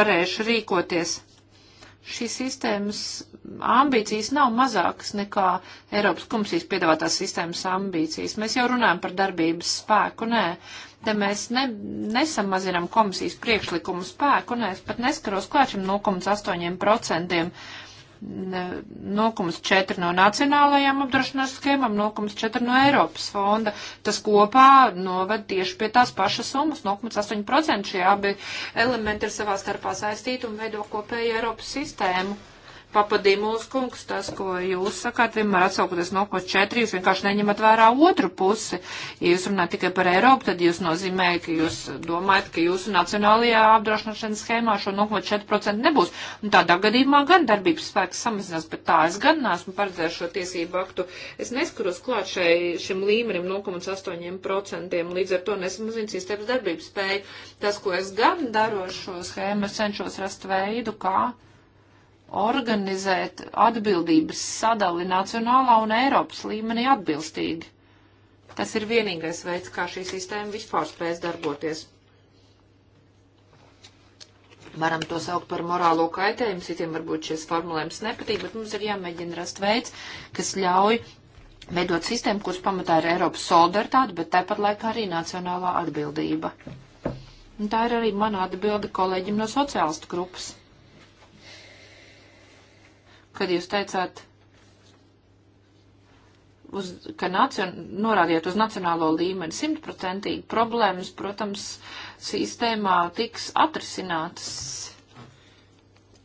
varējuši rīkoties šīs sistēmas ambīcijas nav mazākas nekā Eiropas komisijas piedāvātās sistēmas ambīcijas. Mēs jau runājam par darbības spēku, nē. Te mēs ne, nesamazinam komisijas priekšlikumu spēku, nē, es pat neskaros klāt šim 0,8%. 0,4 no nacionālajām apdrošināšanas schēmām, 0,4 no Eiropas fonda. Tas kopā noved tieši pie tās pašas summas, 0,8%. Šie abi elementi ir savā starpā saistīti un veido kopēju Eiropas sistēmu papadīja mūsu kungs, tas, ko jūs sakāt, vienmēr atsaukoties no ko četri, jūs vienkārši neņemat vērā otru pusi. Ja jūs runājat tikai par Eiropu, tad jūs nozīmē, ka jūs domājat, ka jūsu nacionālajā apdrošināšanas schēmā šo no ko 4% nebūs. Un tādā gadījumā gan darbības spēks samazinās, bet tā es gan neesmu paredzējis šo tiesību aktu. Es neskaros klāt šai, šim līmenim 0,8%, līdz ar to nesamazina sistēmas darbības spēju. Tas, ko es gan daru ar šo schēmu, es cenšos rast veidu, kā. Ka organizēt atbildības sadali nacionālā un Eiropas līmenī atbilstīgi. Tas ir vienīgais veids, kā šī sistēma vispār spēs darboties. Varam to saukt par morālo kaitējumu, citiem varbūt šis formulējums nepatīk, bet mums ir jāmēģina rast veids, kas ļauj veidot sistēmu, kuras pamatā ir Eiropas solidaritāte, bet tāpat laikā arī nacionālā atbildība. Un tā ir arī mana atbilde kolēģim no sociālistu grupas kad jūs teicāt, uz, ka nacion, norādiet uz nacionālo līmeni simtprocentīgi problēmas, protams, sistēmā tiks atrisinātas.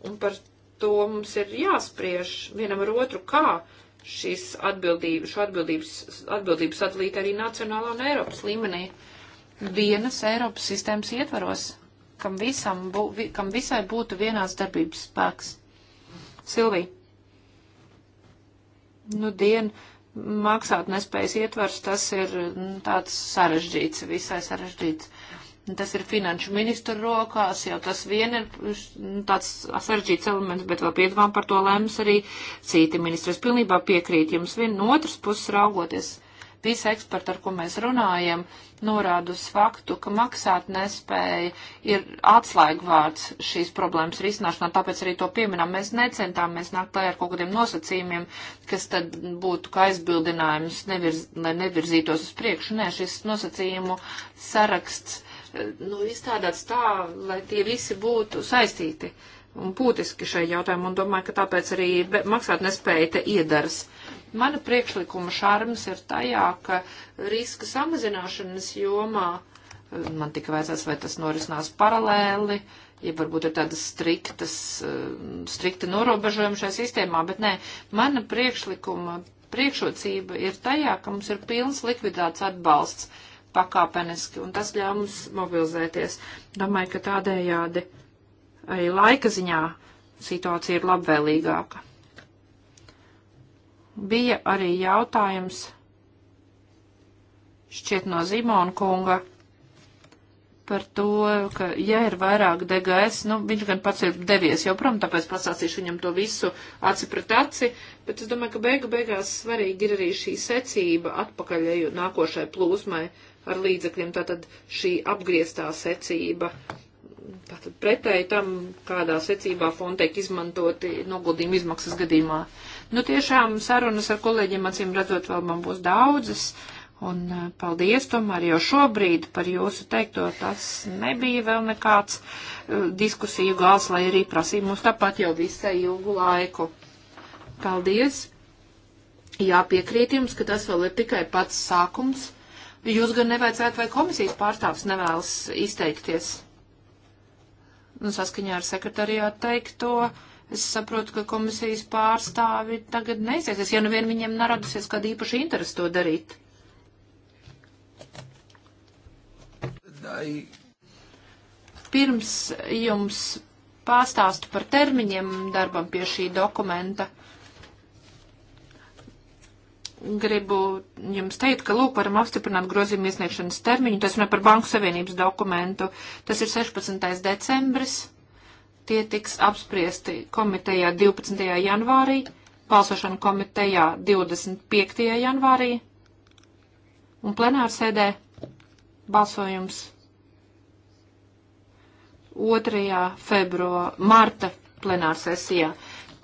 Un par to mums ir jāspriež vienam ar otru, kā šīs atbildības, šo atbildības, atbildības atlīt arī nacionālā un Eiropas līmenī. Vienas Eiropas sistēmas ietvaros, kam, visam, bū, kam visai būtu vienās darbības spēks. Silvija nu, dien maksāt nespējas ietvars, tas ir nu, tāds sarežģīts, visai sarežģīts. Tas ir finanšu ministru rokās, jau tas vien ir nu, tāds sarežģīts elements, bet vēl piedevām par to lems arī citi ministri. Es pilnībā piekrītu jums vien no otras puses raugoties Visa eksporta, ar ko mēs runājam, norāda uz faktu, ka maksāt nespēja ir atslēgvārds šīs problēmas risināšanā, tāpēc arī to pieminām. Mēs necentāmies nākt klajā ar kaut kādiem nosacījumiem, kas tad būtu kā aizbildinājums, nevirz, lai nevirzītos uz priekšu. Nē, šis nosacījumu saraksts eh, nu, izstrādāts tā, lai tie visi būtu saistīti un būtiski šai jautājumam, un domāju, ka tāpēc arī maksāt nespēja te iedars. Uh, Mana priekšlikuma šarms ir tajā, ka riska samazināšanas jomā eh, man tika vajadzēs, vai tas norisinās paralēli, ja varbūt ir tādas striktas, eh, strikta norobežojuma šajā sistēmā, bet nē, mana priekšlikuma priekšrocība ir tajā, ka mums ir pilns likvidāts atbalsts pakāpeniski, un tas ļauj mums mobilizēties. Domāju, ka tādējādi arī laika ziņā situācija ir labvēlīgāka. Bija arī jautājums šķiet no Zimona kunga par to, ka, ja ir vairāk DGS, nu, viņš gan pats ir devies jau prom, tāpēc pasāstīšu viņam to visu aci pret aci, bet es domāju, ka beigu beigās svarīgi ir arī šī secība atpakaļēju nākošai plūsmai ar līdzekļiem, tātad šī apgrieztā secība, tātad pretēji tam, kādā secībā fonda tiek izmantoti noguldījuma izmaksas gadījumā. Uh, Nu, tiešām sarunas ar kolēģiem acīm redzot vēl man būs daudzas. Un eh, paldies tomēr jau šobrīd par jūsu teikto, tas nebija vēl nekāds uh, diskusiju gals, lai arī prasīja mums tāpat jau visai ilgu laiku. Paldies! Jā, piekrīt jums, ka tas vēl ir tikai pats sākums. Jūs gan nevajadzētu, vai komisijas pārstāvs nevēlas izteikties? Nu, saskaņā ar sekretariātu teikto. Uh, Es saprotu, ka komisijas pārstāvi tagad neizteiksies, ja nu vien viņiem naradusies kāda īpaša interese to darīt. Pirms jums pārstāstu par termiņiem darbam pie šī dokumenta, gribu jums teikt, ka lūk, varam apstiprināt grozījuma iesniegšanas termiņu. Tas runā par Banku Savienības dokumentu. Tas ir 16. decembris Tie tiks apspriesti komitejā 12. janvārī, balsošana komitejā 25. janvārī un plenārsēdē balsojums 2. februā, marta plenārsesijā.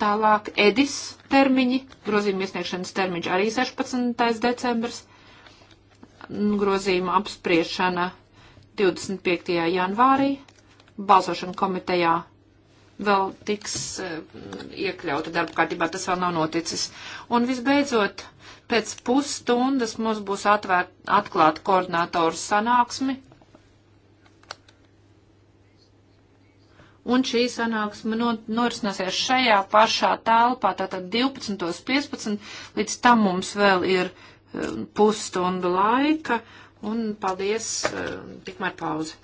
Tālāk Edis termiņi, grozījuma iesniegšanas termiņš arī 16. decembris, grozījuma apspriešana 25. janvārī, balsošana komitejā vēl tiks eh, iekļauta darba kārtībā, tas vēl nav noticis. Un visbeidzot, pēc pusstundas mums būs atvērt, atklāta koordinātoru sanāksmi. Un šī sanāksme norisināsies šajā pašā telpā, tātad 12.15. Līdz tam mums vēl ir eh, pusstunda laika. Un paldies, eh, tikmēr pauze.